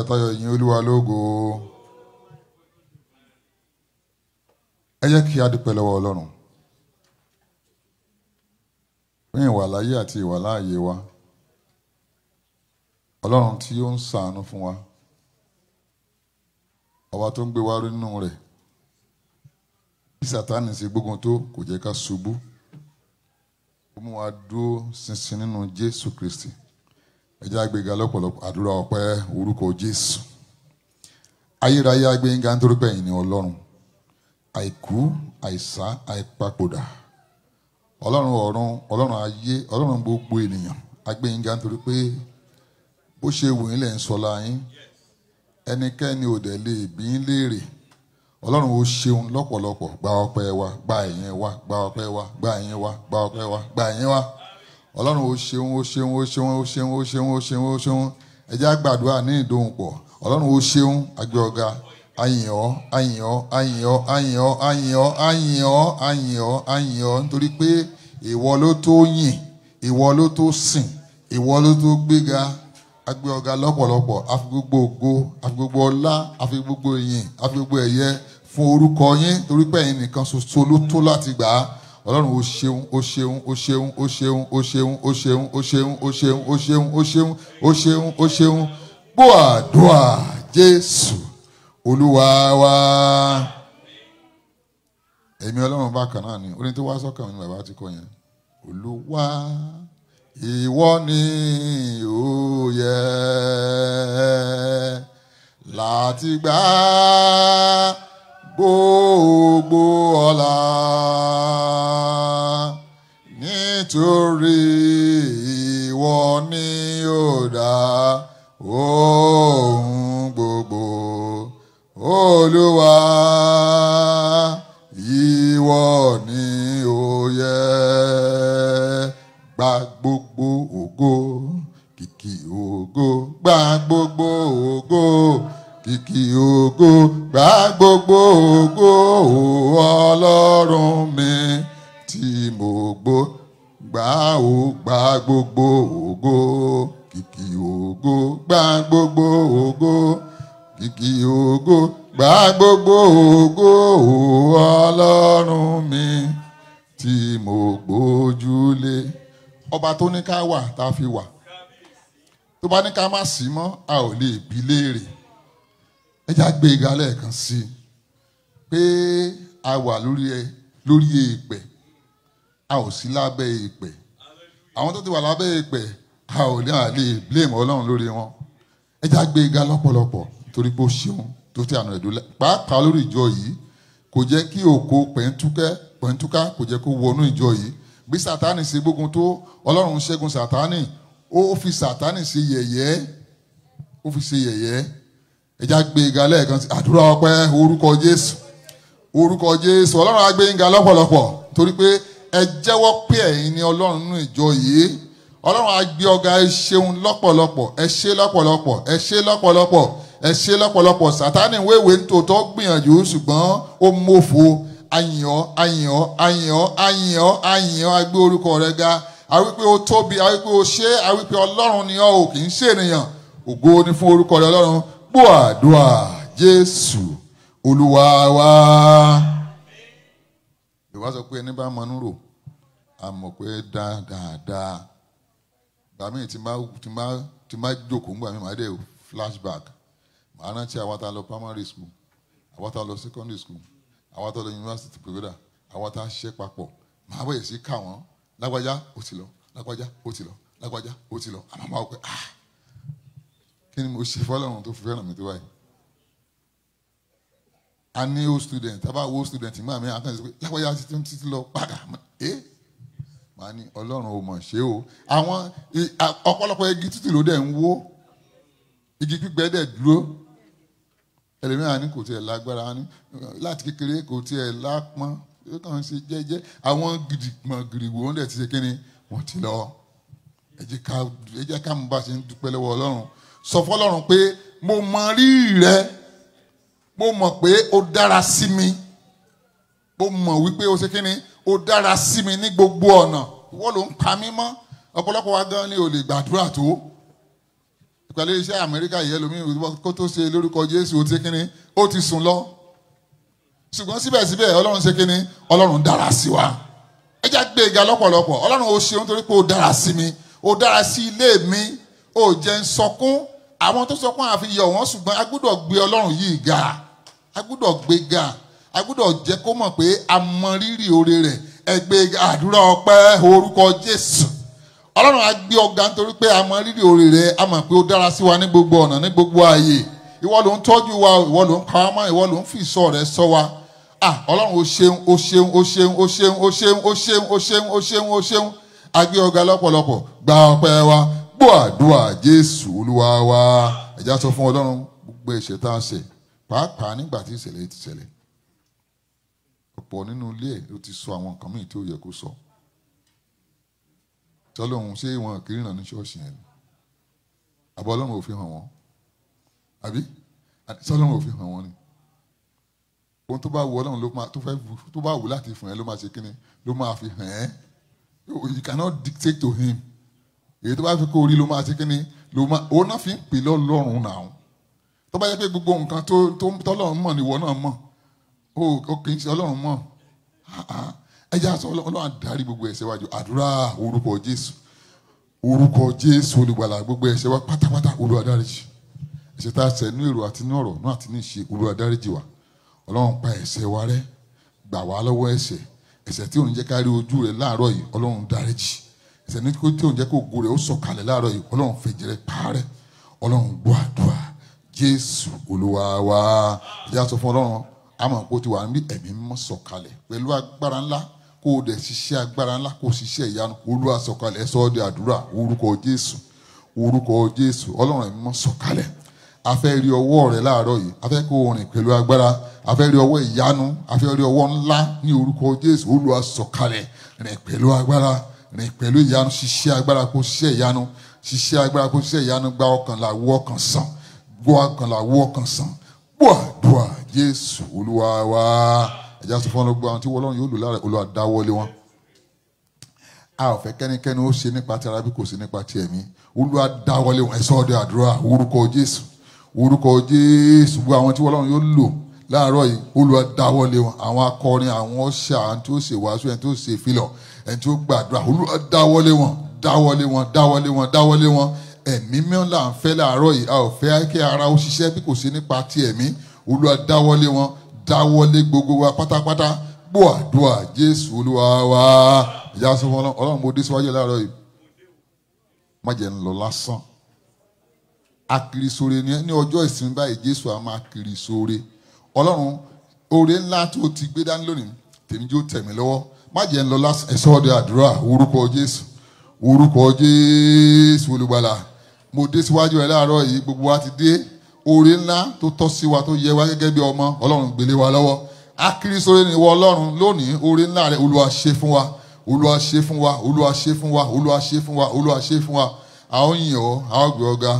ẹ̀tọ́yọ̀ yìn olúwa lógo ẹ jẹ́ kí a dúpẹ́ lọ́wọ́ ọlọ́run fún ìwà láyé àti ìwà láàyè wa ọlọ́run tí ó ń ṣàánú fún wa ọba tó ń gbé wa rí nínú rẹ̀ bí sátánì ṣe gbógun tó kò jẹ́ ká ṣubú ó mú wa dúró ṣinṣin nínú jésù kristi. ẹjẹ́ àgbéga lọ́pọ̀lọpọ̀ àdúrà ọpẹ́ orúkọ Jésù ayérayé agbẹ́yìnká nítorí pẹ̀yìn ní Ọlọ́run àìkú àìsá àìpapòdà Ọlọ́run ọ̀run Ọlọ́run ayé Ọlọ́run gbogbo ènìyàn agbẹ́yìnká nítorí pé bó ṣe wù yín ń sọlá yín ẹnikẹ́ni lè bí léèrè ọlọ́run ó ṣeun lọ́pọ̀lọpọ̀ gba ọlọ́run ó ṣeun ó ṣeun ó ṣeun ó ṣeun ó ṣeun ó ṣeun ó ṣeun ẹ jẹ́ á gbàdúrà ní ìdóhùn pọ̀ ọlọ́run ó ṣeun àgbẹ̀ ọ̀gá ayìnọ́ ayìnọ́ ayìnọ́ ayìnọ́ ayìnọ́ ayìnọ́ ayìnọ́ ayìnọ́ nítorí pé ìwọ ló tó yìn ìwọ ló tó sìn ìwọ ló tó gbéga agbé lọ́pọ̀lọpọ̀ àfi gbogbo ògo àfi gbogbo ọlá àfi gbogbo ìyìn àfi gbogbo ẹ̀yẹ fún orúkọ yín torí pé ẹ̀yin nìkan ṣoṣo ló tó láti gbà á ọlọ́run o ṣeun o ṣeun o ṣeun o ṣeun o ṣeun o ṣeun o ṣeun o ṣeun o ṣeun o ṣeun o ṣeun o ṣeun gbọ́ àdúrà jésù olúwa wa èmi ọlọ́run bákan náà ni orin tó wá sọ́kàn mi ni bàbá ti kọ yẹn olúwa ìwọ ni ó yẹ láti gbà á gbogbo ọlá nítorí ìwọ ni ó dá ohun gbogbo olúwa ìwọ ni ó yẹ gba gbogbo ògo kìkì ògo gba gbogbo ògo kìkì ògo gba gbogbo ògo ọlọ́run mi tí mo gbó gbà ó gba gbogbo ògo kìkì ògo gba gbogbo ògo kìkì ògo gba gbogbo ògo ọlọ́run mi tí mo gbójúlé ọba tó ní ká wà tá a fi wà tó bá ní ká má sí mọ́ a ò lè bi léèrè ẹ já gbé ìga lẹ́ẹ̀kan sí i pé a wà lórí ẹ lórí èèpẹ̀ a ò sí lábẹ́ èèpẹ̀ àwọn tó ti wà lábẹ́ èèpẹ̀ a ò ní àlè blame ọlọ́run lórí wọn ẹ já gbé ìga lọ́pọ̀lọpọ̀ torí pé ó ṣeun tó ti àná ẹ̀dùn pàápàá lórí ìjọ yìí kò jẹ́ kí òkò pẹ̀ntúkẹ́ pẹ̀ntúká kò jẹ́ kó wọnú ìjọ yìí bí sátánì ṣe gbógun tó ọlọ́run ṣẹ́gun sátánì ó fi sátánì ṣe yẹ̀yẹ́ ó fi ṣe yẹ̀yẹ́ ẹja gbé ga lẹ́ẹ̀kan sí àdúrà ọpẹ́ orúkọ jésù orúkọ jésù ọlọ́run á gbé yín torí pé ẹ jẹ́wọ́ pé ẹ̀yin ni ọlọ́run nínú ìjọ yìí ọlọ́run á gbé ọ̀gá ẹ ṣeun lọ́pọ̀lọpọ̀ ẹ ṣe lọ́pọ̀lọpọ̀ ẹ ṣe lọ́pọ̀lọpọ̀ ẹ ṣe lọ́pọ̀lọpọ̀ sátánì wéwèé nítòótọ́ gbìyànjú ṣùgbọ́n ó mọ̀fo ayàn ayàn ayàn ayàn ayàn agbé orúkọ rẹ ga awípé o tóbi awípé o ṣe awípé ọlọ́run ni ọ́ ò kì í ṣènìyàn ògo ni fún orúkọ rẹ ọlọ́run gbọ́ àdúrà Jésù Olúwa wa. Yorùbá sọ pé ẹni bá mọ núrò àmọ̀ pé dáadáa gbàmí tí má tí má tí má jókòó ń gbàmí màá dé flashback màá rántí àwọn tá lọ primary school àwọn tá lọ secondary school àwọn tá lọ university kòkòdà àwọn tá a ṣiṣẹ́ papọ̀ màá bẹ̀rẹ̀ sí ká wọn lágbájá ó ti lọ lágbájá ó ti lọ lágbájá ó ti lọ àmọ́ máa wọ pé ah kí ni mo ṣe fọlọ́run tó fi fẹ́ràn mi tó báyìí a ní old student tá a bá wo student ìgbà mi àtàn ìsìnkú lápẹ́yà títí títí lọ padà ẹ́ màá ní ọlọ́run ò mọ̀ ṣé o àwọn ọ̀pọ̀lọpọ̀ igi títì ló dẹ̀ ń wó igi gbígbẹ dẹ̀ dúró ẹlẹ́mìíràn ní kò tiẹ̀ lágbára ní láti kékeré kò tiẹ̀ lápọ́n ó kàn ṣe jẹ́jẹ́ àwọn gidigbọ̀n gidigbo wọn dẹ̀ ti ṣe kí ni wọ́n ti lọ ẹ jẹ́ ká mú bá ṣe ń dúpẹ́ lọ́wọ́ ọlọ́run sọ fọlọ́run pé mo mọ rírì rẹ mo mọ̀ pé o dára sí mi mo mọ̀ wípé o ṣe kí ni o dára sí mi ní gbogbo ọ̀nà ìwọ ló ń pa mí mọ́ ọ̀pọ̀lọpọ̀ wa gan ni o lè gbàdúrà tó ìpàdé iṣẹ́ Amẹ́ríkà yìí ẹlòmíì kó tó ṣe lórúkọ Jésù o ti ṣe kí ni o ti sùn lọ ṣùgbọ́n síbẹ̀síbẹ̀ Ọlọ́run ṣe kí ni Ọlọ́run dára sí wa ẹ já gbé ga lọ́pọ̀lọpọ̀ Ọlọ́run o ṣeun torí pé o dára sí mi o dára sí ilé mi o jẹ́ sọkún àwọn tó sọ pé àwọn àfi yọ wọn ṣùgbọ́n a gbọ́dọ̀ gbé ọlọ́run yìí ga a gbọ́dọ̀ gbé ga a gbọ́dọ̀ jẹ́ kó mọ̀ pé a mọ rírì oore rẹ̀ ẹ àdúrà ọpẹ́ orúkọ jésù ọlọ́run a gbé ọ̀gá nítorí pé a mọ rírì oore rẹ̀ a mọ̀ pé ó dára sí wa ní gbogbo ọ̀nà ní gbogbo ààyè ìwọ ló ń tọ́jú wa ìwọ ló ń pa wá mọ́ ìwọ ló ń fi ìṣọ́ rẹ ṣọ́ wa ah ọlọ́run o ṣeun o ṣeun o ṣeun o ṣeun o ṣeun o ṣeun o ṣeun o ṣeun o ṣeun a gbé ọ̀gá lọ́pọ̀lọpọ̀ gba ọpẹ́ wa gbọ́ àdúrà jésù olúwa wa ẹ̀já sọ fún ọlọ́run gbogbo ẹ̀ṣẹ̀ tá a ṣẹ̀ pàápàá nígbà tí ìṣẹ̀lẹ̀ ti ṣẹlẹ̀ ọ̀pọ̀ nínú ilé ẹ̀ ló ti sọ àwọn nǹkan míì tí ó yẹ kó sọ tọ́lọ́hún ṣé wọn kì í ràn ní ṣọ́ọ̀ṣì yẹn àbọ̀ ọlọ́run ò fi hàn wọ́n àbí tọ́lọ́run ò fi hàn wọ́n ni ohun tó bá wù ọlọ́run ló máa tó fẹ́ tó bá wù láti fún ẹ ló máa ṣe kíni ló máa fi hàn ẹ́ you cannot dictate to him èyí tó bá fi kó orí ló máa ṣe kí ni ló máa òun náà fi ń pè lọ́lọ́run náà tó bá yẹ pé gbogbo nǹkan tó tọ́lọ́run mọ̀ níwọ náà mọ̀ ó kì í ṣe ọlọ́run mọ̀ ẹ jẹ́ àṣọ ọlọ́run àdárí gbogbo ẹ̀ṣẹ̀ wájú àdúrà orúkọ Jésù orúkọ Jésù olùgbàlà gbogbo ẹ̀ṣẹ̀ wa pátápátá Olúwa ẹ̀ṣẹ̀ tá a ṣẹ̀ nú èrò àti ní ọ̀rọ̀ náà àti ní ìṣe Olúwa wa ọlọ́run pa ẹ̀ṣẹ̀ wa rẹ́ gbà wá lọ́wọ́ ẹ̀ṣẹ̀ ẹ̀ṣẹ̀ tí ò ní jẹ́ ká rí ojú rẹ̀ láàárọ̀ yìí ọlọ́run dáríjì ẹ̀ṣẹ̀ ní kó tí òun jẹ́ kó ògo rẹ̀ ó sọ̀kalẹ̀ láàárọ̀ yìí ọlọ́run fèjì rẹ̀ parẹ́ ọlọ́run gbọ́ àdúrà jésù olúwa wa ìyá sọ fún ọlọ́run àmọ́ kó ti wà ní ẹ̀mí mímọ́ sọ̀kalẹ̀ pẹ̀lú agbára ńlá kó o dẹ̀ ṣiṣẹ́ agbára ńlá kó o ṣiṣẹ́ ìyanu olúwa sọ̀kalẹ̀ ẹ̀sọ́ ọdẹ àdúrà orúkọ jésù orúkọ jésù ọlọ́run ẹ̀mí mímọ́ sọ̀kalẹ̀ a rí ọwọ́ rẹ láàárọ̀ yìí a kó o rìn pẹ̀lú agbára a rí ọwọ́ ìyanu a rí ọwọ́ ńlá rìn pẹ̀lú ìyanu ṣiṣẹ́ agbára kó ṣiṣẹ́ ìyanu ṣiṣẹ́ agbára kó ṣiṣẹ́ ìyanu gba ọkàn là wọ ọkàn sàn gbọ́ ọkàn là wọ ọkàn sàn gbọ́ àdúrà Jésù Olúwa wa ẹ̀já sọ fún ọlọ́gbọ́n àwọn tí wọ́n lọ́run yóò lò lára Olúwa dáwọ́lé wọn a ò fẹ́ kẹ́nikẹ́ni ó ṣe nípa ti ara bí kò ṣe nípa ti ẹ̀mí Olúwa dáwọ́lé wọn ẹ̀sọ́ ọdẹ àdúrà orúkọ Jésù orúkọ Jésù gbọ́ àwọn tí wọ́n lọ́run yóò lò láàárọ̀ yìí Olúwa wọn àwọn akọrin àwọn ọ̀ṣà àwọn tí ṣe wàásù ẹni tí ṣe filọ̀ ẹni tí ó gbàdúrà olúwa dáwọ́lé wọn dáwọ́lé wọn dáwọ́lé wọn dáwọ́lé wọn ẹ̀mí mìíràn là ń fẹ́ láàárọ̀ yìí a ò fẹ́ kí ara ó ṣiṣẹ́ bí kò sí nípa ti ẹ̀mí olúwa dáwọ́lé wọn dáwọ́lé gbogbo wa pátápátá gbọ́ àdúrà jésù olúwa wa ìyá sọ fún ọlọ́run mo dé síwájú láàárọ̀ yìí má jẹ́ ń lọ lásán akiri sore ní ọjọ́ ìsinmi báyìí jésù a máa kiri sore ọlọ́run oore ńlá tó ti gbé dání lónìí tèmi jó tẹ̀mí lọ́wọ́ má jẹ́ ń lọ lásán ẹ̀sọ́ ọdẹ àdúrà orúkọ jésù orúkọ jésù olùgbàlà mo dé síwájú ẹ láàárọ̀ yìí gbogbo wa ti dé oore ńlá tó tọ́ sí wa tó yẹ wa gẹ́gẹ́ bí ọmọ ọlọ́run gbélé wa lọ́wọ́ akírísóre ni ìwọ ọlọ́run lónìí oore ńlá rẹ olúwa ṣe fún wa olúwa ṣe fún wa olúwa ṣe fún wa olúwa ṣe fún wa olúwa ṣe fún wa àwọn yìnyín ọ àwọn gbé ọ̀gá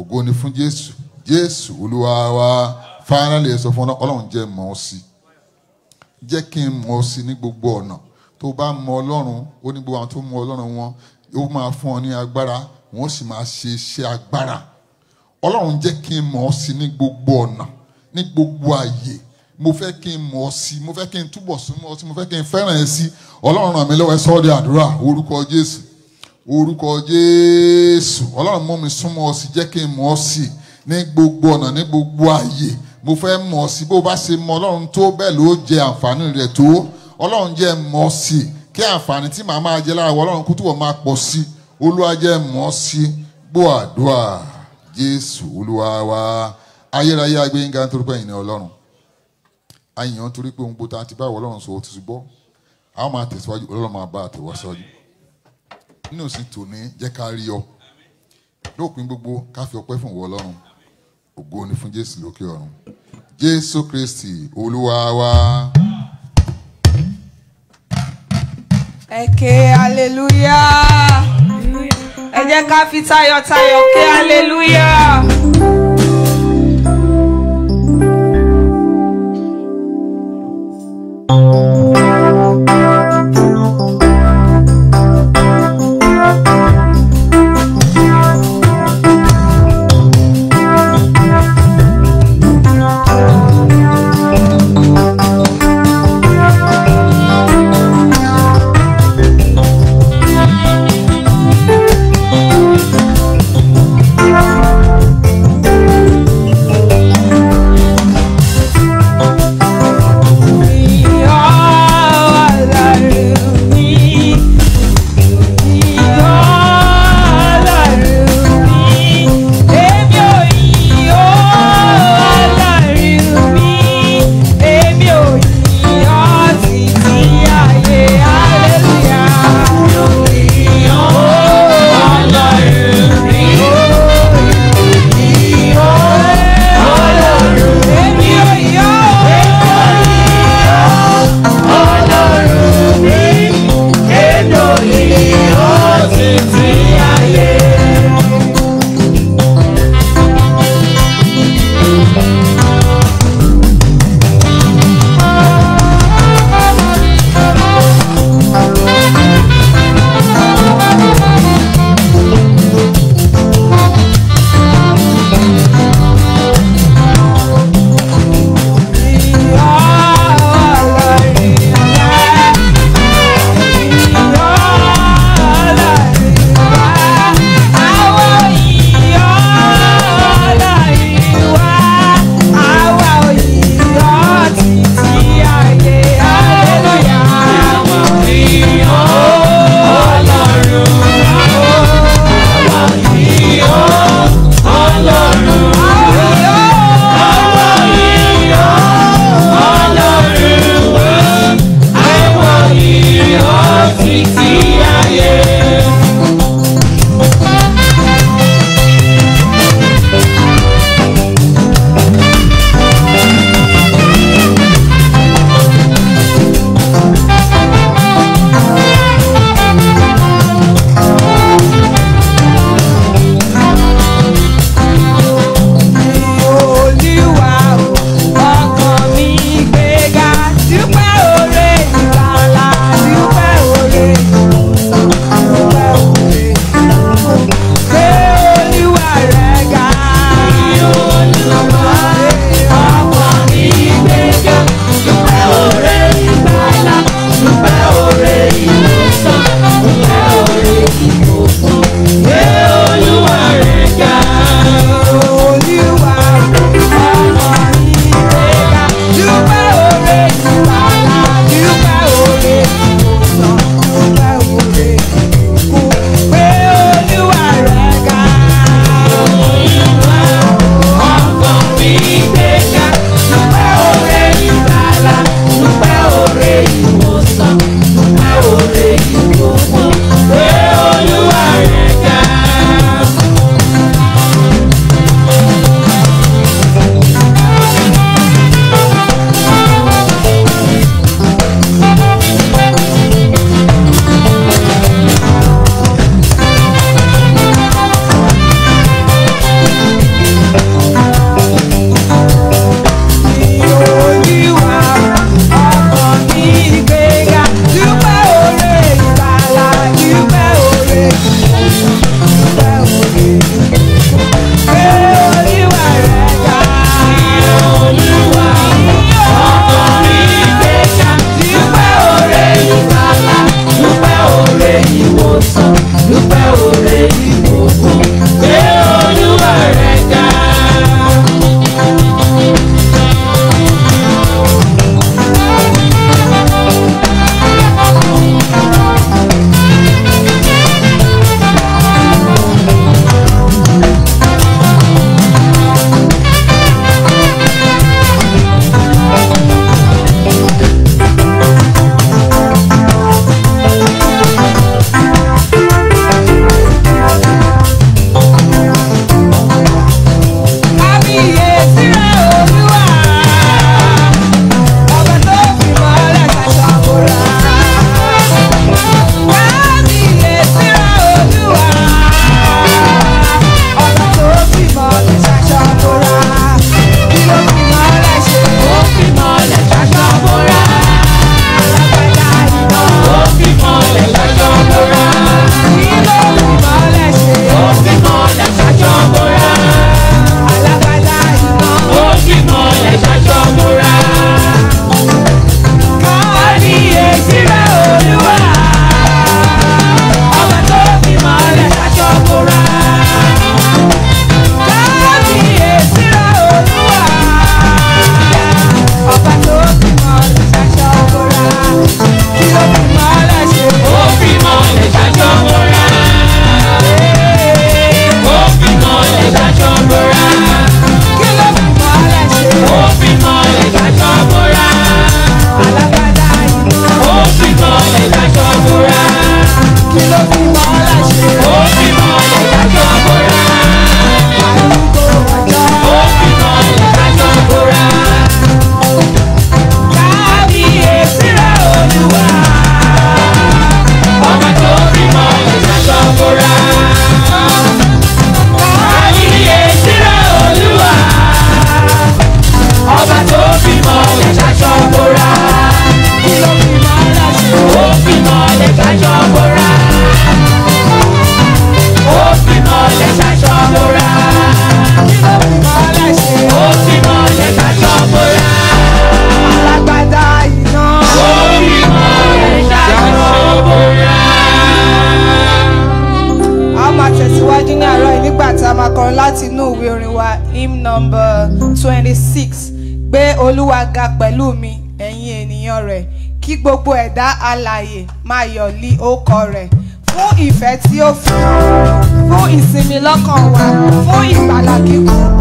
ògo ni fún jésù jésù olúwa wa finally ẹ sọ fún ọlọ́run jẹ́ mọ́ ọ sí jẹ́ kí n mọ́ ọ sí ní gbogbo ọ̀nà tó bá mọ ọlọ́run ó ní gbogbo àwọn tó mọ ọlọ́run wọn ó máa fún ọ ní agbára wọ́n sì máa ṣe iṣẹ́ agbára ọlọ́run jẹ́ kí n mọ̀ ọ́ sí ní gbogbo ọ̀nà ní gbogbo àyè mo fẹ́ kí n mọ̀ ọ́ sí mo fẹ́ kí n túbọ̀ súnmọ́ ọ́ sí mo fẹ́ kí n fẹ́ràn ẹ sí ọlọ́run ràn mí lọ́wọ́ ẹ sọ́ọ́ di àdúrà orúkọ jésù orúkọ jésù ọlọ́run mú mi súnmọ́ ọ́ sí jẹ́ kí n mọ̀ ọ́ sí ní gbogbo ọ̀nà ní gbogbo àyè mo fẹ́ mọ̀ ọ́ sí bó bá ṣe mọ ọlọ́run tó bẹ́ẹ̀ ló jẹ àǹfààní rẹ̀ tó ọlọ́run jẹ́ mọ́ sí i kí àǹfààní tí màá máa jẹ lára wa ọlọ́run kó túbọ̀ máa pọ̀ sí i olúwa jẹ́ mọ́ sí i gbọ́ àdúrà jésù olúwa wa ayérayé agbẹ́yìnká nítorí pé ẹ̀yin ni ọlọ́run àyìn hàn torí pé ohun gbogbo tá a ti bá ọlọ́run sọ ti ṣubọ́ a ó máa tẹ̀síwájú ọlọ́run máa bá àtẹ̀wọ́ nínú sí tòní jẹ́ ká rí ọ lópin gbogbo ká fi ọpẹ́ fún ọlọ́run ògo ni fún jésù lókè ọ̀run jésù kristi olúwa wa. Amen. ẹ̀kẹ́ aleluya ẹ jẹ́ ká fi tayọ̀tayọ̀ ké aleluya. thank you alààyè Mayọ̀lí orúkọ rẹ̀ fún ìfẹ́ tí ó fún fún ìsinmi lọ́kàn wa fún ìgbàlà kíkún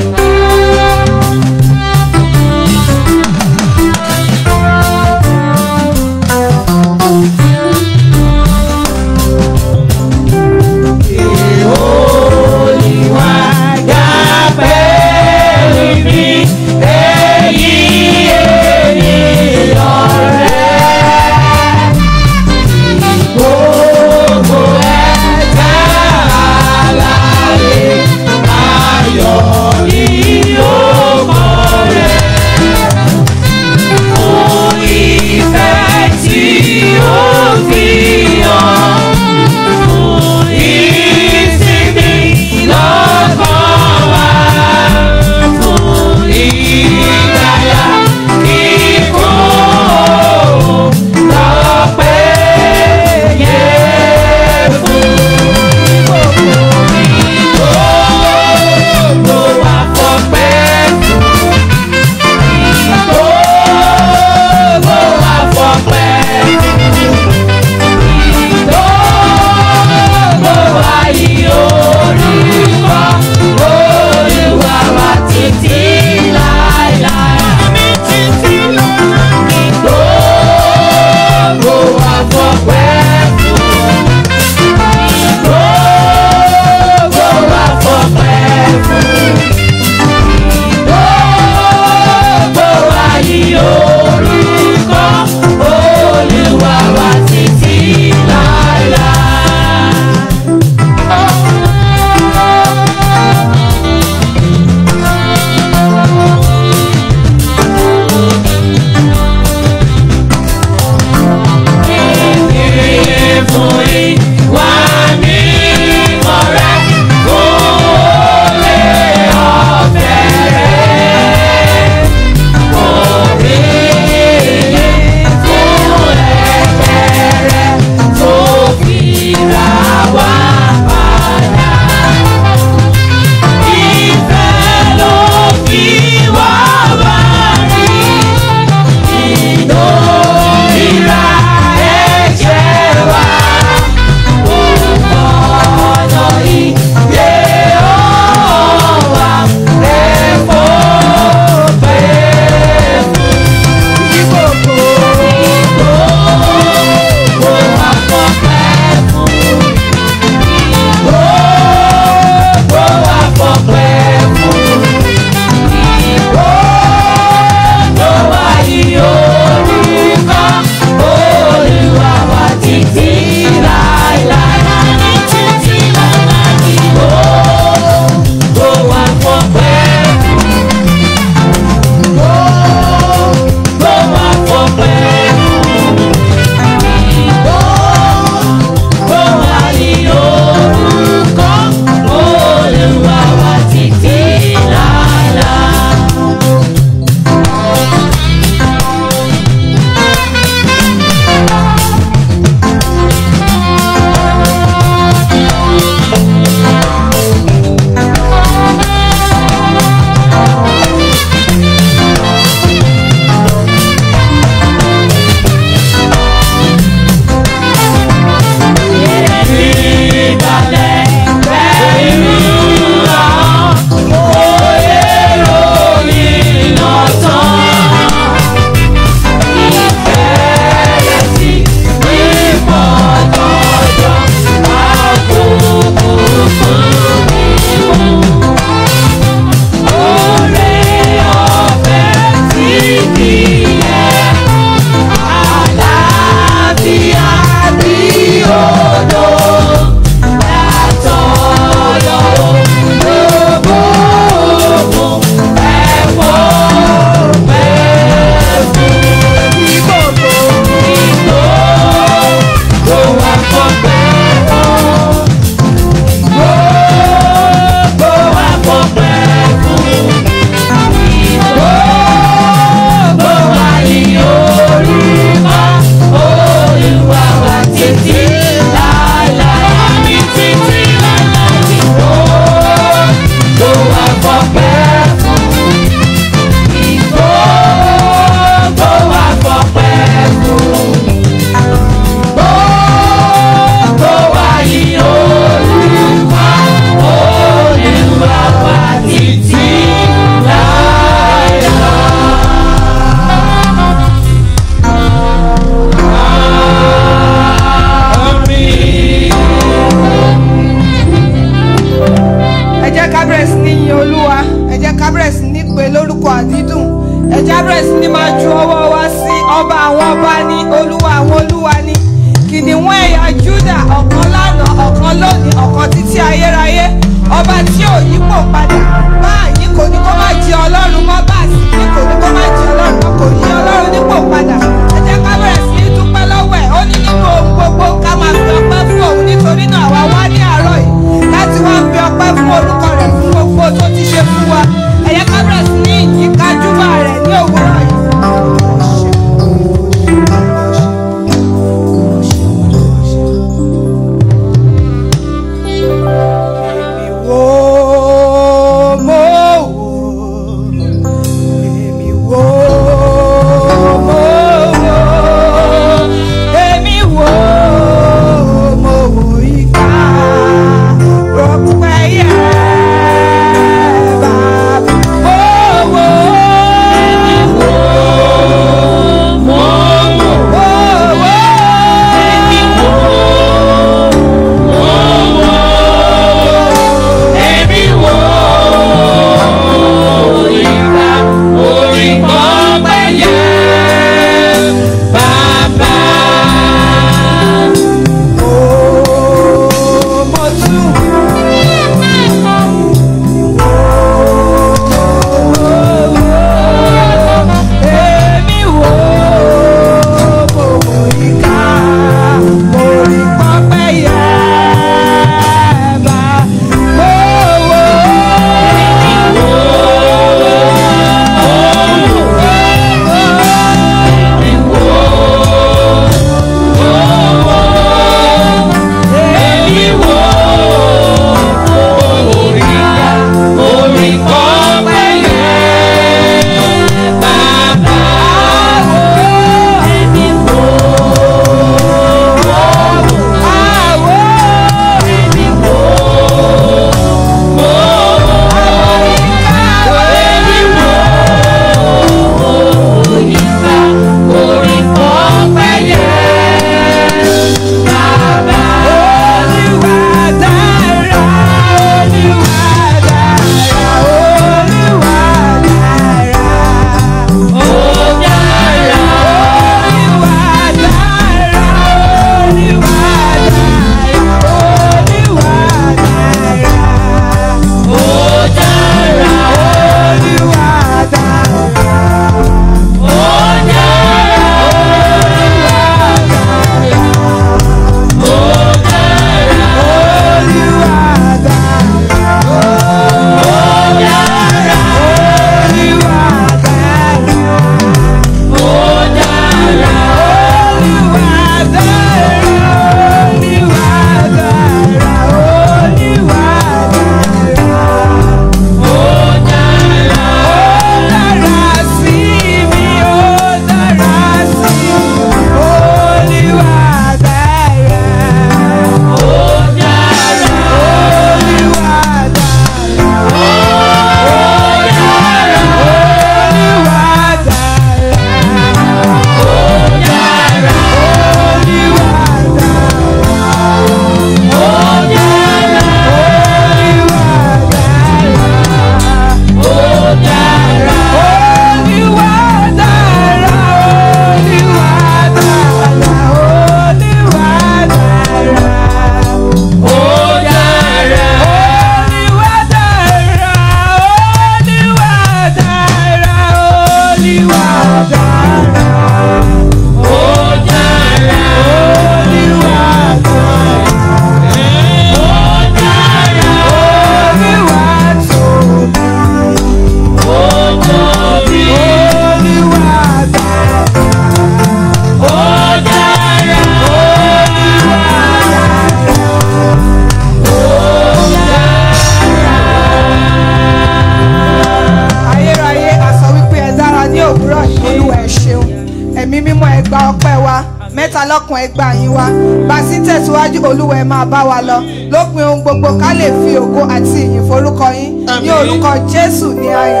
ògo àti ìyìn forúkọ yín ní orúkọ Jésù ní ayé.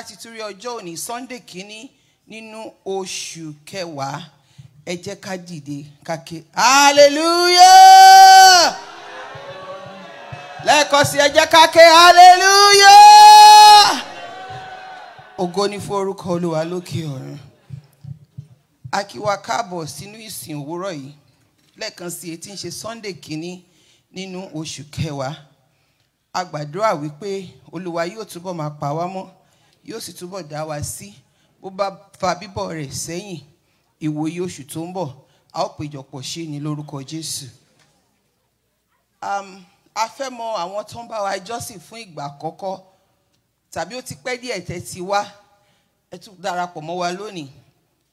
láti tún rí ọjọ́ òní sunday kínní nínú oṣù kẹwàá ẹ jẹ́ ká dìde ká ké hallelujah lẹ́ẹ̀kan sí ẹ jẹ́ ká ké hallelujah ògo ni fún orúkọ olúwa lókè ọ̀run a kí wa káàbọ̀ sínú ìsìn òwúrọ̀ yìí lẹ́ẹ̀kan sí etí ń ṣe sunday kínní nínú oṣù kẹwàá a gbàdúrà wípé olúwa yóò túbọ̀ máa pa wá mọ́ yóò sì túbọ̀ dá wa sí bó bá fa bíbọ̀ rẹ̀ sẹ́yìn ìwòye oṣù tó ń bọ̀ a ó péjọpọ̀ ṣe ni lórúkọ Jésù. a fẹ́ mọ àwọn tó ń bá wa jọ́sìn fún ìgbà àkọ́kọ́ tàbí ó ti pẹ́ díẹ̀ tẹ́ ti wá ẹ tún darapọ̀ mọ́ wa lónìí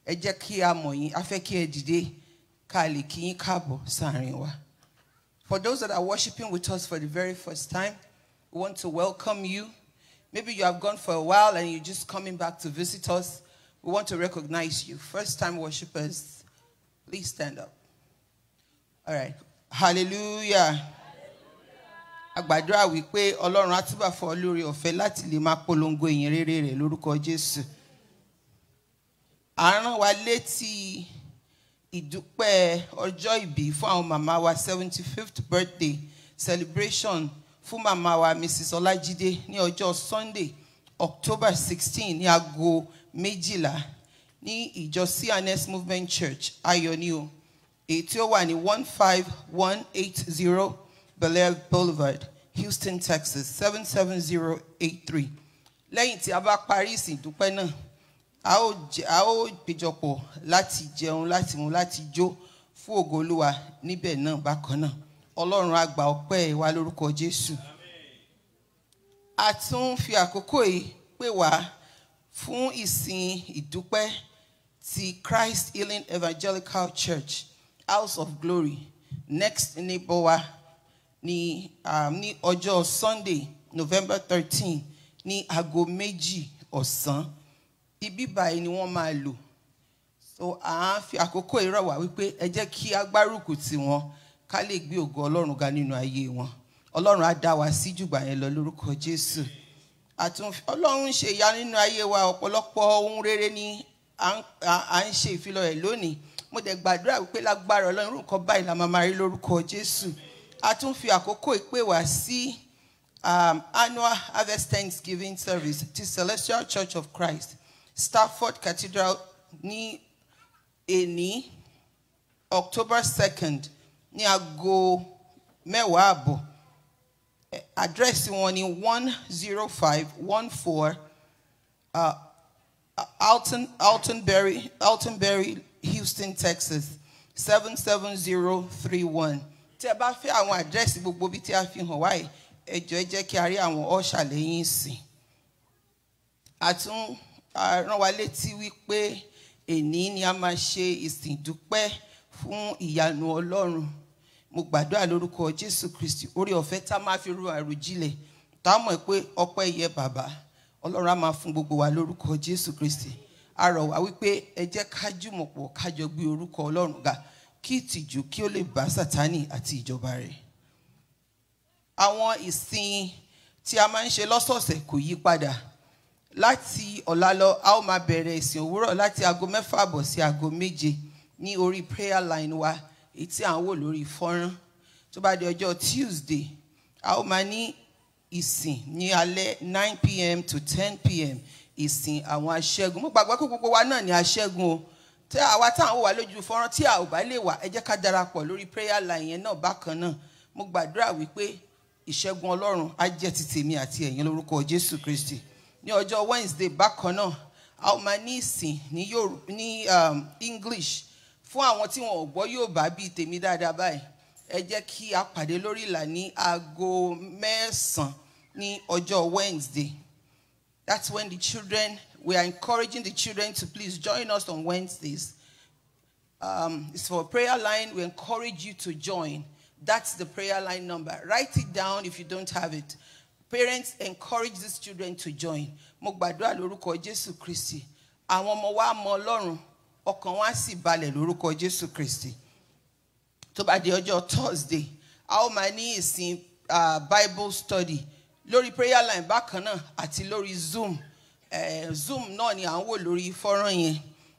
ẹ jẹ́ kí a mọ̀ yín a fẹ́ kí ẹ dìde ká lè kí yín káàbọ̀ sáàrin wa. For those that are worshiping with us for the very first time, we want to welcome you. Maybe you have gone for a while and you're just coming back to visit us. We want to recognize you. First time worshippers, please stand up. All right. Hallelujah. Àgbàdúrà wípé Ọlọ́run á túbà fọ lórí ọ̀fẹ́ láti lè máa polongo ìyìn rere rẹ̀ lórúkọ Jésù. À ń rán wa létí ìdúpẹ́ ọjọ́ ìbí fún àwọn màmá wa seventy fifth birthday celebration fún màmá wa mrs ọlájídé ní ọjọ́ sunday october sixteen ní aago méjìlá ní ìjọ cns movement church ayọ̀níò èyí tí ó wà ní one five one eight zero belair boulevard houston texas seven seven zero eight three lẹ́yìn tí a bá parí ìsìn ìdúpẹ́ náà a ó péjọpọ̀ láti jẹun láti mu láti jó fún ògo olúwa níbẹ̀ náà bákan náà ọlọ́run á gba ọpẹ́ wa lórúkọ jésù a tún fi àkókò yìí pè wá fún ìsìn ìdúpẹ́ ti christ healing evangelical church house of glory next neighbor wa ní um, ní ọjọ́ sunday november thirteen ní aago méjì ọ̀sán ibí báyìí ni wọ́n máa lò so à fi àkókò yìí rọ̀ wá wípé ẹ jẹ́ kí a gbárùkù ká lè gbé ògo ọlọ́run ga nínú ayé wọn ọlọ́run á dá wa sí jùgbà yẹn lọ lórúkọ jésù àtúnfi ọlọ́run ṣe ìyá nínú ayé wa ọ̀pọ̀lọpọ̀ ohun rere ni à ń ṣe ìfilọ̀ lónìí mo dẹ̀ gbàdúrà wípé lágbára ọlọ́run irú báyìí la máa máa rí lórúkọ jésù a àkókò ìpè wá sí um, annual harvest thanksgiving service ti celestial church of christ stafford cathedral ní èní october second ní aago mẹ́wàá àbọ̀ àdírẹ́sì eh, wọn ni one zero five one four uh, Alton Altonberry Altonberry Houston Texas seven seven zero three one tí ẹ bá fẹ́ àwọn àdírẹ́sì gbogbo bí tí a fi hàn wáyé ẹ jọ̀ọ́ ẹ jẹ́ kí a rí àwọn ọ̀ṣà lẹ́yìn ìsìn àtún rán wa létí wípé èní ni a máa ṣe ìsìn dúpẹ́ fún ìyanu Ọlọ́run mo gbàdúrà lórúkọ jésù kristi orí ọ̀fẹ́ tá a máa fi ru àròjinlẹ̀ tá a mọ̀ pé ọpẹ́ yẹ bàbá ọlọ́run á máa fún gbogbo wa lórúkọ jésù kristi a rọ̀ wá wípé ẹ jẹ́ ká jùmọ̀ pọ̀ ká jọ gbé orúkọ ọlọ́run ga kí ìtìjú kí ó lè bá sátánì àti ìjọba rẹ̀ àwọn ìsìn tí a máa ń ṣe lọ́sọ̀ọ̀sẹ̀ kò yí padà láti ọ̀la a ó máa bẹ̀rẹ̀ ìsìn òwúrọ̀ láti aago mẹ́fà àbọ̀ sí aago méje ní orí prayer line wa èyí tí à ń wò lórí fọ́nrán tó bá di ọjọ́ Tuesday a ó máa ní ìsìn ní alẹ́ nine pm to 10 pm ìsìn àwọn aṣẹ́gun mo gbàgbọ́ pé gbogbo wa náà ni aṣẹ́gun o tẹ àwa tá à ń wò wá lójú fọ́nrán tí a ò bá lè wà ẹ jẹ́ ká darapọ̀ lórí prayer line yẹn náà bákan náà mo gbàdúrà wípé ìṣẹ́gun ọlọ́run á jẹ́ ti tèmi àti ẹ̀yin lórúkọ Jésù Kristi ní ọjọ́ Wednesday bákan náà a ó máa ní ìsìn ní um, English fún àwọn tí wọn ò gbọ́ yóò bá bíi tèmi dáadáa báyìí ẹ jẹ́ kí a pàdé lórí ìlà ní aago mẹ́sàn-án ní ọjọ́ Wednesday that's when the children we are encouraging the children to please join us on Wednesdays um, it's for prayer line we encourage you to join that's the prayer line number write it down if you don't have it parents encourage these children to join mo gbàdúrà lórúkọ Jésù Kristi àwọn ọmọ wa mọ Ọlọ́run ọkàn wa sì balẹ̀ lórúkọ Jésù Kristi tó bá di ọjọ́ Thursday a ó máa ní ìsìn Bible study lórí prayer line bákan náà àti lórí Zoom eh, Zoom náà ni à ń wò lórí fọ́nrán yẹn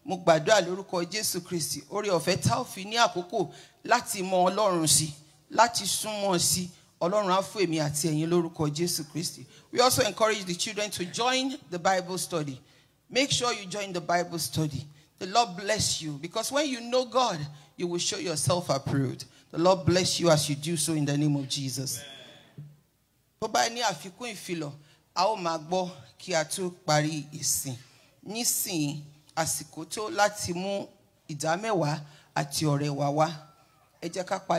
mo gbàdúrà lórúkọ Jésù Kristi oore ọ̀fẹ́ tá ò fi ní àkókò láti mọ Ọlọ́run sí láti súnmọ́ sí Ọlọ́run á fún èmi àti ẹ̀yin lórúkọ Jésù Kristi we also encourage the children to join the Bible study make sure you join the Bible study. The Lord bless you because when you know God, you will show yourself approved. The Lord bless you as you do so in the name of Jesus. Bó bá a ó máa gbọ́ kí a tó parí ìsìn. Nísìn àsìkò tó láti mú ìdámẹ́wàá àti ọ̀rẹ́ wa wá. Ẹ jẹ́ wa.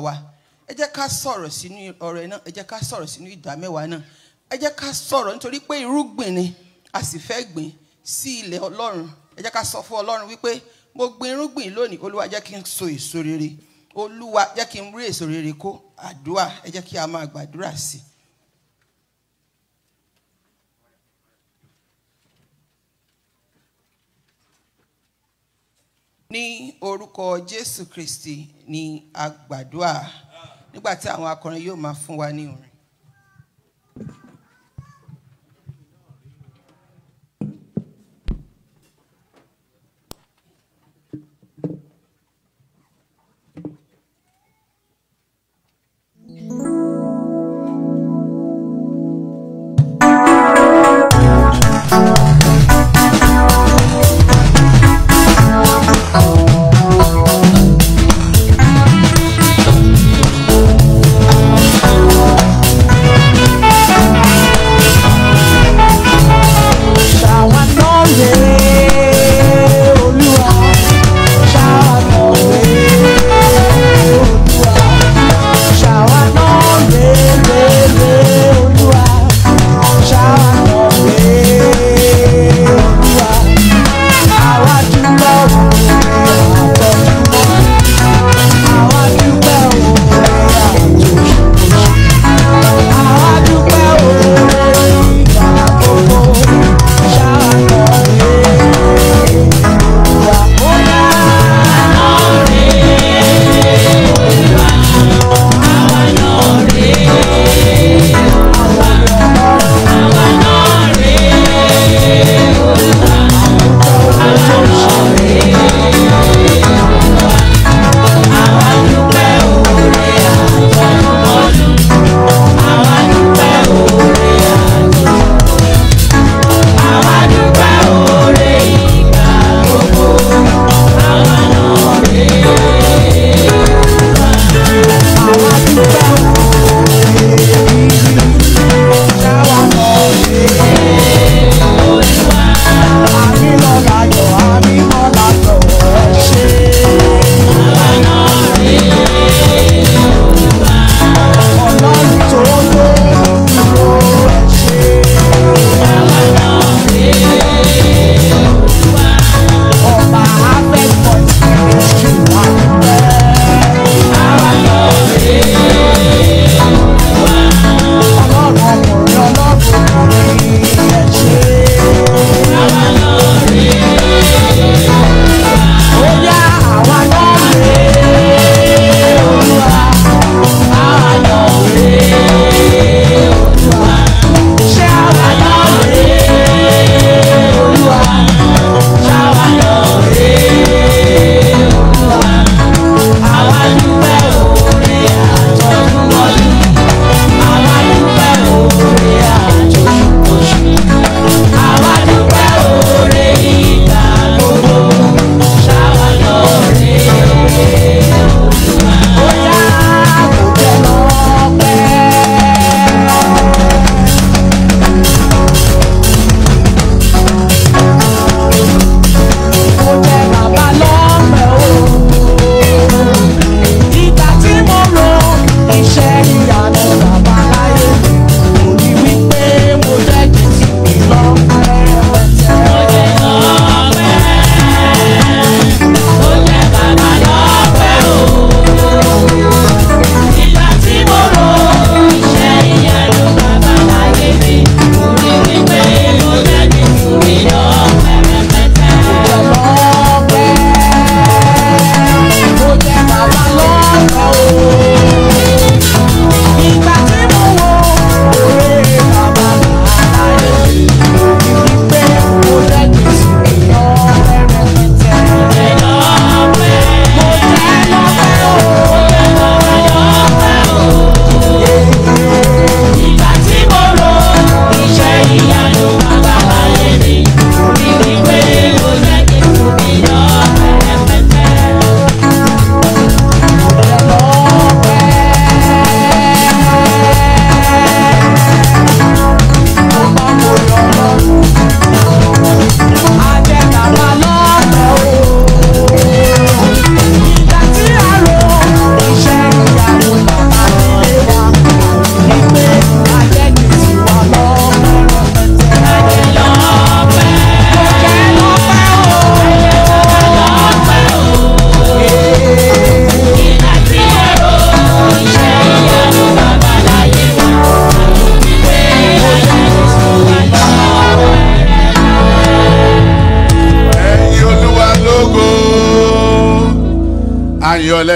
wa. Ẹ jẹ́ ká sọ̀rọ̀ sínú ọ̀rẹ́ náà. Ẹ jẹ́ ká sọ̀rọ̀ sínú ni a sì sí ilẹ̀ ọlọ́run ẹ jẹ́ ká sọ fún ọlọ́run wípé mo gbin irúgbìn lónìí olúwa jẹ́ kí n so èso rere olúwa jẹ́ kí n rí èso rere kó àdúrà ẹ jẹ́ kí a máa gbàdúrà sí i. ní orúkọ jésù kristi ni a gbàdúrà nígbà tí àwọn akọrin yóò máa fún wa ní orin.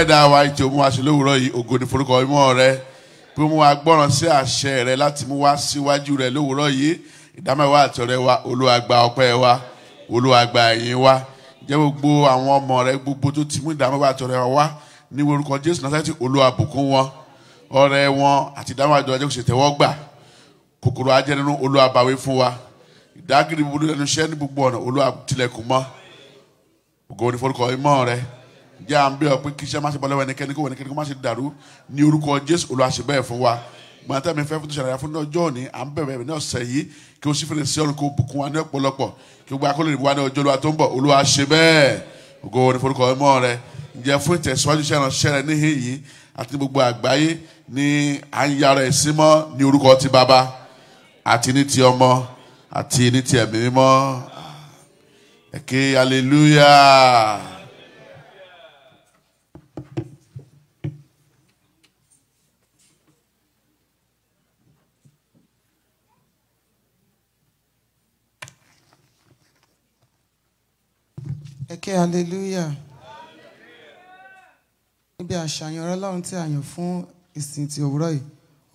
ẹlẹ́dàá wa ètò mú wa ṣe lówùúrọ̀ yìí ògo ni forúkọ mímọ́ rẹ bí mú wa gbọ́ràn sí àṣẹ rẹ láti mú wa síwájú rẹ lówùúrọ̀ yìí ìdámẹ́wàá àtọ̀rẹ́ wa Olúwa gba ọpẹ́ wa Olúwa gba wa jẹ́ gbogbo àwọn ọmọ rẹ gbogbo tó ti mú ìdámẹ́wàá àtọ̀rẹ́ wa ní orúkọ Jésù Násárẹ́tì Olúwa bùkún wọn ọrẹ wọn àti ìdámẹ́wàá àjọ ajẹ́kùsẹ̀ tẹ́wọ́ gbà kòkòrò ajẹ́nínú Olúwa báwí fún wa ìdágìrì gbogbo lẹ́nu jẹ́ à ń bẹ̀ ọ́ pé kí iṣẹ́ má ṣe bọ́ lọ́wọ́ ẹnikẹ́ni kó ẹnikẹ́ni kó má ṣe dàrú ní orúkọ Jésù olùwàṣẹ bẹ́ẹ̀ fún wa gbọ̀ntàn mi fẹ́ fún tuṣàlàyé fún ọjọ́ òní à ń bẹ̀rẹ̀ ní ọ̀sẹ̀ yìí kí o sì fèrè sí ọ̀run kó bùkún wa ní ọ̀pọ̀lọpọ̀ kí o gba akóló ìbúwa ní ọjọ́ olúwa tó ń bọ̀ olúwa ṣe bẹ́ẹ̀ ògo ni à ń yára ẹ̀ sí mọ́ ní orúkọ ti hallelujah. Eke hallelujah Ibi ọ̀rọ̀ ọlọ́run tí a yàn fún ìsìn ti òwúrọ̀ yìí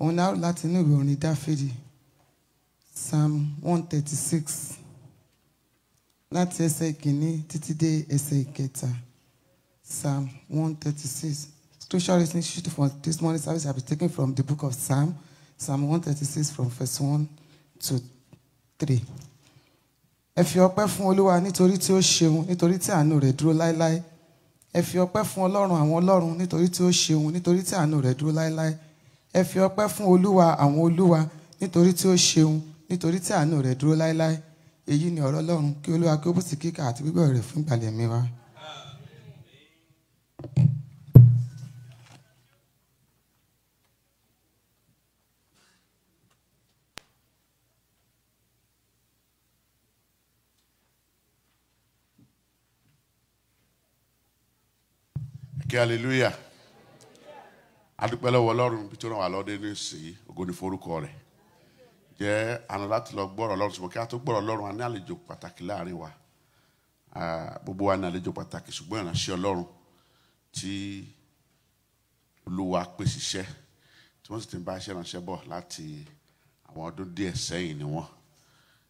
òun náà láti inú ìwé orin dáfídì psalm one thirty six láti ẹsẹ̀ ìkíní títí dé ẹsẹ̀ ìkẹta psalm one thirty six scripture reading for this morning service have been taken from the book of psalm psalm one thirty six from verse one to three. ẹ fi ọpẹ́ fún olúwa nítorí tí ó ṣeun nítorí tí àánú rẹ̀ dúró láéláé ẹ fi ọpẹ́ fún ọlọ́run àwọn ọlọ́run nítorí tí ó ṣeun nítorí tí àánú rẹ̀ dúró láéláé ẹ fi ọpẹ́ fún olúwa àwọn olúwa nítorí tí ó ṣeun nítorí tí àánú rẹ̀ dúró láéláé èyí ni ọ̀rọ̀ ọlọ́run kí olúwa kí ó bùsí kíkà àti gbígbọ́ rẹ̀ fún ìgbàlẹ̀ mi wá. Àmín. kí hallelujah adúpẹ́ lọ́wọ́ ọlọ́run bí tó ràn wá lọ́dẹ ní sèé ògo ni forúkọ rẹ̀ jẹ́ àná láti lọ gbọ́rọ̀ ọlọ́run ṣùgbọ́n kí a tó gbọ́rọ̀ ọlọ́run a ní àlejò pàtàkì láàrin wa gbogbo wa ní àlejò pàtàkì ṣùgbọ́n ìránṣẹ́ ọlọ́run tí olúwa pè ṣiṣẹ́ tí wọ́n sì ti ń bá iṣẹ́ ìránṣẹ́ bọ̀ láti àwọn ọdún díẹ̀ sẹ́yìn ni wọ́n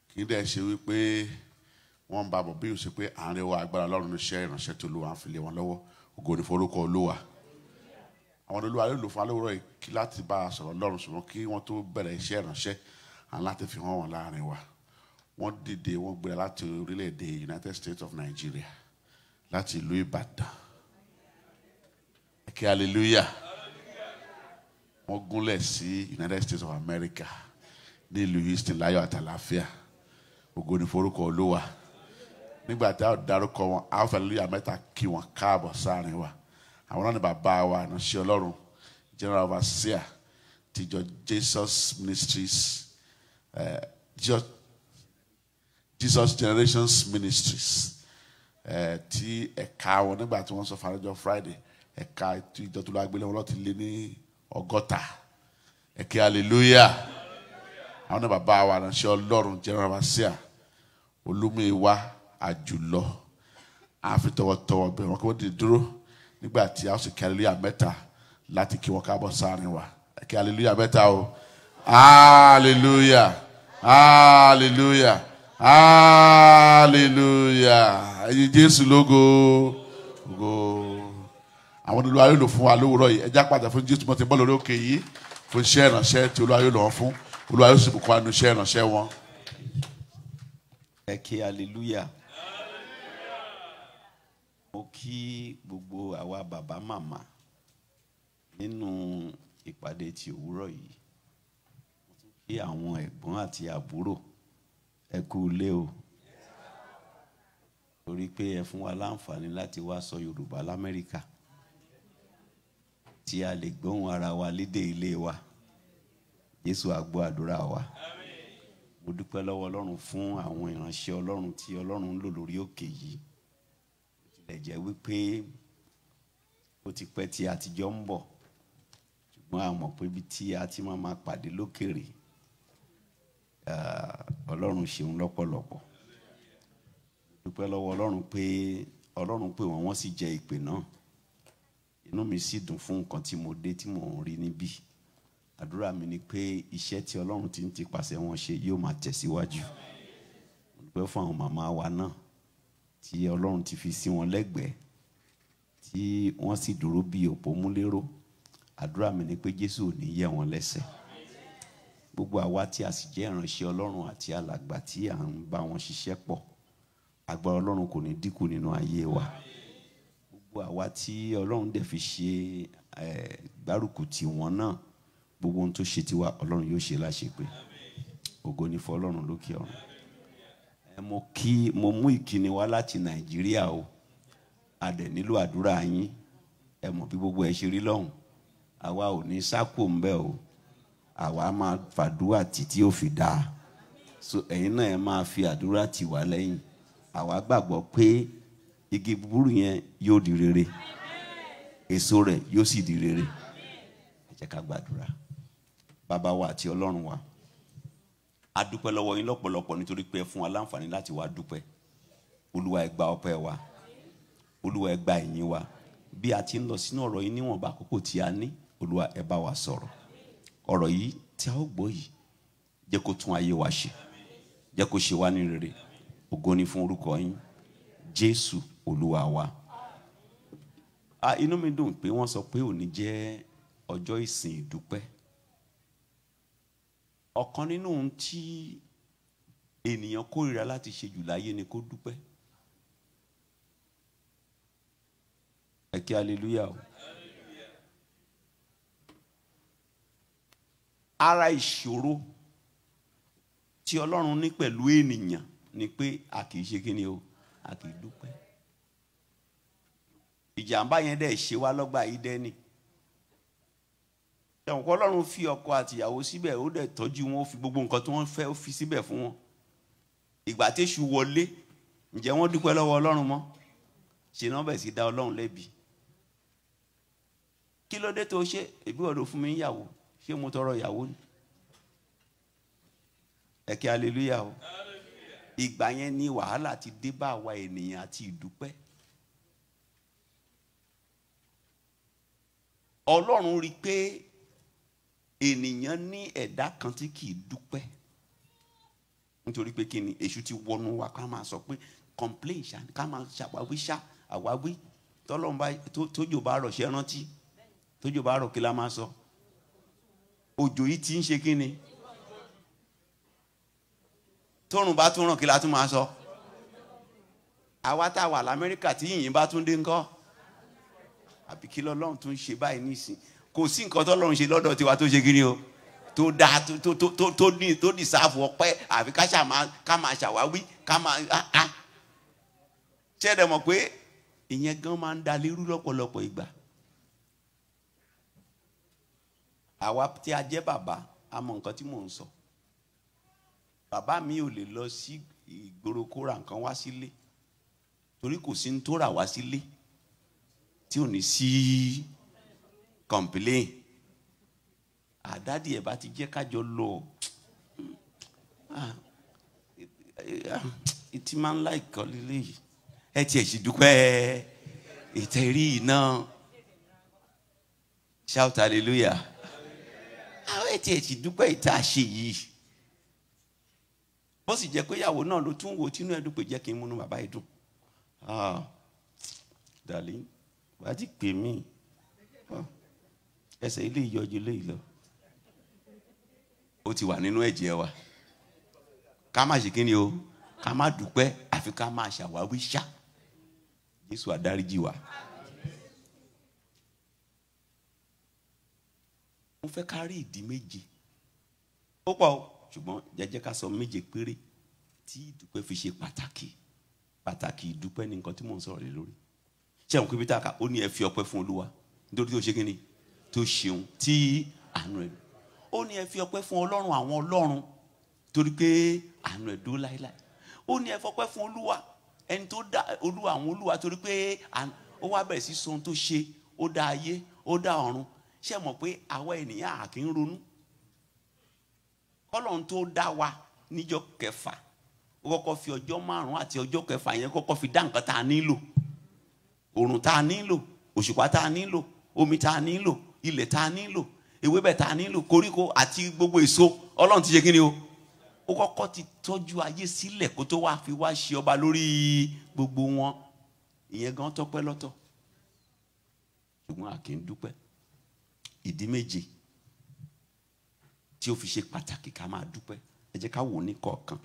kì í dẹ̀ ṣe wípé wọ́n ń ba bọ̀ bí yóò ṣe pé àárín ògo ni forúkọ olúwa àwọn olúwa yóò lò fún alówó rẹ kí láti bá a sọ̀rọ̀ lọ́rùn ṣùgbọ́n kí wọ́n tó bẹ̀rẹ̀ iṣẹ́ ìránṣẹ́ aláti fi hàn wọ́n láàrin wa wọ́n dìde wọ́n gbéra láti orílẹ̀-èdè United States of Nigeria láti ìlú Ìbàdàn ẹ̀kẹ́ hallelujah wọ́n gúnlẹ̀ sí United States of America ní ìlú Houston láyọ̀ àtàlàáfíà ògo ni forúkọ olúwa nígbà tí a ó darúkọ wọn a ó fàlẹ́lúyà mẹ́ta kí wọn káàbọ̀ sáàrin wa àwọn náà ni bàbá wa ìránṣẹ́ ọlọ́run general overseer tìjọ Jesus ministries eh, Jesus generations ministries uh, eh, ti ẹ̀ka wọn nígbà tí wọ́n sọ fàájọ Friday ẹ̀ka ètò ìjọ tó lọ agbélé wọn lọ́ọ́ ti lé ní ọgọ́ta ẹ̀kẹ́ hallelujah àwọn náà bàbá wa ìránṣẹ́ ọlọ́run general overseer olúmi wa àjùlọ àfi tọwọ́tọwọ́ bẹ̀rẹ̀ wọn kí wọ́n dìde dúró nígbà tí a sì kí aleluya mẹ́ta láti kí wọn káàbọ̀ sáárín wa kí aleluya mẹ́ta o hallelujah hallelujah hallelujah ẹyin jésù lógo ògo àwọn olùwà yóò lò fún wa lówùúrọ̀ yìí ẹjá pàtàkì fún jésù mọ́tò bọ́ọ̀lù orí òkè yìí fún iṣẹ́ ìránṣẹ́ tí olúwa yóò lò wọ́n fún olúwa yóò sì bùkún wa nínú iṣẹ́ ìránṣẹ́ wọn. ẹ kí aleluya mo kí gbogbo àwa bàbá màmá nínú ìpàdé ti òwúrọ̀ yìí mo tún kí àwọn ẹ̀gbọ́n àti àbúrò ẹ kú ilé o torí pé ẹ fún wa láǹfààní láti wá sọ Yorùbá l'Amẹ́ríkà tí a lè gbóhùn ara wa lédè ilé wa Jésù á àdúrà wa mo dúpẹ́ lọ́wọ́ Ọlọ́run fún àwọn ìránṣẹ́ Ọlọ́run tí Ọlọ́run ń lò lórí òkè yìí tilẹ̀ jẹ́ wípé ó ti pẹ́ tí àtijọ́ ń bọ̀ ṣùgbọ́n a mọ̀ pé ibi tí a ti máa máa pàdé lókèrè ah, ọlọ́run ṣeun lọ́pọ̀lọpọ̀ dúpẹ́ lọ́wọ́ ọlọ́run pé ọlọ́run pé wọ́n wọ́n sì jẹ ìpè náà inú mi sì dùn fún nǹkan tí mo dé tí mò ń rí níbí àdúrà mi ni pé iṣẹ́ tí ọlọ́run ti ń ti pàṣẹ wọn ṣe yóò máa tẹ̀síwájú dúpẹ́ fún àwọn màmá wa náà tí ọlọ́run ti fi sí wọn lẹ́gbẹ̀ẹ́ tí wọ́n sì dúró bí òpómúléró àdúrà mi ni pé jésù ò ní yẹ̀ wọ́n lẹ́sẹ̀ gbogbo àwa tí a sì jẹ́ ìránṣẹ́ ọlọ́run àti alàgbà tí à ń bá wọn ṣiṣẹ́ pọ̀ agbára ọlọ́run kò ní dínkù nínú ayé wa gbogbo àwa tí ọlọ́run dẹ̀ fi ṣe gbárùkù tì náà gbogbo ohun tó ṣe tiwa ọlọ́run yóò ṣe láṣepé ògo ni fún ọlọ́run lókè ọ̀run mo kí mo mú ìkíni wá láti nàìjíríà o a dẹ̀ nílò àdúrà yín ẹ mọ̀ bí gbogbo ẹ ṣe rí lọ́hùn àwa ò ní sákò ń o àwa máa fàdúrà títí ó fi dáa so ẹ̀yin náà ẹ máa fi àdúrà tì wá lẹ́yìn àwa gbàgbọ́ pé igi búburú yẹn yóò di rere èso rẹ̀ yóò sì di rere ẹ jẹ́ ká gbàdúrà bàbá wa àti ọlọ́run wa a dúpẹ́ lọ́wọ́ yín lọ́pọ̀lọpọ̀ nítorí pé ẹ fún wa láǹfààní láti wá dúpẹ́ olúwa ẹ gba ọpẹ́ wa olúwa ẹ gba ìyìn wa bí a ti ń lọ sínú ọ̀rọ̀ yín níwọ̀nba àkókò tí a ní olúwa ẹ bá wa sọ̀rọ̀ ọ̀rọ̀ yìí tí a ó gbọ́ yìí jẹ́ kó tún ayé wa ṣe jẹ́ kó ṣe wá ní rere ògo ni fún orúkọ yín jésù olúwa wa inú mi dùn pé wọ́n sọ pé òní jẹ́ ọjọ́ ìsìn ìdúpẹ́ ọ̀kan nínú ohun tí ènìyàn kórìíra láti ṣe jù láyé ni kó dúpẹ́ ẹ kí hallelujah o ara ìṣòro tí ọlọ́run ní pẹ̀lú ènìyàn ni pé a kì í ṣe kí ni o a kì í dúpẹ́ ìjàmbá yẹn dẹ̀ ṣe wá lọ́gbà yìí dẹ́ni ẹ̀wọ̀n kọ́ ọlọ́run fi ọkọ àtìyàwó síbẹ̀ ó dẹ̀ tọ́jú wọn ó fi gbogbo nǹkan tí wọ́n fẹ́ ó fi síbẹ̀ fún wọn ìgbà téṣù wọlé ǹjẹ́ wọ́n dúpẹ́ lọ́wọ́ ọlọ́run mọ́ ṣe náà bẹ̀ sí dá ọlọ́run lẹ́bi kí ló dé tó ṣe èbí wọ́n ló fún mi níyàwó ṣé mo tọrọ ìyàwó ni ẹ kí aleluya o ìgbà yẹn ni wàhálà ti dé bá àwa ènìyàn àti ìdúpẹ́ ọlọ́run rí i pé ènìyàn ní ẹ̀dá kan tí kì í dúpẹ́ nítorí pé kí ni èṣù ti wọnú wa ká máa sọ pé complain ṣá ká máa ṣàwáwí ṣá àwáwí tọ́lọ́run bá tójò bá rọ̀ ṣe rántí tójò bá rọ̀ kí la máa sọ òjò yìí ti ń ṣe kí ni tóòrùn bá tún ràn kí la tún máa sọ àwa tá a wà lamẹ́ríkà tí yìnyín bá tún dé ńkọ́ àbí kí lọ́lọ́run tún ṣe báyìí nísìnyí kò sí nǹkan tọ́lọ́run ṣe lọ́dọ̀ tiwa tó ṣe kí ni o tó da tó tó tó tó ní tó ní sáfù ọpẹ́ àfi ká ṣàmà ká máa ṣàwáwí ká máa á ṣẹlẹ mọ̀ pé ìyẹn gan máa ń da lérú lọ́pọ̀lọpọ̀ ìgbà àwa tí a jẹ́ bàbá a mọ̀ nǹkan tí mò ń sọ bàbá mi ò lè lọ sí ìgboro ra nǹkan wá sílé torí kò sí ń tó rà wá sílé tí ò ní sí complain àdádì ah, ẹ̀ bá ti jẹ́ kájọ lọ ìtì ah, máa ń láìkọ́ lílé yìí ẹ tiẹ̀ sì dúpẹ́ ìtẹ̀rí náà shout hallelujah àwọn ah, ẹ tiẹ̀ sì dúpẹ́ ìtà ṣe yìí bó sì jẹ́ pé ìyàwó náà ló tún wo tínú ẹ̀dùn pé jẹ́ kí n múnú bàbá yìí dùn dàlí wàá ti pè mí ẹsẹ̀ ilé ìyọjú lé ìlọ ó ti wà nínú ẹ̀jẹ̀ wa ká má ṣe kíni o ká má dúpẹ́ àfi ká má ṣàwáwí ṣá Jésù àdáríjì wa. mo fẹ́ ká rí ìdí méje ó pọ̀ ṣùgbọ́n jẹ́jẹ́ ká sọ méje péré tí ìdúpẹ́ fi ṣe pàtàkì pàtàkì ìdúpẹ́ ní nǹkan tí mò ń sọ̀rọ̀ lé lórí ṣé àwọn kébìtà ká ó ní ẹ fi ọpẹ́ fún Olúwa nítorí tí ó ṣe kíni tó ṣeun tí àánú ẹ̀ ó ní ẹ fi ọpẹ́ fún ọlọ́run àwọn ọlọ́run torí pé àánú ẹ̀ dó láéláé ó ní ẹ fọpẹ́ fún olúwa ẹni tó dá olúwa àwọn olúwa torí pé ó wá bẹ̀rẹ̀ sí sọ tó ṣe ó dá ayé ó dá ọ̀run ṣe mọ̀ pé àwa ènìyàn àkì ń ronú kọ́lọ́n tó dá wa níjọ́ kẹfà ó kọ́kọ́ fi ọjọ́ márùn-ún àti ọjọ́ kẹfà yẹn kọ́kọ́ fi dá nǹkan tá a nílò òrùn tá a nílò òṣùpá tá a nílò omi tá a nílò ilẹ̀ tá a nílò ewébẹ̀ tá a nílò koríko àti gbogbo èso ọlọ́run ti ṣe kí ni o ó kọ́kọ́ ti tọ́jú ayé sílẹ̀ kó tó wáá fi wá ṣe ọba lórí gbogbo wọn ìyẹn gan tọ́pẹ́ lọ́tọ̀ ṣùgbọ́n a kì í dúpẹ́ ìdí méje tí ó fi ṣe pàtàkì ká máa dúpẹ́ ẹ jẹ́ ká wò ní kọ̀ọ̀kan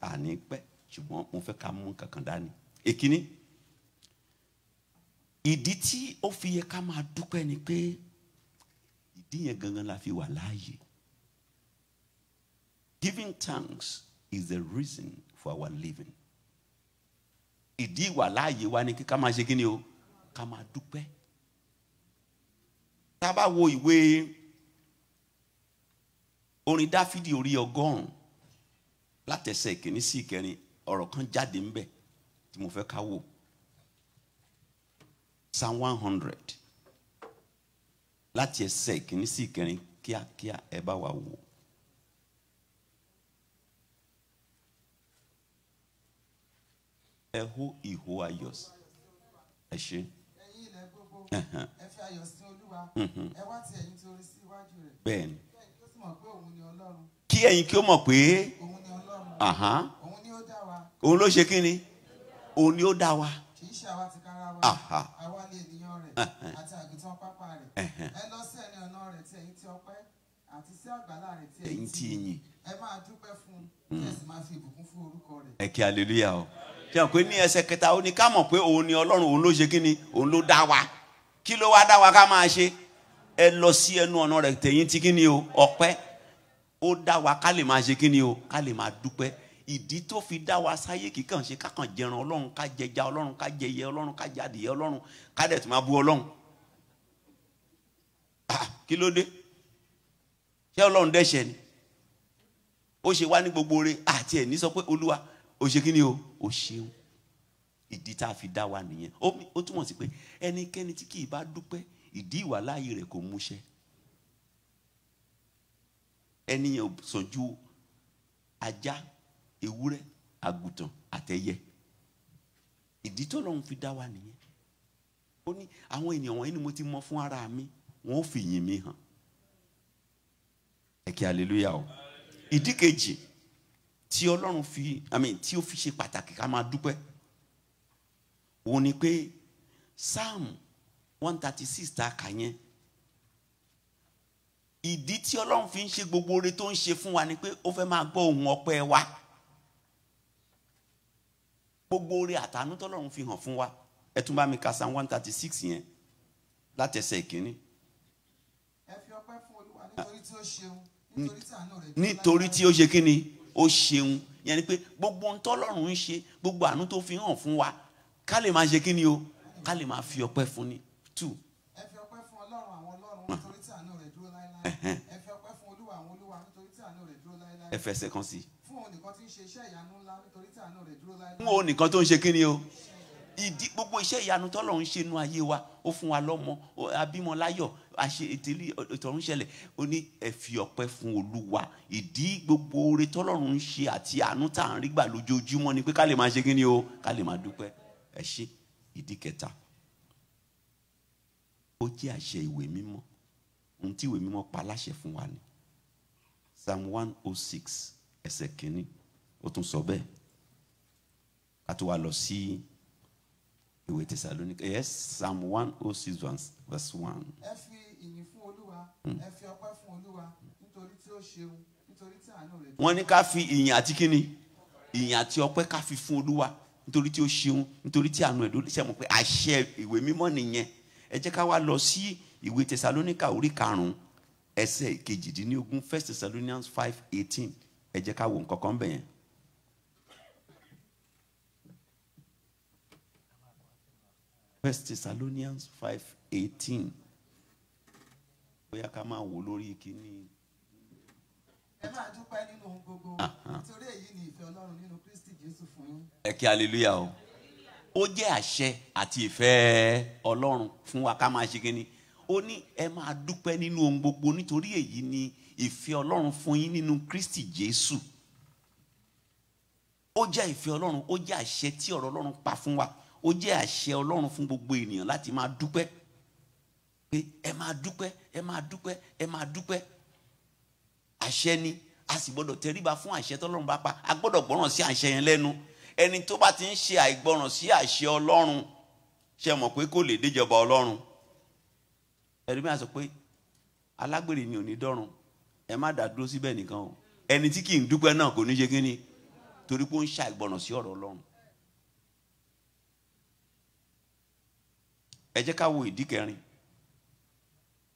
àní pẹ́ ṣùgbọ́n mo fẹ́ ká mú kankan dání èkíní ìdí tí ó fi yẹ ká máa dúpẹ́ ni pé ìdí yẹn gangan la fi wà láàyè. Giving thanks is the reason for our living. Ìdí ìwà láàyè wa ni kí ká máa ṣe kí o, ká máa dúpẹ́. Tá a bá wo ìwé orin Dáfídì orí ọgọ́rùn-ún látẹsẹ̀ ìkíní sí ìkẹrin ọ̀rọ̀ kan jáde ńbẹ̀ tí mo fẹ́ ká wò. Psalm one hundred láti ẹsẹ̀ ìkíní sí ìkẹrin kíákíá ẹ bá wa wò. ẹ hó ìhó ayọ̀ ẹ ṣe. ẹ fi ayọ̀ sí olúwa ẹ wá ti ẹ̀yin torí sí iwájú rẹ̀. bẹ́ẹ̀ni. kí ẹ̀yin kí ó mọ̀ pé òun ni Ọlọ́run òun ni ó dá wa. òun ló ṣe kí ni òun ni ó dá wa. kì í ṣe àwa tìkára wa àwa ni ènìyàn rẹ̀ àti àgùntàn pápá rẹ̀ àgbà láàrin tí ẹ̀yin ti yìn ẹ máa dúpẹ́ fún un hmm. ẹ sì máa fi ìbùkún fún aleluya o ṣe hàn pé ní ẹsẹ̀ kẹta ó ní ká mọ̀ pé òun ni ọlọ́run òun ló ṣe kí ni òun ló dá wa kí ló wá dá wa ká máa ṣe ẹ lọ sí ẹnu ọ̀nà rẹ̀ tẹ̀yìn ti kí ni o ọpẹ́ ó dá wa ká lè máa ṣe kí ni o ká lè máa dúpẹ́ ìdí tó fi dá wa sáyé kíkàn ṣe kákan jẹran ọlọ́run ká jẹja ọlọ́run ká jẹyẹ ọlọ́run ká jẹ adìyẹ ọlọ́run ká dẹ̀ tún máa bú ọlọ́run ah, kí ló dé ṣé ọlọ́run dẹ́ṣẹ̀ ni ó ṣe wá ní gbogbo oore àti ẹ̀ sọ pé olúwa ó ṣe kí ni o ó ṣeun ìdí tá a fi dá wa nìyẹn ó túmọ̀ sí pé ẹnikẹ́ni tí kì í bá dúpẹ́ ìdí ìwàláàyè rẹ̀ kò múṣẹ ẹni yẹn ò sàn ju ajá ewúrẹ́ àgùntàn àtẹyẹ ìdí tó lọ́run fi dá wa nìyẹn ó ní àwọn ènìyàn wọ̀nyí ni mo ti mọ fún ara mi wọ́n ó fi mi hàn ẹ̀kẹ́ hallelujah o ìdí kejì tí ọlọ́run fi I mean tí ó fi ṣe pàtàkì ká máa dúpẹ́ òun ni pé psalm one thirty six ta kà yẹn ìdí tí ọlọ́run fi ń ṣe gbogbo oore tó ń ṣe fún wa ni pé ó fẹ́ máa gbọ́ ohùn ọpẹ́ wa gbogbo oore àtàánú tọ́lọ́run fi hàn fún wa ẹ tún bá mi ka psalm one thirty six yẹn látẹsẹ̀ ìkíní. ẹ fi ọpẹ́ fún olúwa nítorí tí ó ṣeun nítorí tí ó ṣe kí ni ó ṣeun yẹn ni pé gbogbo ohun tọ́lọ́run ń ṣe gbogbo àánú tó fi hàn fún wa ká lè máa ṣe kí ni o ká lè máa fi ọpẹ́ fún ni two. ẹ fi ọpẹ́ fún Ọlọ́run àwọn Ọlọ́run nítorí tí àánú rẹ̀ dúró láéláé ẹ fi ọpẹ́ fún Olúwa àwọn Olúwa nítorí tí àánú rẹ̀ dúró láéláé. ẹ fẹsẹ̀ kan sí. fún òun nìkan tí ń ṣe iṣẹ́ ìyanu ńlá nítorí tí àánú rẹ̀ dúró láéláé. fún òun nìkan tó ń ṣe kí ni o ìdí gbogbo iṣẹ́ ìyanu tọ́lọ̀ ń ṣe nu ayé wa ó fún wa lọ́mọ abímọ láyọ̀ àṣe ìtìlí ìtọ̀run ṣẹlẹ̀ ó ní ẹ fi ọpẹ́ fún olúwa ìdí gbogbo oore tọ́lọ́run ń ṣe àti àánú tá à ń rí gbà lójoojúmọ́ ni pé ká lè máa ṣe kíni o ká lè máa dúpẹ́ ẹ ṣe ìdí kẹta ó jẹ́ àṣẹ ìwé mímọ́ ohun tí ìwé mímọ́ pa láṣẹ fún wa ni psalm one oh six ẹsẹ̀ kínní ó tún sọ bẹ́ẹ̀ a tún lọ sí. Si ìwé tẹsalónìkà yes psalm one oh six verse one. ẹ fi ìyìn fún olúwa hmm. ẹ fi ọpẹ́ fún olúwa nítorí tí ó ṣeun nítorí tí àánú rẹ̀. wọ́n ní ká fi ìyìn àti kíni ìyìn àti ọpẹ́ ká fi fún olúwa nítorí tí ó ṣeun nítorí tí àánú ẹdùn ṣe mọ̀ pé àṣẹ ìwé mímọ́ nìyẹn ẹ jẹ́ ká wá lọ sí ìwé tẹsalónìkà orí karùnún ẹsẹ̀ kejìdínlógún first thessalonians five eighteen ẹ jẹ́ ká wo nǹkan kan bẹ̀yẹn. First Thessalonians 5:18. eighteen bóyá ká máa wò lórí kínní. ẹ máa dúpẹ́ nínú ohun gbogbo nítorí èyí ni ìfẹ́ Ọlọ́run nínú Kristi Jésù fún yín. ẹ kí aleluya o ó jẹ́ àṣẹ àti ìfẹ́ Ọlọ́run fún wa ká máa ṣe kínní ó ní ẹ máa dúpẹ́ nínú ohun gbogbo nítorí èyí ni ìfẹ́ Ọlọ́run fún yín nínú Kristi Jésù ó jẹ́ ìfẹ́ Ọlọ́run ó jẹ́ àṣẹ tí ọ̀rọ̀ Ọlọ́run pa fún wa ó jẹ́ àṣẹ ọlọ́run fún gbogbo ènìyàn láti máa dúpẹ́ pé ẹ máa dúpẹ́ ẹ máa dúpẹ́ ẹ máa dúpẹ́ àṣẹ ni a sì gbọ́dọ̀ tẹríba fún àṣẹ tọ́lọ́run bá pa a gbọ́dọ̀ gbọ́ràn sí àṣẹ yẹn lẹ́nu ẹni tó bá ti ń ṣe àìgbọ́ràn sí àṣẹ ọlọ́run ṣe mọ̀ pé kò lè déjọba ọlọ́run ẹni bí a sọ pé alágbèrè ni ò ní dọ́run ẹ má dá dúró síbẹ̀ nìkan o ẹni tí kì í dúpẹ́ náà kò ní ṣe kí ni torí pé ó ń ṣàìgbọ́ràn sí ọ̀rọ̀ ọlọ́run ẹ jẹ́ ká wo ìdí kẹrin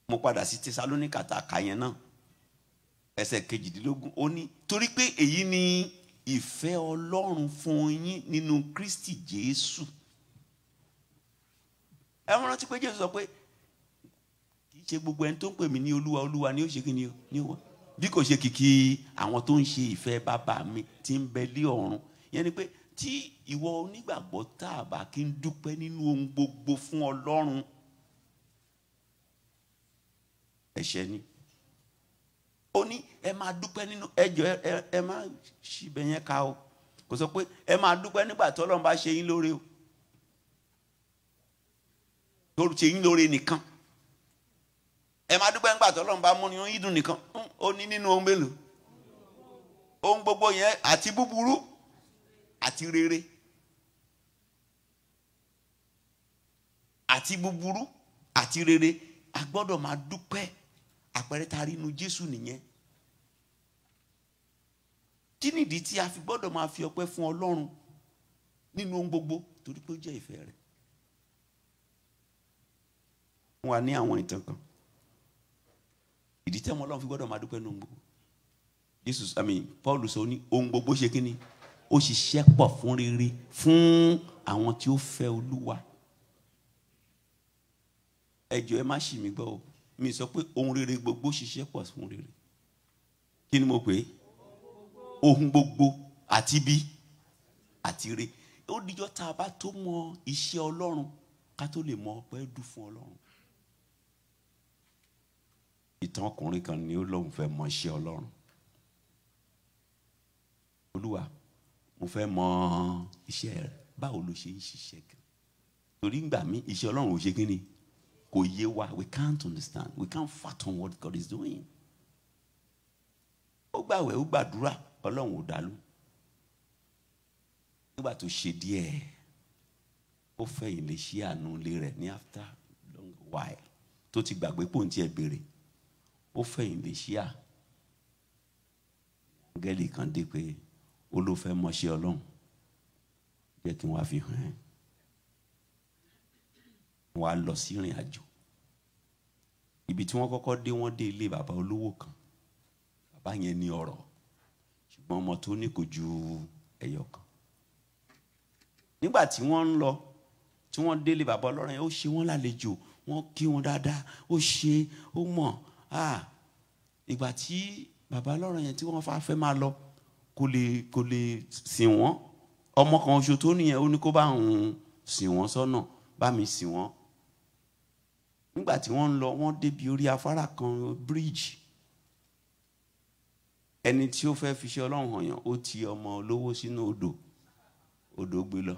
mo padà sí Tẹsalóníkà tá a kà yẹn náà ẹsẹ̀ kejìdínlógún ó ní torí pé èyí ni ìfẹ́ Ọlọ́run fún yín nínú Kristi Jésù ẹ wọ́n rántí pé Jésù sọ pé kì í ṣe gbogbo ẹni tó ń pè mí ní Olúwa Olúwa ni ó ṣe kí ni ó ní wọ́n bí kò ṣe kìkì àwọn tó ń ṣe ìfẹ́ bàbá mi tí ń bẹ lé ọ̀run yẹn ni pé tí ìwọ onígbàgbọ́ tá a bá kí ń dúpẹ́ nínú ohun gbogbo fún ọlọ́run ẹ̀ṣẹ̀ ni ó ní ẹ máa dúpẹ́ nínú ẹjọ́ ẹ ẹ má ṣìbẹ̀ yẹn ká o kò sọ pé ẹ máa dúpẹ́ nígbà tí ọlọ́run bá ṣe yín lóore o tó ṣe yín lóore nìkan ẹ máa dúpẹ́ nígbà tí ọlọ́run bá mú ni yín dùn nìkan ó ní nínú ohun mélòó ohun gbogbo yẹn àti búburú àti rere àti búburú àti rere a gbọ́dọ̀ máa dúpẹ́ àpẹẹrẹ tá a rí inú Jésù nìyẹn kí nìdí tí a fi gbọ́dọ̀ máa fi ọpẹ́ fún Ọlọ́run nínú ohun gbogbo torí pé ó jẹ́ ìfẹ́ rẹ̀ wà ní àwọn ìtàn kan ìdí tẹ́wọ́n Ọlọ́run fi gbọ́dọ̀ máa dúpẹ́ nínú ohun gbogbo Jésù àmì Paul sọ ní ohun gbogbo ṣe kí ni ó ṣiṣẹ́ pọ̀ fún rere fún àwọn tí ó fẹ́ olúwa ẹ jọ̀ọ́ ẹ má ṣì mí gbọ́ o mi sọ pé ohun rere gbogbo ṣiṣẹ́ pọ̀ fún rere kí ni mo pè é ohun gbogbo àti bí àti re ó dijọ́ tá a bá tó mọ iṣẹ́ ọlọ́run ká tó lè mọ ọpẹ́ dùn fún ọlọ́run ìtàn ọkùnrin kan ni ó lóun fẹ́ mọ iṣẹ́ ọlọ́run olúwa mo fẹ́ mọ iṣẹ́ rẹ báwo ló ṣe ń ṣiṣẹ́ gan torí ngbà mí iṣẹ́ Ọlọ́run ò ṣe kí ni kò yé wa we can't understand we can't fathom what God is doing ó gbàwẹ̀ ó gbàdúrà Ọlọ́run ò dàlú nígbà tó ṣe díẹ̀ ó fẹ̀yìn lè ṣí àánú ilé rẹ̀ ní after long while tó ti gbàgbé pòun tiẹ̀ béèrè ó fẹ̀yìn lè ṣí à áńgẹ́lì kan dé pé olùfẹ́ mọṣẹ́ ọlọ́run jẹ́ kí wọ́n á fi hàn ẹ́ wọ́n á lọ sí ìrìn àjò ibi tí wọ́n kọ́kọ́ dé wọ́n dé ilé bàbá olówó kan bàbá yẹn ní ọrọ̀ ṣùgbọ́n ọmọ tó ní kò ju ẹyọ kan nígbà tí wọ́n ń lọ tí wọ́n délé bàbá ọlọ́run yẹn ó ṣe wọ́n lálejò wọ́n kí wọn dáadáa ó ṣe ó mọ̀ ah! ìgbà tí bàbá ọlọ́run yẹn tí wọ́n fa fẹ́ máa lọ kó lè kó lè sìn wọ́n ọmọ kan oṣù tó nìyẹn ó ní kó bá òun sìn wọ́n sọ́nà bá mi sìn wọ́n nígbà tí wọ́n ń lọ wọ́n débi orí afárá kan bíríìjì ẹni tí ó fẹ́ fi ṣe ọlọ́run hàn yàn ó ti ọmọ olówó sínú odò odò gbé lọ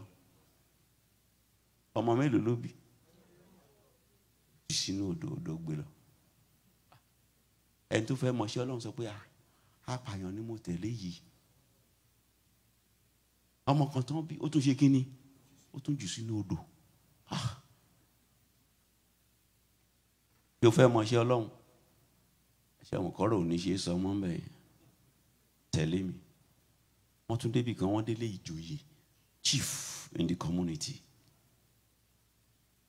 ọmọ mélòó ló bí sínú odò odò gbé lọ ẹni tó fẹ́ mọ̀ ṣe ọlọ́run sọ pé ah, apààyàn ni mo tẹ̀lé yìí ọmọ kan tán bí ó tún ṣe kínní ó tún jù sínú odò bí ah! o fẹ́ mọ ṣe ọlọ́run ṣe àwọn kọ́rọ̀ ò ní ṣe é sọ mọ́ bẹ́ẹ̀ tẹ̀lé mi wọ́n tún débì kan wọ́n délé ìjòyè chief in the community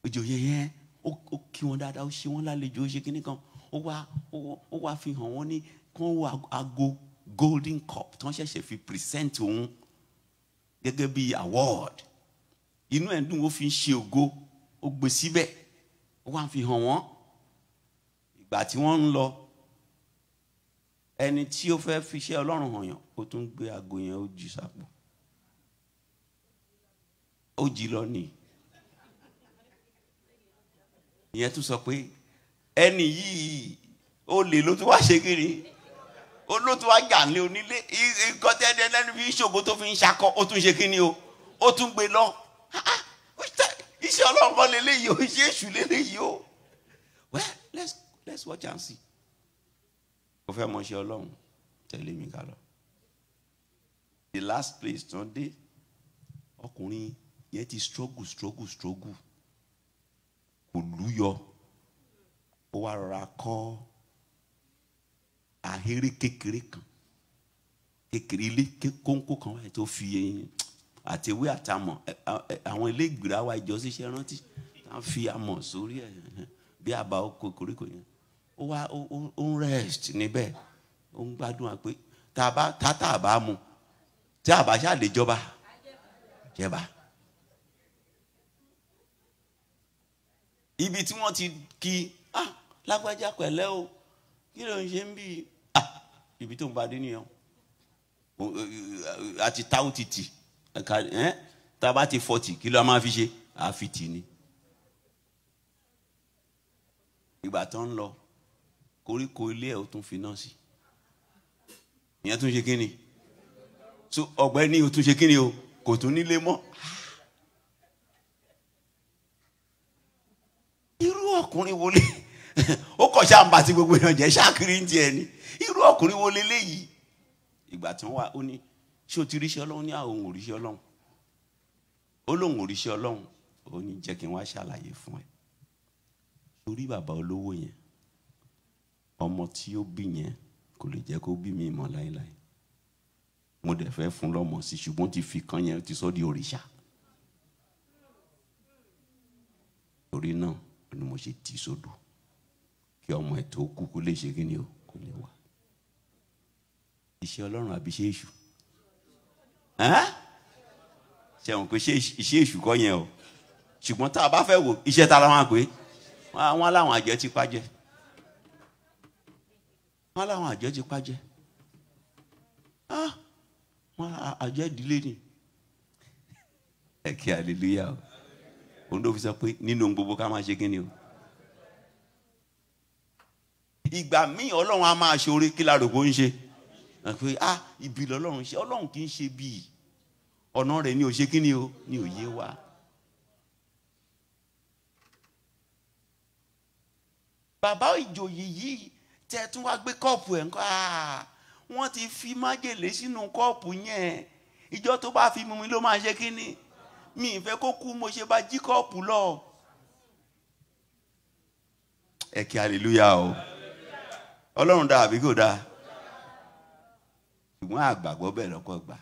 ìjòyè yẹn ó kí wọn dáadáa ó ṣe wọn lálejò ó ṣe kínní kan ó wá ó wá fi hàn wọn ní kí wọ́n wo aago golden cup tí wọ́n ṣẹ̀ṣẹ̀ fi present òun gẹ́gẹ́ bí award inú ẹ̀ dùn ó fi ń ṣe ògo ó gbé síbẹ̀ ó wá ń fi hàn wọ́n ìgbà tí wọ́n ń lọ ẹni tí ó fẹ́ fi iṣẹ́ ọlọ́run hàn yàn ó tún gbé aago yẹn ó jù sápò ó jí lọ nìyí ìyẹn tún sọ pé ẹni yìí ó lè ló tún wá ṣe kiri olóòtú wa jà ní onílé ìkọ́tẹ́dẹ́ lẹ́nu fi ṣògo tó fi ń ṣakọ ó tún ṣe kí ni o ó tún gbé lọ ah, iṣẹ́ ọlọ́run kọ́ lélẹ́yìí o iṣẹ́ èṣù lélẹ́yìí o well let's let's watch and see o fẹ́ mọ ṣe ọlọ́run tẹ̀lé mi ká the last place tán dé ọkùnrin yẹn ti struggle struggle struggle kò lúyọ ó wá rọra kán ahéré kékeré kan kékeré ilé kónkó kan wáyé tó fi àtẹwé àtàmọ̀ àwọn ilé ìgbìrà wa ìjọ ṣiṣẹ́ rántí tá fi amọ̀ sórí ẹ̀ bí àbá oko koríko yẹn ó wá ó ń rest níbẹ̀ ó ń gbádùn wa pé tàtà àbá mu tí àbá ṣáà lè jọba jẹba. ibi tí wọ́n ti kí ah lágbájá pẹ̀lẹ́ o kí ló ń ṣe ń bí i ibi tó ń bá dé nìyẹn àti táwọn ti tì tá a bá ti fọtì kí ló máa fi ṣe àfi tì ni. ìgbà tó ń lọ koríko ilé ẹ̀ ó tún fi náà sí ìyẹn tún ṣe kí ni so ọ̀gbẹ́ni ó tún ṣe kí ni o kò tún nílé mọ́. irú ọkùnrin wo lè. ó kọ̀ ṣáà ń bá ti gbogbo èèyàn jẹ́ ṣáàkiri ń tiẹ̀ ni irú ọkùnrin wo leléyìí ìgbà tí wọ́n wá ó ní ṣé o ti ríṣẹ́ ọlọ́run ní àwọn òun òríṣẹ́ ọlọ́run ó lóun òríṣẹ́ ọlọ́run ó ní jẹ́ kí n wá ṣàlàyé fún ẹ torí bàbá olówó yẹn ọmọ tí ó bí yẹn kò lè jẹ́ kó bí mi mọ́ láéláé mo dẹ̀ fẹ́ fún lọ́mọ sí ṣùgbọ́n ti fi kan yẹn ti sọ di òrìṣà torí náà ni mo ṣe tì sódò kí ọmọ ẹ̀ tó kú kó lè ṣe kí ni o kó lè wà iṣẹ́ ọlọ́run àbí iṣẹ́ èṣù ṣẹ̀wọ̀n pé iṣẹ́ èṣù kọ́ yẹn o ṣùgbọ́n tá a bá fẹ́ wò iṣẹ́ ta la wọn pé wọn láwọn àjẹ́ ti pàjẹ́ wọn láwọn àjẹ́ ti pàjẹ́ ah! wọn àjẹ́ ìdílé ni ẹ kí hallelujah o òun ló fi sọ pé nínú gbogbo ká máa ṣe kí ni o ìgbà míì ọlọ́run á máa ṣoore kí la rò ń ṣe pé ah ibi lọ́lọ́run ṣe ọlọ́run kì í ṣe bíi ọ̀nà rẹ̀ ni ò ṣe kí ni o ni ò yé wa. bàbá ìjòyè yìí tẹ tún wá gbé kọ́ọ̀pù ẹ̀ ń kọ́ wọ́n ti fi májèlé sínú kọ́ọ̀pù yẹn ìjọ tó bá fi mu mi ló máa ṣe kí ni mi ì fẹ́ kó kú mo ṣe bá jí kọ́ọ̀pù lọ. ẹ kí hallelujah o. Oh ọlọ́run dáa àbí kò dáa ṣùgbọ́n àgbàgbọ́ bẹ́ẹ̀ lọ́kọ̀ gbà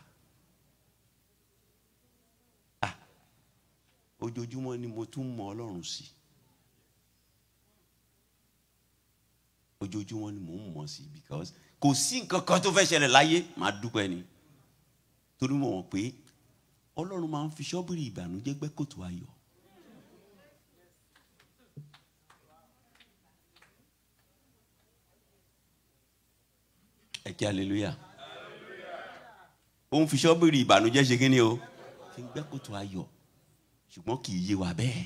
ojoojúmọ́ ni mo tún mọ ọlọ́run sí ojoojúmọ́ ni mo ń mọ̀ sí because kò sí nǹkan kan tó fẹ́ ṣẹlẹ̀ láyé màá dúpẹ́ ni torí mo mọ̀ pé ọlọ́run máa ń fi ṣọ́bìrì ìbànújẹ́ gbẹ́ ayọ̀ ẹ kí hallelujah òun fi ṣọ́bìrì ìbànújẹ́ ṣe kínní o fi ń gbẹ́ kòtò ayọ̀ ṣùgbọ́n kì í yé wa bẹ́ẹ̀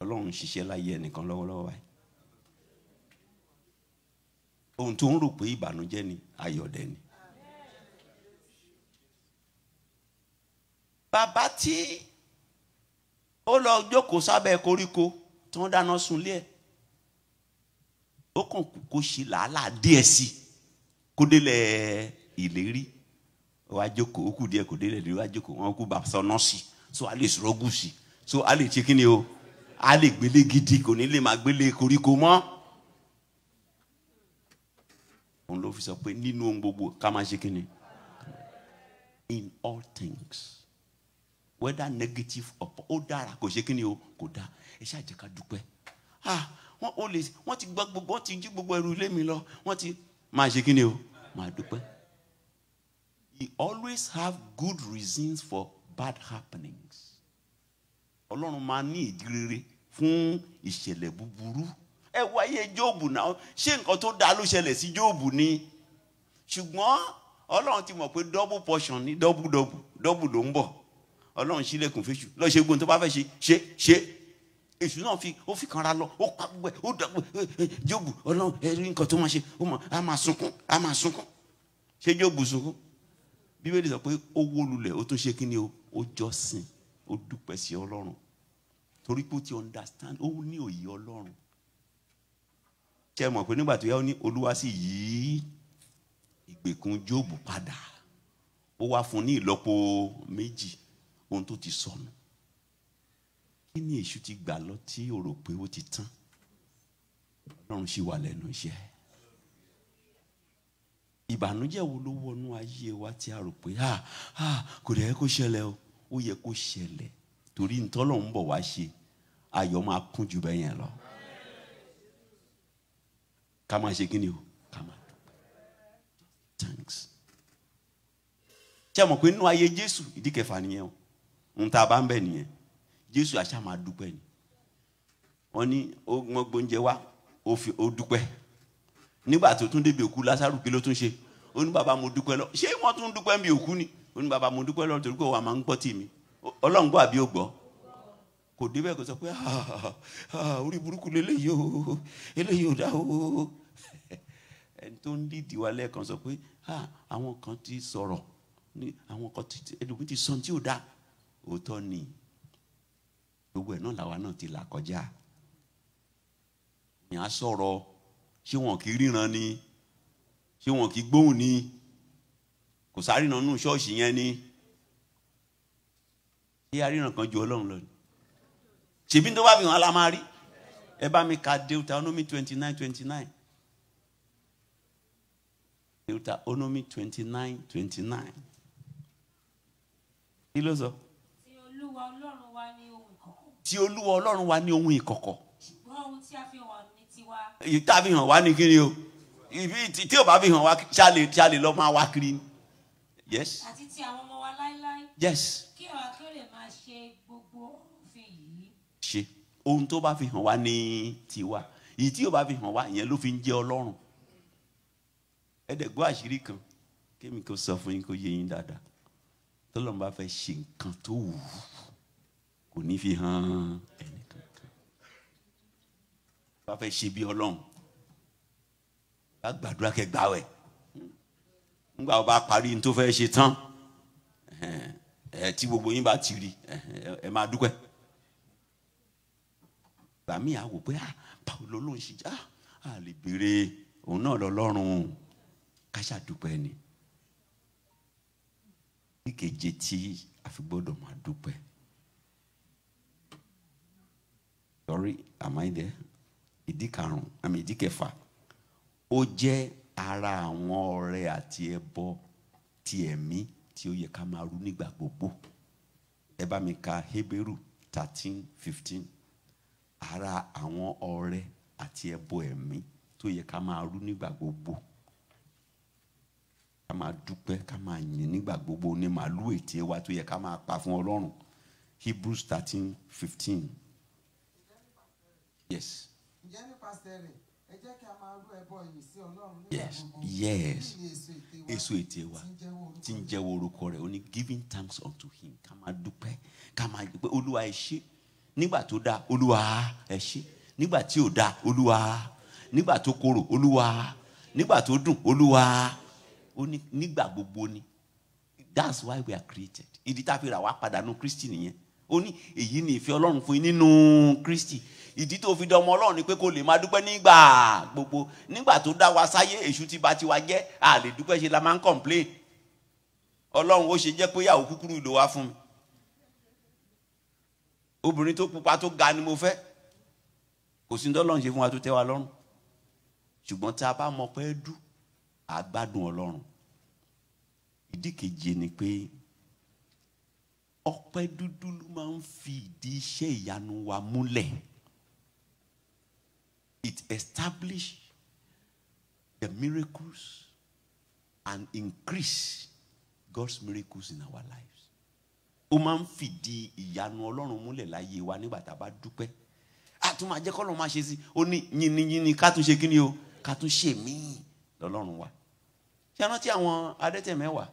ọlọ́run ń ṣiṣẹ́ láyé ẹnìkan lọ́wọ́lọ́wọ́ báyìí ohun tó ń rò pé ìbànújẹ́ ni ayọ̀dẹ ni. bàbá tí ó lọ jókòó sábẹ́ koríko tí wọ́n dáná sunlé ẹ̀ ó kàn kó ṣe làálàá díẹ̀ sí i kó délẹ̀ ìlérí wá jókòó ó kù díẹ̀ kó délẹ̀ ìlérí wá jókòó wọn kú bàbá sọ nọ́ọ̀sì so a lè sọ̀rọ̀gù sí i so a lè ṣe kíni o a lè gbélé gidi kò ní lè máa gbélé koríko mọ́ òun ló fi sọ pé nínú ohun gbogbo ká máa ṣe kíni in all things whether negative or ó dára kò ṣe kíni o kò dáa ẹ ṣáà jẹ́ ká dúpẹ́ ah wọ́n olè wọ́n ti gbọ́ gbogbo wọ́n ti jí gbogbo ẹrù ilé mi lọ wọ́n ti máa ṣe kí ni o máa dúpẹ́. you always have good reasons for bad happenings. ọlọ́run máa ní ìdí rere fún ìṣẹ̀lẹ̀ búburú. ẹ wáyé jóòbù náà ṣé nǹkan tó dáa ló ṣẹlẹ̀ sí jóòbù ni ṣùgbọ́n ọlọ́run ti mọ̀ pé double portion ni double double double ló ń bọ̀ ọlọ́run ṣílẹ̀kùn fẹ́ṣù lọ́ọ́ ṣe gbóhùn tó bá fẹ́ ṣe ṣe ṣe èṣù náà fi ó fi kanra lọ ó pa gbogbo ẹ ó dà gbogbo eh, eh, ẹ jóòbù Ọlọ́run ẹrí nǹkan tó máa ṣe ó mọ a máa sunkún a máa sunkún ṣé jóòbù sunkún bíbélì sọ pé ó wó lulẹ̀ ó tún ṣe kí ni o ó jọ́sìn ó dúpẹ́ sí Ọlọ́run torí pé ó ti understand ó ní òye Ọlọ́run ṣe mọ̀ pé nígbà tó yá ó ní Olúwa sì yí ìgbèkùn jóòbù padà ó wá fún ní ìlọ́po méjì ohun tó ti sọnù kí ni èṣù ti gbà lọ tí o rò pé ó ti tán ọlọ́run ṣì wà lẹ́nu iṣẹ́ ìbànújẹ́ wo ló wọnú ayé wa tí a rò pé ah ah kò dẹ̀ kó ṣẹlẹ̀ o ó yẹ kó ṣẹlẹ̀ torí ntọ́lọ́run ń bọ̀ wá ṣe ayọ̀ máa kún jù bẹ́ẹ̀ yẹn lọ ká máa ṣe kí o ká máa dúpẹ́ thanks ṣé ẹ mọ̀ pé nínú ayé Jésù ìdí kẹfà nìyẹn o ń ta bá ń bẹ̀ nìyẹn jésù àṣà máa dúpẹ́ ni wọ́n ní wọ́n gbóúnjẹ wá ó fi ó dúpẹ́ nígbà tó tún débi òkú lásàrù kí ló tún ṣe ó ní bàbá mo dúpẹ́ lọ ṣé wọ́n tún dúpẹ́ mi òkú ni ó ní bàbá mo dúpẹ́ lọ torí pé wàá máa ń gbọ́ tì mí ọlọ́run gbọ́ àbí ó gbọ́ kò débẹ̀ kò sọ pé ah, ah, ah, orí burúkú lélẹ́yìí o eléyìí ò dá o ẹni tó ń lídìí wa lẹ́ẹ̀kan sọ pé àwọn kan ti sọ̀rọ̀ àwọn kan ti ẹlòmíì ti sọ tí ò dá òótọ́ nìyí gbogbo ẹ̀ náà làwa náà ti là kọjá èèyàn á sọ̀rọ̀ ṣé wọn kì í ríran ni ṣé wọn kì í gbóhùn ni kò sáré náà nù ṣọ́ọ̀ṣì yẹn ni ṣé aríran kan ju ọlọ́run lọ ni ṣèbí tó bá fi hàn á la máa rí ẹ bá mi ka deuteronomy twenty nine twenty nine onomi twenty nine twenty nine kí ló sọ ti olúwa ọlọ́run wa ní ohun ìkọ̀kọ̀. ṣùgbọ́n ohun tí a fi hàn ní tiwa. èyí tá a fi hàn wá ní kiri o tí ò bá fi hàn wá ṣáàlè ṣáàlè lọ́ máa wá kiri yes. àti ti àwọn ọmọ wa láéláé. yes. kí àwa tó lè máa ṣe gbogbo òfin yìí. ṣe ohun tó bá fi hàn wá ní tiwa èyí tí ò bá fi hàn wá ìyẹn ló fi ń jẹ́ ọlọ́run. ẹ àṣírí kan kémi kò sọ fún yín kó yé yín dáadáa tọ́lọ́mù bá fẹ́ ṣe nǹkan tó wù ú kò ní fi hàn ẹnìkan kan bá fẹ́ ṣe bí ọlọ́run bá gbàdúrà kẹ́ gbàwẹ̀ nígbà wo bá parí ní tó fẹ́ ṣe tán ẹ tí gbogbo yín bá ti rí ẹ máa dúpẹ́ gbàmí àwò pé ah, báwo lọ́lọ́run ṣe já ah, a lè béèrè òun náà lọ́lọ́run káṣá dúpẹ́ ni ní keje tí a fi gbọ́dọ̀ máa dúpẹ́. sorry am I there ìdí karùn-ún àmì ìdí kẹfà ó jẹ́ ara àwọn ọrẹ àti ẹbọ ti ẹ̀mí tí ó yẹ ká máa rú nígbà gbogbo ẹ bá mi ka Hébérù thirteen fifteen ara àwọn ọrẹ àti ẹbọ ẹ̀mí tó yẹ ká máa rú nígbà gbogbo ká máa dúpẹ́ ká máa yìn nígbà gbogbo ní màálù ètè wa tó yẹ ká máa pa fún Ọlọ́run Hebrews thirteen fifteen. Yes. Yes, yes. Esu ètè wa ti ń jẹ́wọ́ orúkọ rẹ̀, ó ní giving thanks unto him. Ká máa dúpẹ́, ká máa pé Olúwa ẹ ṣé. Nígbà tó da. Olúwa ẹ ṣé. Nígbà tí ò dáa, Olúwa. Nígbà tó korò, Olúwa. Nígbà tó dùn, Olúwa. Ó ní nígbà gbogbo ni. That's why we are created. Idita tá a fi rà wá padà nù Kristi nìyẹn. Ó ní èyí ni ìfẹ́ Ọlọ́run fún yín nínú Kristi. No ìdí tó fi dọmọ ọlọ́run ni pé kó lè máa dúpẹ́ nígbà gbogbo nígbà tó dá wa sáyé èṣù ti bà tiwa jẹ́ a lè dúpẹ́ ṣe la máa ń complain ọlọ́run ó ṣe jẹ́ pé ìyàwó kúkúrú ló wá fún mi obìnrin tó pupa tó ga ni mo fẹ́ kò sí dọ́lọ́run ṣe fún wa tó tẹ́ wa lọ́rùn ṣùgbọ́n tá a bá mọ pé dú àgbádùn ọlọ́run ìdí kejì ni pé ọpẹ́ dúdú ló máa ń fi ìdí iṣẹ́ ìyanu wa múlẹ̀. It establish the miracles and increase God's miracles in our lives. Ó máa ń fìdí ìyanu Ọlọ́run múlẹ̀ láyé wa nígbà tá a bá dúpẹ́. Àtúmọ̀ àjẹkọ́lọ́ máa ṣe sí Ó ní yìnyínyìnyín ká tún ṣe kí ni o? Ká tún ṣe míì lọ́lọ́run wa. Ṣé rántí àwọn adẹ́tẹ̀ mẹ́wàá?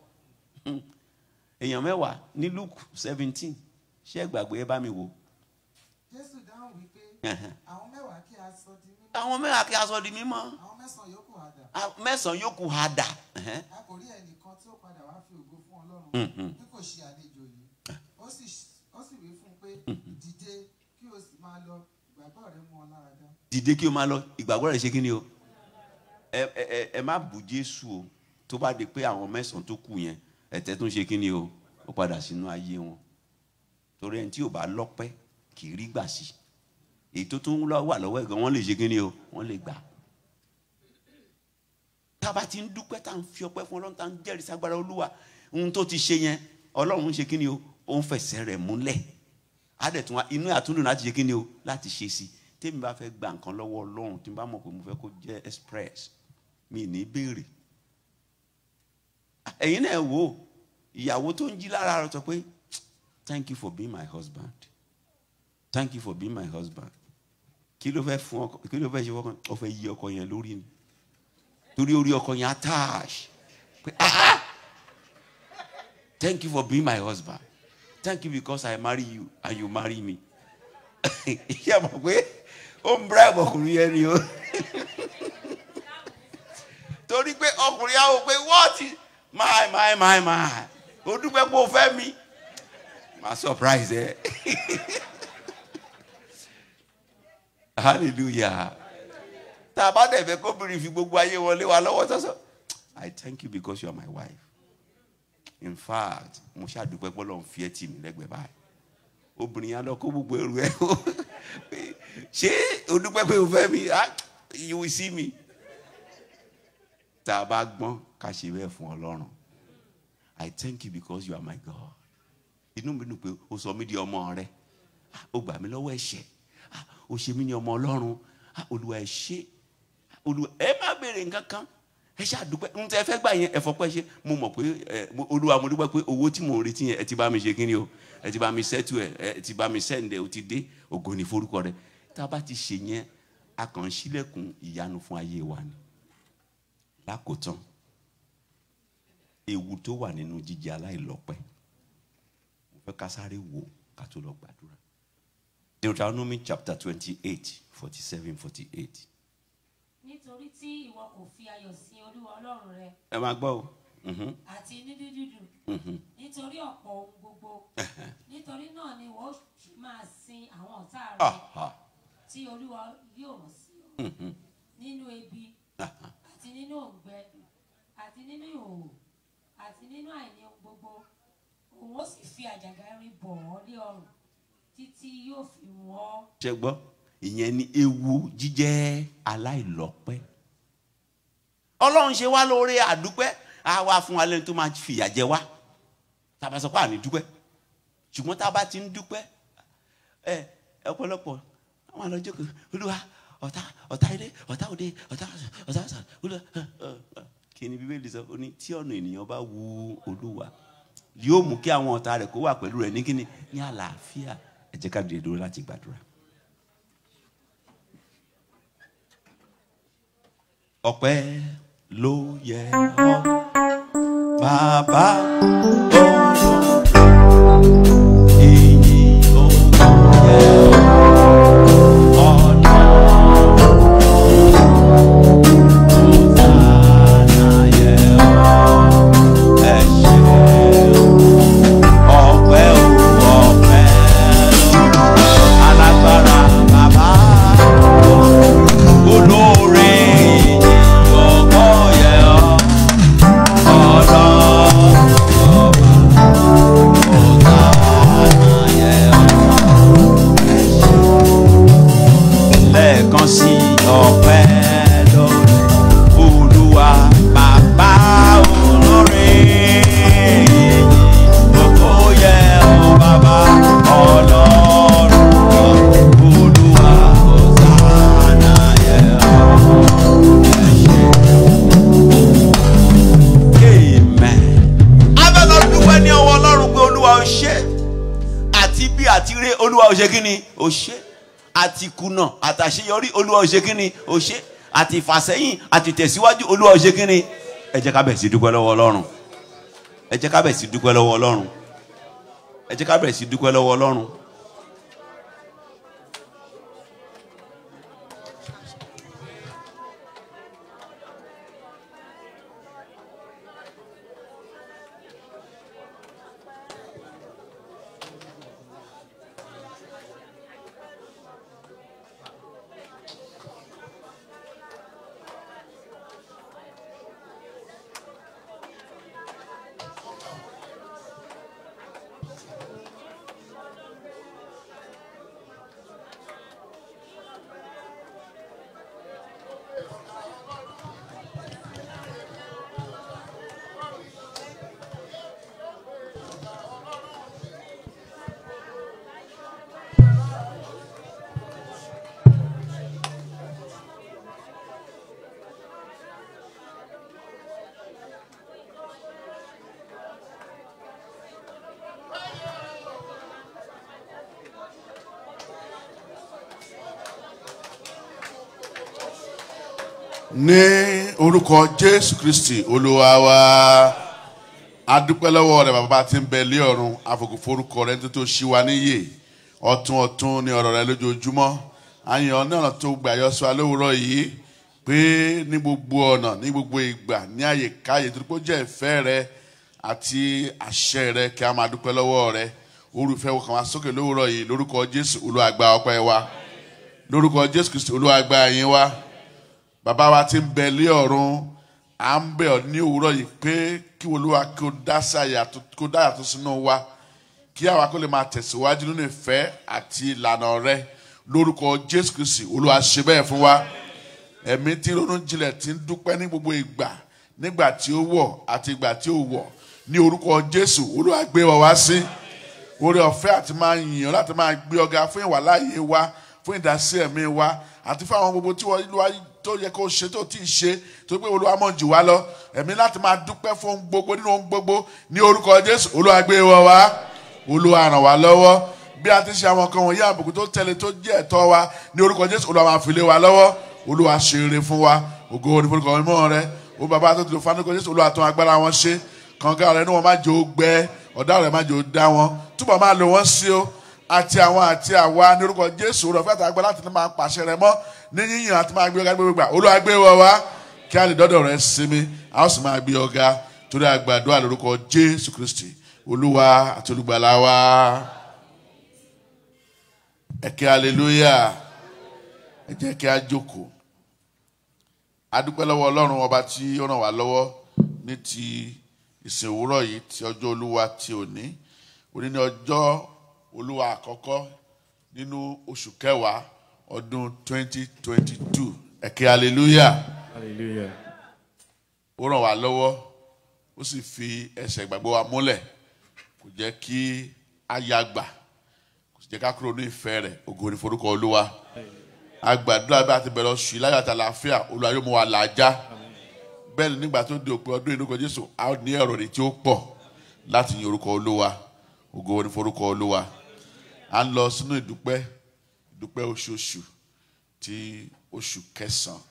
Èèyàn mẹ́wàá ní Luke seventeen ṣé gbàgbé ẹ bá mi wò. Jésù dáhùn wípé àwọn mẹ́wàá kí a sọ di àwọn mẹ́wàá kí a sọ di mímọ́. àwọn mẹ́sàn-án yòókù ha dà. mẹ́sàn-án yòókù ha dà. a kò rí ẹnìkan tí ó padà wá fi ògo fún ọlọ́run bí mm, mm. kò ṣe àlejò yìí ah. ó sì wí fún un pé mm, dìde kí o sì máa lọ ìgbàgbọ́ rẹ mú ọ lára dá. dìde kí o máa lọ ìgbàgbọ́ rẹ ṣe kí ni o ẹ ẹ ẹ má bù Jésù o tó bá di pé àwọn mẹ́sàn-án tó kù yẹn ẹ̀tẹ́ tún ṣe kí ni o ó padà sínú ayé wọn torí ẹni tí ò bá lọ́pẹ́ kì í rí gbà sí i èyí tó tún wà lọ́wọ́ ẹ̀gàn wọ́n lè ṣe kíni o wọ́n lè gbà. tába ti ń dúpẹ́ tá à ń fi ọpẹ́ fún ọlọ́run tá à ń jẹ́rìí sagbára olúwa ohun tó ti ṣe yẹn ọlọ́run ń ṣe kíni o ó ń fẹsẹ̀ rẹ̀ múlẹ̀ adẹ̀tún wa inú àtúndùn láti ṣe kíni o láti ṣe sí tèmi bá fẹ́ gba nǹkan lọ́wọ́ ọlọ́run tí n bá mọ̀ pé mo fẹ́ kó jẹ́ express mi ní béèrè ẹ̀yin náà wò ó ìyàwó tó ń jí lára rẹ̀ sọ pé thank you for being my husband thank you for being my husband kí ló fẹ́ fún ọkọ kí ló fẹ́ ṣe fọkàn ọ fẹ́ yí ọkọ yẹn lórí ni torí orí ọkọ yẹn attach pé ah thank you for being my husband thank you because I marry you and you marry me ṣé mo pé ó ń bribe ọkùnrin yẹn ni o torí pé ọkùnrin yà wò pé what my my my my o dúpẹ́ pé o fẹ́ mi ma surprise ẹ. Eh? hallelujah tá a bá dẹ̀ fẹ́ kóbìnrin fi gbogbo ayé wọlé wa lọ́wọ́ sọ́sọ́ i thank you because you are my wife in fact mo ṣàdúpẹ́ pé Ọlọ́run fi ẹ́ tì mí lẹ́gbẹ̀ẹ́ báyìí obìnrin yẹn lọ kó gbogbo ẹrù ẹ o ṣé o dúpẹ́ pé o fẹ́ mi ah, you will see me tá a bá gbọ́n ká ṣe bẹ́ẹ̀ fún Ọlọ́run i thank you because you are my God inú mi dùn pé o sọ mí di ọmọ rẹ ah, o gbà mí lọ́wọ́ ẹ̀ṣẹ̀ ó ṣe mí ní ọmọ ọlọ́run ah, olùwà ẹ ṣé ah, olùwà ẹ má béèrè nǹkan kan ẹ ṣáà dúpẹ́ ń tẹ́ ẹ fẹ́ gbà yẹn ẹ fọpẹ́ ṣe mo mọ̀ pé ẹ mo dúpẹ́ pé owó tí mò ń retí yẹn ẹ ti bá mi ṣe kíni o ẹ ti bá mi ṣẹ́tù ẹ ẹ ti bá mi ṣẹ́ǹdẹ̀ o ti dé ògo ni forúkọ rẹ tá a bá ti ṣe yẹn a kàn ń ìyanu fún ayé wa ni lákòótán ewu tó wà nínú jíjẹ aláìlọ́pẹ́ mo fẹ́ ká sáré wò ká tó lọ gbàdúrà Deuteronomy chapter 28, 47, 48. Nítorí tí ìwọ kò fi ayọ̀ sin Olúwa Ọlọ́run rẹ. Ẹ máa gbọ́ o. Mhm. Àti inú dídùn. Mhm. Nítorí ọ̀pọ̀ ohun gbogbo. Nítorí náà ni ìwọ máa sin àwọn ọ̀tá rẹ tí Olúwa yóò rán sí ọ. Mhm. Nínú ebi àti nínú òǹgbẹ àti nínú ìhòòhò àti nínú àìní ohun gbogbo. Òun ó sì fi àjàgà irin bọ̀ ọ́ lé ọrùn títí yóò fi wọ́. ṣe gbọ́ ìyẹn ni ewu jíjẹ́ aláìlọ́pẹ́ ọlọ́run ṣe wá lóore àdúpẹ́ á wá fún wa lẹ́nu tó máa fìyà jẹ wá tàbá sọ pé àní dúpẹ́ ṣùgbọ́n tá a bá ti ń dúpẹ́ ẹ ọ̀pọ̀lọpọ̀ àwọn àlọ́jọ́ kan olúwa ọ̀tá ọ̀tá ilé ọ̀tá òde ọ̀tá ọ̀tá ọ̀sán olúwa kí ni bíbélì sọ ó ní tí ọ̀nà ènìyàn bá wu olúwa yóò mú kí àwọn ọ̀tá rẹ̀ kó wà pẹ̀lú rẹ̀ ní kíni ní àlàáfíà ẹ jẹ́ ká dìde dúró láti gbàdúrà. ọpẹ́ ló yẹ ọ́ bàbá ọ̀rọ̀. àṣeyọrí olúwa ó ṣe kí ni ó ṣe àti ìfàsẹ́yìn àti ìtẹ̀síwájú olúwa ó ṣe kí ni ẹ jẹ́ ká bẹ̀rẹ̀ sí dúpẹ́ lọ́wọ́ ọlọ́run ẹ jẹ́ ká bẹ̀rẹ̀ sí dúpẹ́ lọ́wọ́ ọlọ́run ẹ ká bẹ̀rẹ̀ sí dúpẹ́ lọ́wọ́ ọlọ́run ní orúkọ jésù kristi olúwa wa adúpẹ́ lọ́wọ́ rẹ̀ bàbá tí ń bẹ lé ọ̀run àfòkòforúkọ rẹ̀ nítorí tó ṣí wa níyè ọ̀tun ọ̀tun ni ọ̀rọ̀ rẹ̀ lójoojúmọ́ àyàn náà tó gbà yọ sọ alówùrọ̀ yìí pé ní gbogbo ọ̀nà ní gbogbo ìgbà ní àyèkáyè tó jẹ́ ìfẹ́ rẹ̀ àti àṣẹ rẹ̀ kí a máa dúpẹ́ lọ́wọ́ rẹ̀ olùfẹ́ wọkàn wá sókè lówùrọ̀ yìí lórúkọ jésù olúwa gba ọpẹ́ wa lórúkọ jésù kristi olúwa gba ìyìn wa. Amen bàbá wa ti ń bẹ lé ọ̀run à ń bẹ̀ ọ́ ní òwúrọ̀ yìí pé kí olúwa kí o dá sáyà kó dá yàtọ̀ sínú wa kí àwa kó lè máa tẹ̀síwájú nínú ìfẹ́ àti ìlànà rẹ lórúkọ jésù kristi olúwa ṣe bẹ́ẹ̀ fún wa ẹ̀mí tí ronú jinlẹ̀ ti ń dúpẹ́ ní gbogbo ìgbà nígbà tí ó wọ̀ àti ìgbà tí ó wọ̀ ní orúkọ jésù olúwa gbé wa wá sí oore ọ̀fẹ́ àti máa yìnyín láti máa gbé ọ̀gá fún ìwàláyé wa fún ìdásí ẹ̀mí wa àti fún àwọn gbogbo tí wọ́n lọ́wọ́ tó yẹ kó ṣe tó tí ì ṣe tó pé olúwa mọ̀ jù wá lọ ẹ̀mí láti máa dúpẹ́ fún ohun gbogbo nínú ohun gbogbo ní orúkọ jésù olúwa gbé wa wá olúwa ràn wá lọ́wọ́ bí a ti ṣe àwọn kan wọ̀nyí àbùkù tó tẹ̀lé tó jẹ́ ẹ̀tọ́ wa ní orúkọ jésù olúwa máa fi lé wa lọ́wọ́ olúwa ṣe rere fún wa ògo oníforúkọ mímọ́ rẹ ó bàbá tó ti lò fánúkọ jésù olúwa tún agbára wọn ṣe kànga rẹ ní wọn má jò o àti àwọn àti àwa ní orúkọ jésù rẹ fẹ́ẹ́ tàgbẹ́ láti ní yíyan àti máa gbé ọ̀gá gbogbo gbà olúwa gbé wa wá kí a lè dọ́dọ̀ rẹ̀ sinmi a ó sì máa gbé ọ̀gá torí àgbàdo àlórúkọ jésù kristi olúwa àti olùgbàlà wa ẹ̀kẹ́ aleluya ẹ jẹ́ kí a jókòó a dúpẹ́ lọ́wọ́ ọlọ́run ọba tí ó ràn wá lọ́wọ́ ní ti ìsìn òwúrọ̀ yìí ti ọjọ́ olúwa ti òní òní ni ọjọ́ olúwa àkọ́kọ́ nínú oṣù kẹwàá ọdún 2022 ẹ̀kẹ́ hallelujah hallelujah ó ràn wá lọ́wọ́ ó sì fi ẹsẹ̀ ìgbàgbọ́ wa múlẹ̀ kò jẹ́ kí a yàgbà kò sì jẹ́ ká kúrò ní ìfẹ́ rẹ̀ ògo ni forúkọ olúwa a bí a ti bẹ̀rẹ̀ oṣù láyọ̀ àti olúwa yóò mú wa làájá bẹ́ẹ̀ ni nígbà tó di òpin ọdún ìlúkọ jésù a ó ní ẹ̀rọ rẹ̀ tí ó pọ̀ láti yin orúkọ olúwa ògo ni forúkọ olúwa à ń lọ sínú ìdúpẹ́ dúpẹ́ oṣooṣù ti oṣù kẹsàn-án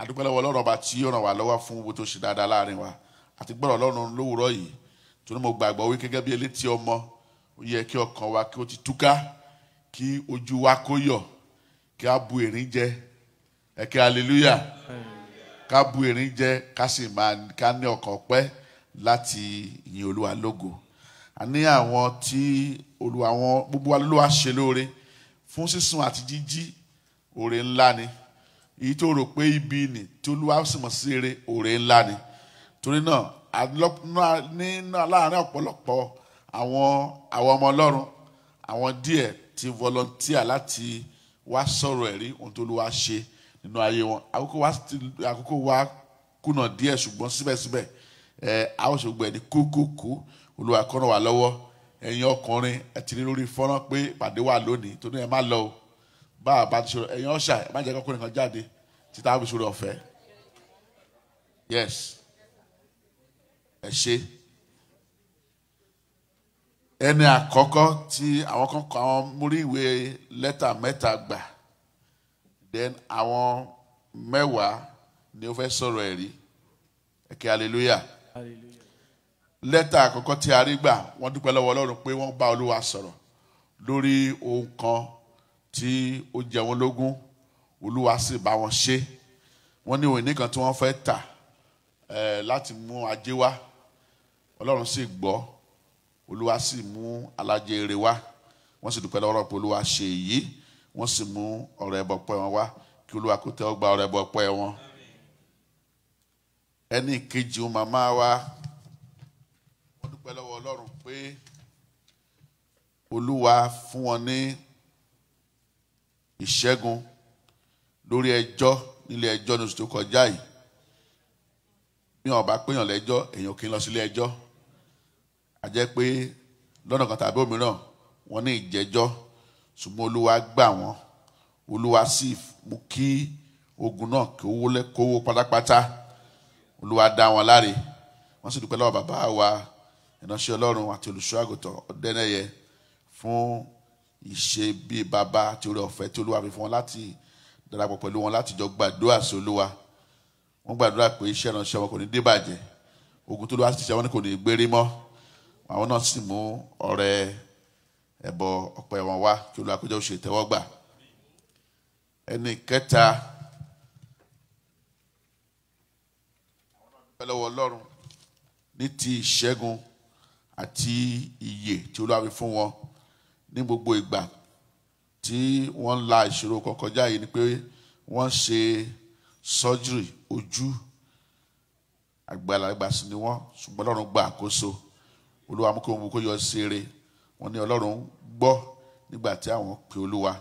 adúpẹ́ lọ́wọ́ ọlọ́run ọba tí ó ràn wá lọ́wọ́ fún owó tó ṣe dáadáa láàrin wa àti gbọ́dọ̀ ọlọ́run lówùúrọ̀ yìí torí mo gbàgbọ́ wí gẹ́gẹ́ bí elétí ọmọ ó yẹ kí ọkàn wa kí ó ti túká kí ojú wa kó yọ kí a bu èrín jẹ ẹ kí aleluya ká bu èrín jẹ ká sì máa ká ní ọkàn pẹ́ láti yin olúwa lógo àní àwọn tí olúwa wọn gbogbo wa ló ṣe lóore fún sísun àti jíjí òrè ńlá ni èyí tó rò pé ibi ni tí olúwa sì mọ̀ sí eré òrè ńlá ni torí náà nínú láàrin ọ̀pọ̀lọpọ̀ àwọn àwọn ọmọ ọlọ́run àwọn díẹ̀ ti volunteer láti wá sọ̀rọ̀ ẹ̀rí ohun tó olúwa ṣe nínú ayé wọn àkókò wa kùnà díẹ̀ ṣùgbọ́n síbẹ̀síbẹ̀ ẹ̀ a ó ṣògbọ́n ẹni kókókó olúwa kó ràn lọ́wọ́ ẹ̀yin ọkùnrin ẹ ti rí lórí fọ́nrán pé ìpàdé wà lónìí torí ẹ má lọ o bá a bá ti ṣòro ẹ̀yin ọ̀ṣà ẹ má jẹ́ kọ́kùnrin kan jáde títà fi ṣòro ọ̀fẹ́ yes ẹ ṣe ẹni àkọ́kọ́ tí àwọn kan kọ àwọn múrí ìwé lẹ́tà mẹ́ta gbà then àwọn mẹ́wàá ni ó fẹ́ sọ̀rọ̀ ẹ̀rí ẹ̀kẹ́ hallelujah. hallelujah lẹ́tà àkọ́kọ́ tí a rí gbà wọ́n dúpẹ́ lọ́wọ́ ọlọ́run pé wọ́n bá olúwa sọ̀rọ̀ lórí ohun kan tí ó jẹ wọ́n lógún olúwa sì bá wọn ṣe wọ́n ní ohun ìní kan tí wọ́n fẹ́ tà láti mú ajé wá ọlọ́run sì gbọ́ olúwa sì mú alájẹ èrè wá wọ́n sì dúpẹ́ lọ́wọ́ pé olúwa ṣe èyí wọ́n sì mú ọ̀rọ̀ ẹbọ pẹ́ wọn wá kí olúwa kó tẹ́ ọ gba ẹbọ pẹ́ wọn ẹnì kejì ọmọ máa wá dúpẹ́ lọ́wọ́ Ọlọ́run pé Olúwa fún wọn ní ìṣẹ́gun lórí ẹjọ́ nílé ẹjọ́ ní oṣù tó kọjá yìí bí wọn bá péyàn lẹ́jọ́ èèyàn kì í lọ sílé ẹjọ́ a jẹ́ pé lọ́nà kan tàbí òmíràn wọ́n ní ìjẹ́jọ́ ṣùgbọ́n Olúwa gbà wọ́n Olúwa sì mú kí ogun náà kí owó lẹ́kọ̀ọ́ pátápátá Olúwa dá wọn láre wọ́n sì dúpẹ́ lọ́wọ́ bàbá wa ìránṣẹ́ ọlọ́run àti olùṣọ́àgùtàn ọ̀dẹ́nẹ́yẹ fún ìṣe bíi bàbá àti oore ọ̀fẹ́ tí olúwa fi fún wọn láti darapọ̀ pẹ̀lú wọn láti jọ gbàdúrà sí olúwa wọ́n gbàdúrà pé iṣẹ́ ìránṣẹ́ wọn kò ní débàjẹ́ ogun tó lọ́wọ́ àṣìṣe wọn kò ní gbérí mọ́ àwọn náà sì mú ọrẹ ẹ̀bọ ọ̀pẹ wọn wá kí olúwa kójọ́ ṣe ìtẹ́wọ́gbà ẹni kẹta ọlọ́run ní ti ìṣẹ́gun àti iye tí olúwa fi fún wọn ní gbogbo ìgbà tí wọ́n ń la ìṣòro kan yìí ni pé wọ́n ṣe surgery ojú àgbàlagbà sí ni wọ́n ṣùgbọ́n ọlọ́run gba àkóso olúwa mú kí wọ́n mú kó yọ ṣeré wọ́n ní ọlọ́run gbọ́ nígbà tí àwọn pe olúwa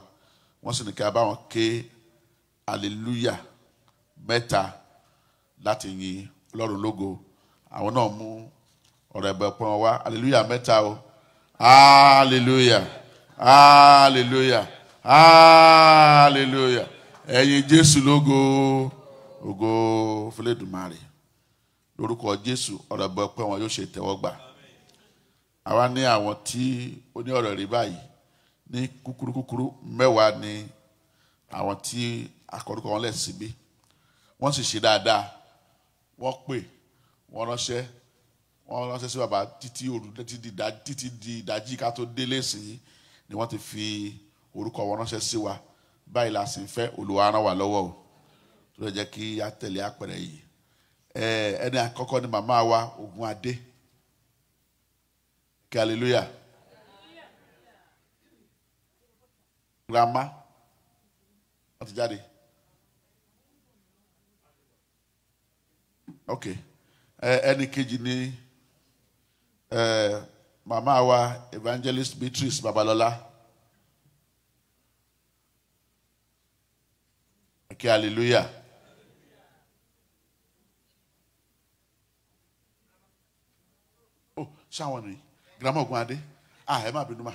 wọ́n sì ní kí a bá wọn ké aleluya mẹ́ta láti yin ọlọ́run lógo àwọn náà mú ọ̀rọ̀ ẹ̀bẹ̀ pọ̀n wá hallelujah mẹ́ta o hallelujah hallelujah hallelujah ẹ̀yin jésù lógo ògo fúlẹ́dùmarè lórúkọ jésù ọ̀rọ̀ ẹ̀bẹ̀ pọ̀n wọn yóò ṣe tẹ́wọ́gbà àwa ní àwọn tí ó ní ọ̀rọ̀ rí báyìí ní kúkúrú kúkúrú mẹ́wàá ni àwọn tí akọ̀rúkọ wọn lẹ̀ síbí wọ́n sì ṣe dáadáa wọ́n pè wọ́n ránṣẹ́ wọ́n ránṣẹ́ sí bàbá títí òru títí di ìdájí ká tó délé sí i ni wọ́n ti fi orúkọ wọn ránṣẹ́ sí wa báyìí la sì ń fẹ́ Olúwa ràn wá lọ́wọ́ o tó lè jẹ́ kí a tẹ̀lé àpẹẹrẹ yìí ẹni àkọ́kọ́ ni màmá wa ogun adé kí hallelujah grandma wọ́n ti jáde ok ẹni kejì ni. Eh, uh, màmá wa evangelist Beatrice Babalọlá okay hallelujah. oh ṣáwọn nìyí grandma ogun adé ah ẹ má bínú ma.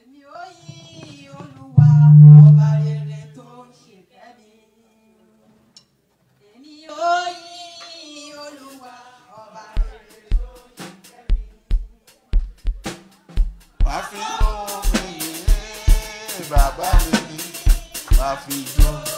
èmi ò yí bàbá mi ni màá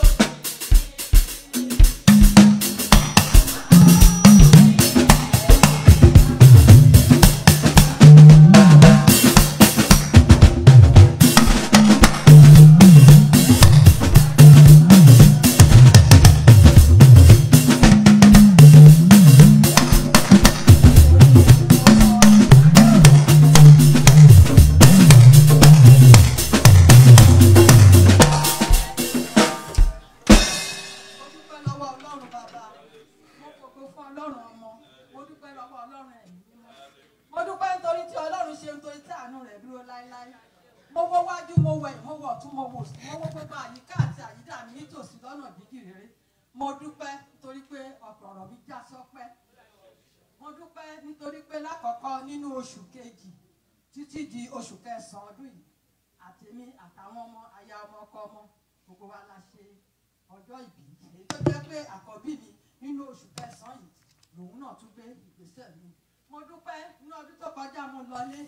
lòun náà tún gbé ìgbésẹ̀ mi mo dúpẹ́ ní ọdún tó kọjá mo lọlé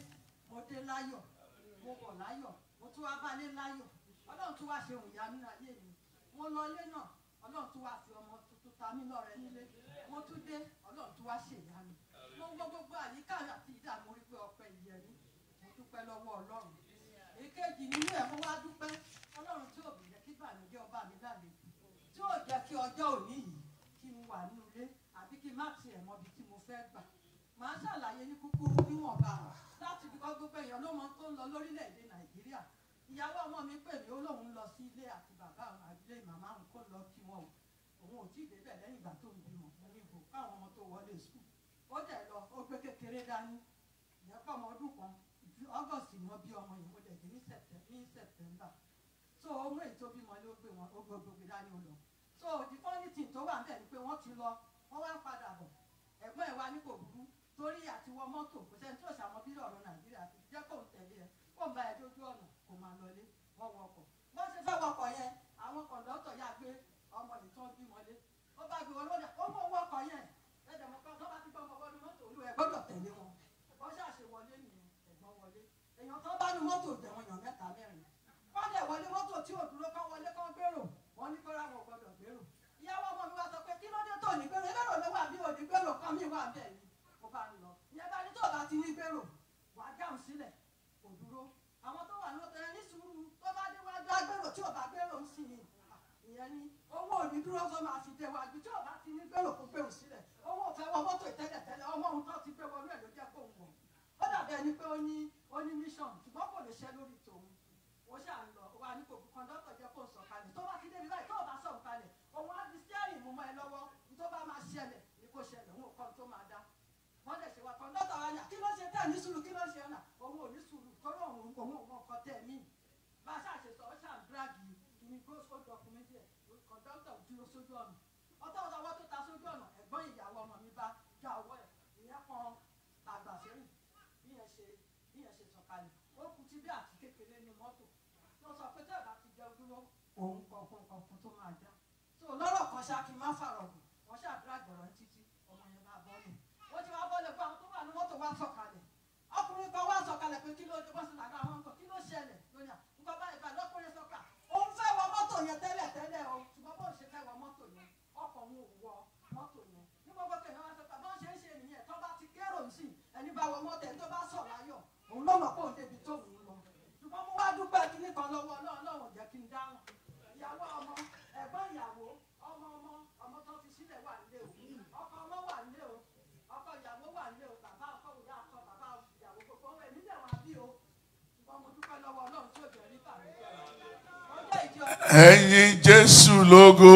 mo dé láyọ̀ mo bọ̀ láyọ̀ mo tún wá balẹ̀ láyọ̀ ọlọ́run tún wá ṣe òun ìyá nínú ayé mi mo lọlé náà ọlọ́run tún wá fi ọmọ tuntun ta mí lọ́rẹ nílé mo tún dé ọlọ́run tún wá ṣe ìyá mi mo gbọ́ gbogbo àyíká àti ìdààmú orí pé ọpẹ́ ìyẹrí mo dúpẹ́ lọ́wọ́ ọlọ́run èkejì nínú ẹ̀ mo wá dúpẹ́ ọlọ́run tí òbí jẹ́ kí bàmí jẹ́ ọba mi lálejò tí ò jẹ́ kí ọjọ́ òní yìí kí n wà nínú ilé kí n má tiẹ̀ mọ ibi tí mo fẹ́ gbà màá ṣàlàyé ní kúkúrú níwọ̀nba láti fi kọ́ gbogbo èèyàn ló mọ tó ń lọ lórílẹ̀‐èdè nàìjíríà ìyàwó ọmọ mi pè mí ó lóun lọ sí ilé àti bàbá àgbélé màmá òun kó lọ kí wọn o òun ò tí ì débẹ̀ lẹ́yìn ìgbà tó ń bímọ mo ní ìbò káwọn ọmọ tó wọlé sùn ó dẹ̀ lọ ó gbé kékeré dání ìyẹn ọmọ ọdún kan august ni wọ́n bí ọmọ yìí mo dẹ̀ dé ní september so ohun èyí tó bímọ ló gbé wọn ó gbé gbogbo dání lọ so the only thing tó wà ń bẹ̀ ni pé wọ́n ti lọ wọ́n wá ń padà bọ̀ ẹ̀gbọ́n ẹ̀ wá ní kò burú torí àti wọ mọ́tò kò sẹ́ni tí ò sàmọ́ bí ọ̀rọ̀ nàìjíríà ti jẹ́ kó ń tẹ̀lé ẹ kó ń bá ẹ dójú ọ̀nà kó máa lọlé wọ́n wọkọ̀ bó ṣe fẹ́ wọkọ̀ yẹn àwọn kọ̀ǹdọ́tọ̀ yà gbé ọmọ yìí tán bímọ ó bá gbé wọn lọ́dà ó mú wọkọ̀ yẹn ẹ̀dẹ̀ bá ti gbọ́ mọ́tò olú ẹ gbọ́dọ̀ tẹ̀lé wọn bó ṣe àṣe nìyẹn ẹ̀gbọ́n wọlé èèyàn kan bá nu mọ́tò ìdẹ̀wọ̀n èèyàn mẹ́ta mẹ́rin wọ́n dẹ̀ wọlé mọ́tò tí ò kán wọlé kán gbèrò wọ́n ní kọ́ra wọn gbọ́dọ̀ gbèrò ìyàwó ọmọ mi wá sọ pé kí ló dé tó ní gbèrò ọkọ mi wà bẹ́ẹ̀ ni mo bá ń lọ ìyẹn bá ní tó bá ti ní gbèrò wàá dáhùn sílẹ̀ kò dúró àwọn tó wà lóde ní sùúrù tó bá déwájú agbèrò tí ò bá gbèrò ń sìn ìyẹn ni owó òní dúró tó máa fi déwájú tí ò bá ti ní gbèrò kó gbèrò sílẹ̀ owó òfẹ́ wọ mọ́tò ìtẹ́lẹ̀tẹ́lẹ̀ ọmọ òun tó ti gbé wọlé ẹ̀ ló jẹ́ kó wọ̀ ó dàbí ẹni pé ó ní ó ní mission ṣùgbọ́n kò lè ṣe lórí tòun ó tẹ̀ ní sùúrù kí ló ṣe ọ̀nà òun ò ní sùúrù tọ́lọ́ òun òun òun ọkọ tẹ̀ mí bá a ṣàṣe sọ ọ́ ṣàn gírààgì kìíní kó sójú ọkùnrin díẹ̀ kọ̀ńdọ́tọ̀ dúró sójú ọ̀nà ọtọ́ ọ̀sọ́wọ́ tó ta sójú ọ̀nà ẹ̀gbọ́n ìyàwó ọmọ mi bá já ọwọ́ ẹ̀ ìyẹn kan tàgbà sẹ́yìn bí yẹn ṣe bí yẹn ṣe sọ̀kalẹ̀ ó kú tí bí àti kékeré ní mọ́tò ló sọ pé tẹ́lẹ̀ bá ti jẹun dúró òun kọ̀ọ̀kan kọ̀ọ̀kan tó máa já so lọ́rọ̀ kan ṣá kí n má fàrọ̀ kalẹ̀ pé kí ló dé bọ́sùn tàbí àwọn ọkọ̀ kí ló ṣẹlẹ̀ lónìí à nǹkan báyìí báyìí lọ́kùnrin sọ́kà ó ń fẹ́ wọ mọ́tò yẹn tẹ́lẹ̀ tẹ́lẹ̀ o ṣùgbọ́n bó ṣe fẹ́ wọ mọ́tò yẹn ọkọ̀ òun ò wọ mọ́tò yẹn ní gbogbo kẹ̀kẹ́ wọn sọ́kà bó ṣe ń ṣe nìyẹn tó bá ti kérò sí ẹni bá wọ mọ́tò ẹni tó bá sọ̀ láyọ̀ òun ló mọ̀ pé òun débi tó òun lọ ṣùgbọ́n mo wá dúpẹ́ kí nìkan lọ́wọ́ Ọlọ́run jẹ́ kí n dáhùn ìyàwó ọmọ ẹ̀yin jésù lógo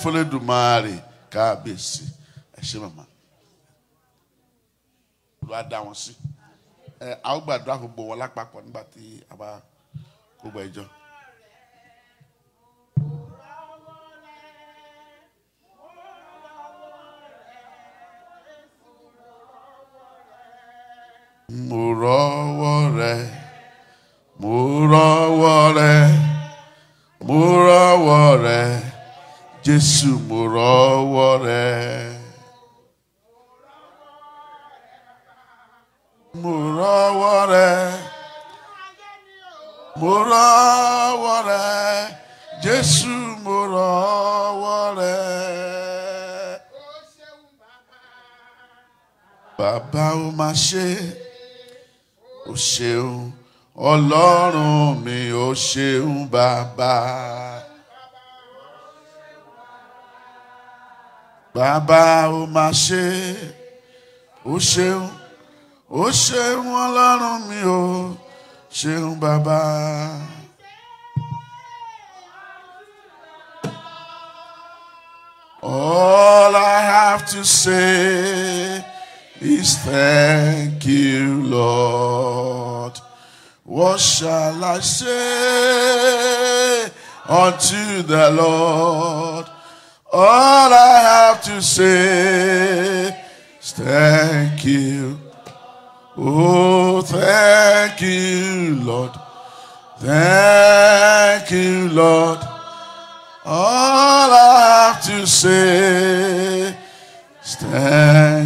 fọlẹ́dùmarè kábíyèsí ẹ mama, màmá olúwa dá wọn sí ẹ a ó gbàdúrà gbogbo wọn lápapọ̀ nígbà tí a bá gbogbo ẹjọ́. mo rọ́wọ́ rẹ mo rọ́wọ́ rẹ mo rọ́wọ́ rẹ Jésù mo rọ́wọ́ rẹ. mo rọ́wọ́ rẹ Jésù mo rọ́wọ́ Bàbá o máa ṣe, o ṣeun. Ọlọ́run mi ò ṣeun bàbá. Bàbá ó máa ṣe, ó ṣeun, ó ṣeun Ọlọ́run mi ò ṣeun bàbá. All I have to say is thank you, Lord. What shall I say unto the Lord? All I have to say is thank you. Oh, thank you, Lord. Thank you, Lord. All I have to say is thank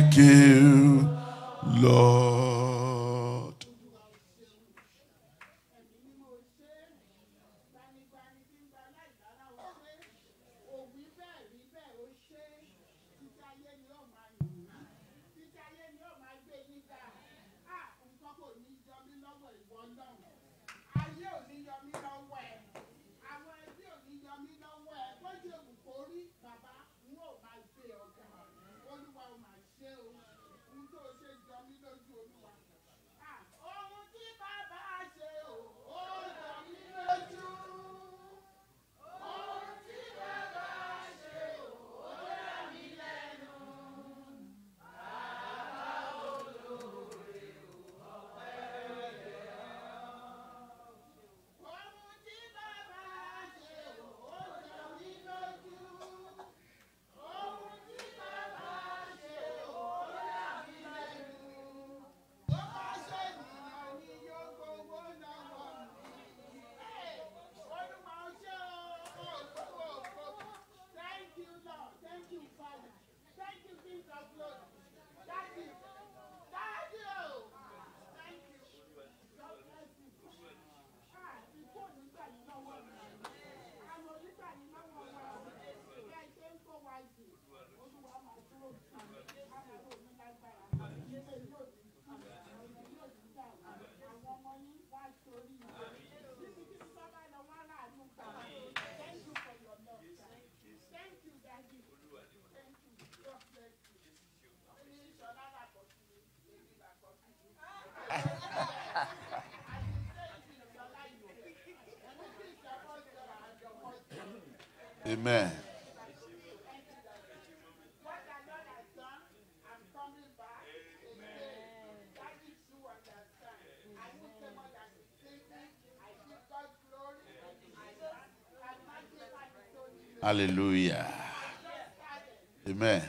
Hallelujah. Amen.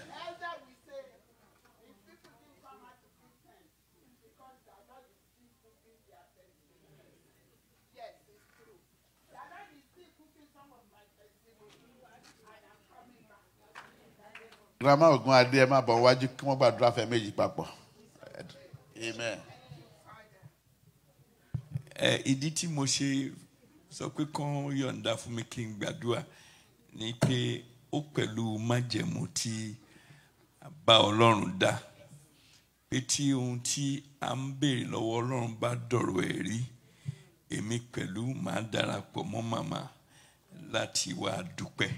grandma ogun adé ẹ má bọ̀ wájú kí wọ́n gbàdúrà fẹ́ méjì papọ̀ amen. ẹ ìdí tí mo ṣe sọ pé kán yọ̀ǹda fún mi kí n gbàdúrà ni pé ó pẹ̀lú májẹ̀mú tí bá ọlọ́run dá pé tí ohun tí a ń béèrè lọ́wọ́ ọlọ́run bá dọ̀rọ̀ ẹ̀ rí èmi pẹ̀lú màá darapọ̀ mọ́ màmá láti wá dúpẹ́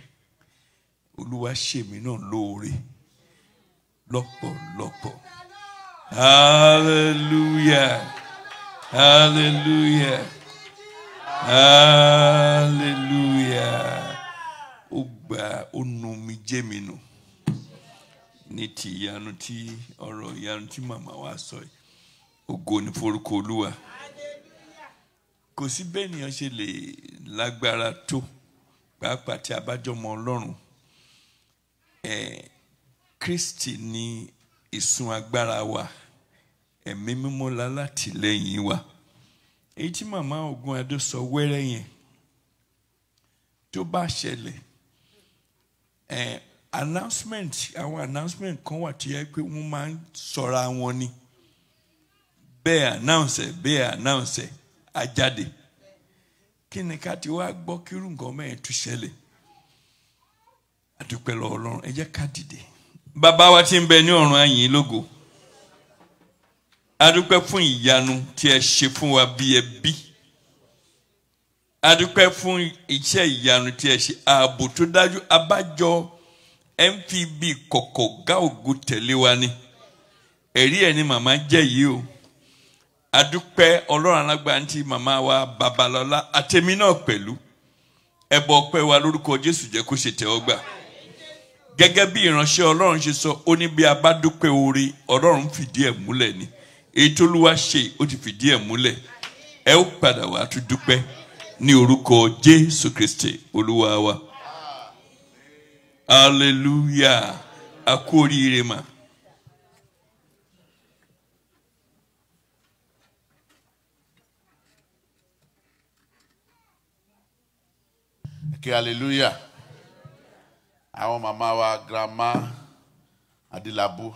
olúwa ṣèmi náà lóore lọ́pọ̀lọpọ̀ hallelujah hallelujah hallelujah gba ó nu mi jẹ́ mi nù ní ti ìyanu tí ọ̀rọ̀ ìyanu tí màmá wa sọ yìí ògo ni forúkọ olúwa kò sí bẹ́ẹ̀ nìyẹn ṣe lè lágbára tó pàápàá tí a bá ọlọ́run ẹ̀ kristi ni ìsun agbára wa ẹ̀mí mímọ́ la látìlẹ́yìn wa èyí tí màmá ogun adé sọ wẹ́rẹ́ yẹn tó bá ṣẹlẹ̀ ẹ announcement àwọn announcement kan wà tó yẹ pé wọ́n máa ń sọ̀ra wọn ni bẹ́ẹ̀ announce ẹ̀ bẹ́ẹ̀ announce ẹ̀ ajáde kí ni ká ti wá gbọ́ kírú nǹkan mẹ́rin tún ṣẹlẹ̀ àdúpẹ́ lọ́wọ́ Ọlọ́run ẹ jẹ́ ká dìde bàbá wa tí ń bẹ ní ọ̀run a lógo adúpẹ́ fún ìyanu tí ẹ ṣe fún wa bí ẹbí. E adúpẹ́ fún iṣẹ́ ìyanu tí ẹ ṣe ààbò tó dájú abájọ mfb kọ̀kọ̀ gáògù tẹ̀lé wa ni ẹ̀rí ẹ̀ ni màmá jẹ́ yìí o adúpẹ́ ọlọ́run alágbàntí màmá wa babalọ́lá àtẹ̀mí náà pẹ̀lú ẹ̀bọ ọpẹ́ wa lórúkọ jésù jẹ́ kó ṣe tẹ́wọ́ gbà gẹ́gẹ́ bí ìránṣẹ́ ọlọ́run ṣe sọ ó ní bí a bá ọlọ́run fìdí ẹ̀ múlẹ̀ ni èyí tó lúwa ṣe ó ti fìdí ẹ̀ múlẹ̀ ẹ ó padà wá tún dúpẹ́ ní orúkọ jésù kristi olúwa wa hallelujah a kú oríire mà. àwọn màmá wa grandma adilabu.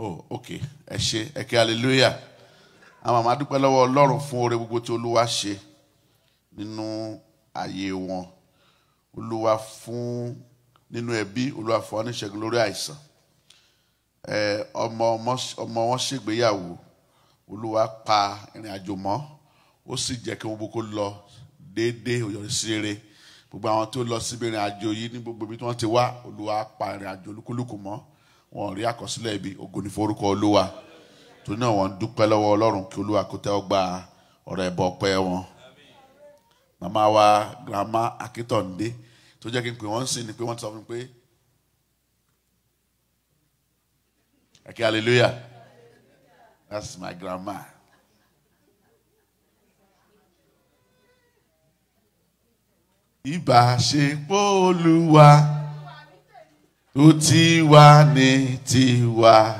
oh ok. ẹ ṣe ẹ kí hallelujah àwọn màmá dúpẹ́ lọ́wọ́ ọlọ́run fún oore gbogbo tí olúwa ṣe nínú ayé wọn olúwa fún nínú ẹbí olúwa fún ọ níṣẹ́gun lórí àìsàn ẹ ọmọ ọmọ wọn ṣègbéyàwó olúwa pa ìrìn àjò mọ́ ó sì jẹ́ kí gbogbo lọ déédéé òyọrí rere gbogbo àwọn tó lọ síbi ìrìn àjò yìí ní gbogbo ibi tí wọ́n ti wá olúwa pa ìrìn àjò olúkúlùkù mọ́ wọn rí àkọsílẹ̀ ibi ògo ni forúkọ olúwa torí náà wọ́n ń dúpẹ́ lọ́wọ́ ọlọ́run kí olúwa kó tẹ́ ọ gba ọ̀rọ̀ ẹ̀bọ ọpẹ́ wọn. màmá wa grandma Akitonde. tó jẹ́ kí n pè wọ́n sí ni pé wọ́n ti sọ fún mi pé ẹ̀kẹ́ hallelujah that's my grandma. ìbáṣepọ̀ olúwa ó ti wá ní tiwa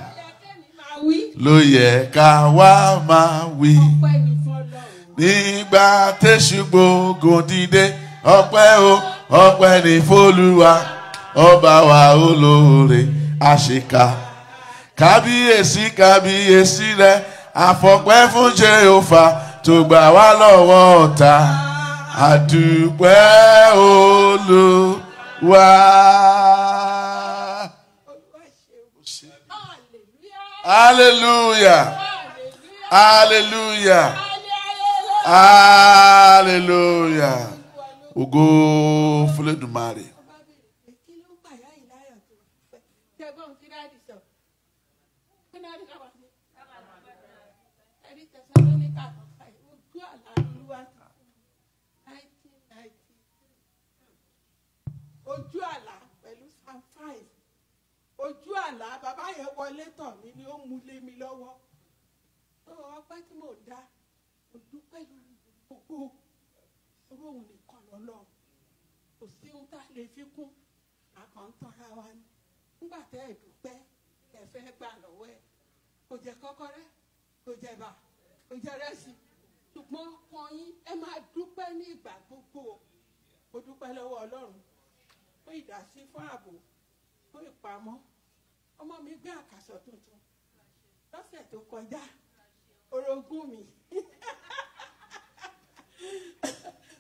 ló yẹ ká wá máa wí nígbà tẹ́sù gbogbo dìde ọpẹ́ o ọpẹ́ ní fólúwa ọba wa olóore àṣekà kábíyèsí kábíyèsí rẹ àfọpẹ́ fún jehova tó gbà wá lọ́wọ́ ọ̀tá àdúpẹ́ olúwa. Hallelujah. Hallelujah. Hallelujah. Ògo fúlẹ̀dùmarè. wọlé tọ̀ mí ni ó mu lé mi lọ́wọ́ tó ọpẹ́ tí mò ń dá mo dúpẹ́ lórí gbogbo owó òun nìkan lọ́lọ́ kò sí ohun tá a lè fi kún àkàntọ́ra wa ni nígbà tẹ́ ẹ̀ dúpẹ́ ẹ̀ fẹ́ gbà lọ́wọ́ ẹ̀ kò jẹ́ kọ́kọ́rẹ́ kò jẹ́ bà kò jẹ́ rẹ́sì ṣùgbọ́n ọkàn yín ẹ máa dúpẹ́ ní ìgbà gbogbo mo dúpẹ́ lọ́wọ́ Ọlọ́run fún ìdásí fún ààbò fún ìpamọ́ ọmọ mi gbé àkàsọ̀ tuntun lọ́sẹ̀ tó kọjá orogún mi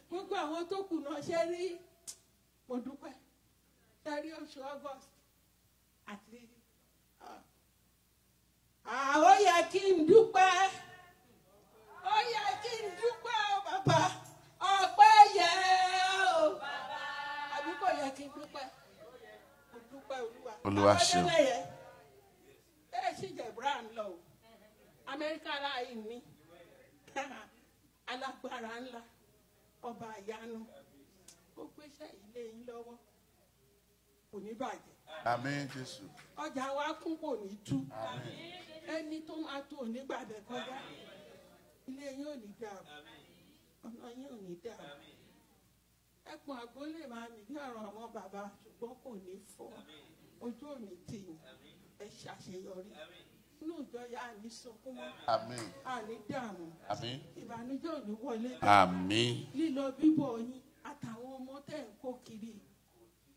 gbogbo àwọn tó kù náà ṣe rí mo dúpẹ́ sẹ́rí oṣù august àti ó yẹ kí n dúpẹ́ ó yẹ kí n dúpẹ́ o bàbá ọpẹ́ yẹ o bàbá àbí kò yẹ kí n dúpẹ́ mo olúwa ṣeun. amẹ́ríkà láàyè mi alágbára ńlá ọba àyánu ó gbéṣẹ́ ilé yín lọ́wọ́ kò ní bàjẹ́. àmín jésù. ọjà wa kún kò ní tú. ẹni tó máa tó onígbàdẹ kọjá ilé yín ò ní dàrú ọ̀nà yín ò ní dàrú. ẹkùn àgbólè máa ní ní ọ̀rọ̀ àwọn bàbá ṣùgbọ́n kò ní fọ́ ojú ò tì yín ẹ ṣàṣeyọrí. Amen. Amen. Amen. Amen. Amen. Amen. Amen. Amen. Amen. Amen. Amen. Amen. Amen. àmín. lílọ bíbọ̀ yín àtàwọn ọmọ tẹ̀ ń kó kiri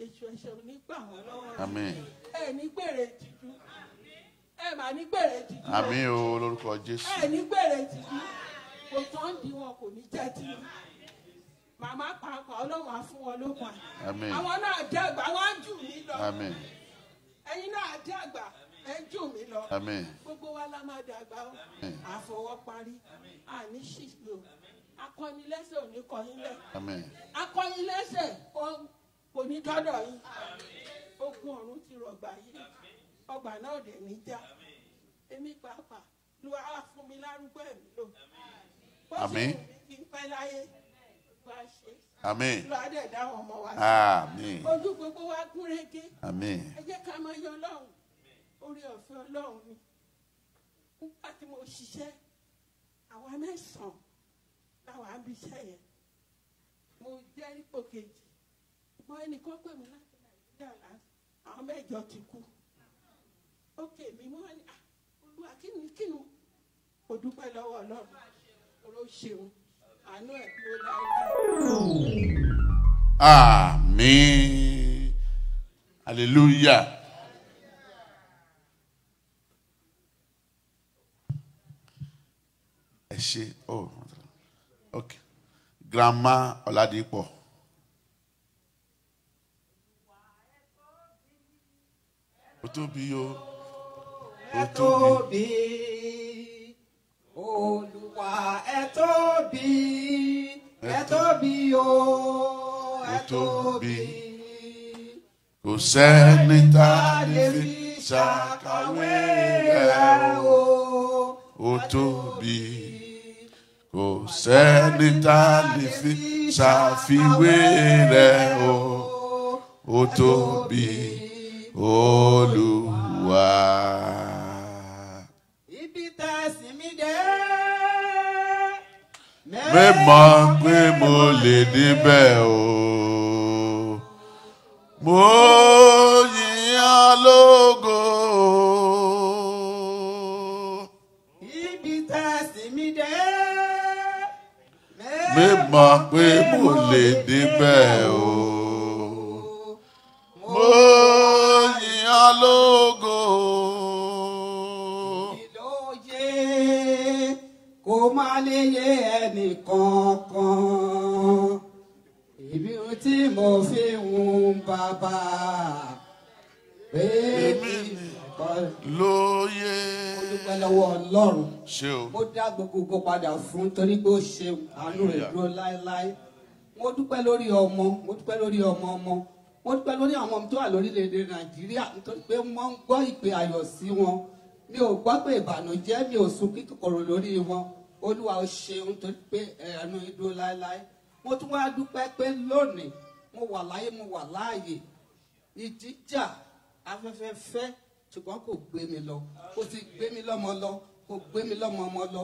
ètò ẹ̀ṣẹ̀ ò ní gbà wọ́n lọ́wọ́. àmín. ẹ ní gbèrè tìjú. ẹ mà ní gbèrè tìjú. àmín o lórúkọ Jésù. ẹ ní gbèrè tìjú. kò tán di wọn kò ní jẹ́ tí màmá pàápàá ọlọ́run á fún wọn lókun. àmín. àwọn náà dàgbà wọ́n á jù mí lọ. àmín. ẹ̀yin náà dàgbà ẹ jù mí lọ gbogbo wa la máa dàgbà ó àfọwọ́parí àní ṣìṣlò akọ́nilẹ́sẹ̀ ò ní kọyín lẹ̀ akọ́nilẹ́sẹ̀ kò ní dọ́dọ̀ yín ogun ọ̀run ti rọ̀gbà yìí ọgbà náà dẹ̀ níjà èmi pàápàá lu ara fún mi lárúgbó ẹ̀mí lò bó sì kí n pẹ́ láyé bá a ṣe àmín lu adẹ̀ dáhùn ọmọ wa sí ojú gbogbo wa gúnrégé ẹ jẹ́ ká máa yọ lọ́hùn orí ọ̀fẹ́ ọlọ́run ni nígbà tí mo ṣiṣẹ́ àwa mẹ́sàn-án làwa ń bí iṣẹ́ yẹn mo jẹ́ ipò kejì mo ẹnì kan pè mí láti nàìjíríà láti àwọn mẹ́jọ ti kú ó kè mo ní ah, olúwa kí ni kí ni mo dúpẹ́ lọ́wọ́ ọlọ́run oró ṣeun àánú ẹ̀ ló láyé. àmín hallelujah. ṣe oh okay grandma Ọládìpọ̀. ó tóbi o ó tóbi olùwà ẹ tóbi ẹ tóbi o ẹ tóbi kò sẹ́ni tá lè fi ṣàkàwé rẹ̀ o ó tóbi kò sẹ́ni tá a lè fi ṣàfiwé rẹ̀ o ó tóbi olúwa. ibi tá a sì mí dé. mímọ̀ pé mo lè níbẹ̀ o mo yìn án o. mímọ̀ pé mo lè débẹ̀ o. Mo yìn á lógo. Ìlóye kò má lè yé ẹnì kankan. Ibi tí mo fi ń bàbá pé lóye. olùpẹ̀ o. ó dá gbogbo padà fún torí pé ó ṣe àánú rẹ̀ dúró láéláé. mo dúpẹ́ lórí ọmọ mo dúpẹ́ lórí ọmọ ọmọ mo dúpẹ́ lórí àwọn ọmọ tó wà lórílẹ̀‐èdè nàìjíríà nítorí pé wọ́n ń gbọ́ ìpè ayọ̀ sí wọn mi ò gbọ́ pé ìbànújẹ́ mi ò sun kíkòkòrò lórí wọn olúwa ó ṣeun torí pé àánú yín dúró láéláé mo tún wá dúpẹ́ pé lónìí mo wà láyé mo wà láàyè ìjíjà afẹ́fẹ́ ṣùgbọ́n kò gbé mi lọ kò ti gbé mi lọ́mọ lọ kò gbé mi lọ́mọ ọmọ lọ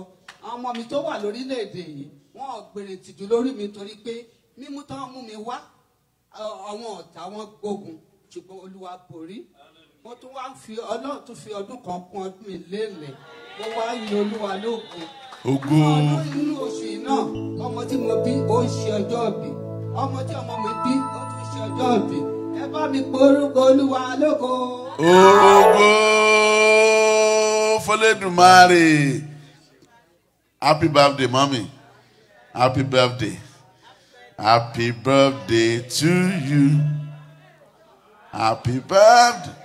ọmọ mi tó wà lórílẹ̀‐èdè yìí wọ́n gbèrè tìjú lórí mi torí pé mímú tán mú mi wá àwọn ọ̀tá wọn gbógun ṣùgbọ́n olúwa borí wọ́n tún wá fi ọlọ́run tún fi ọdún kan kún ọdún mi lélẹ̀ wọ́n wá yin olúwa lóògùn. ògo inú oṣù yìí náà ọmọ tí mo bí ó ń ṣe ọjọ́ ìbí ọmọ tí ọmọ mi bí ó tún ṣe ọjọ́ ìbí bá mi porúkọ olúwa lóko. ògo fọlẹ́dùmarè happy birthday mami happy birthday happy birthday to you happy birthday.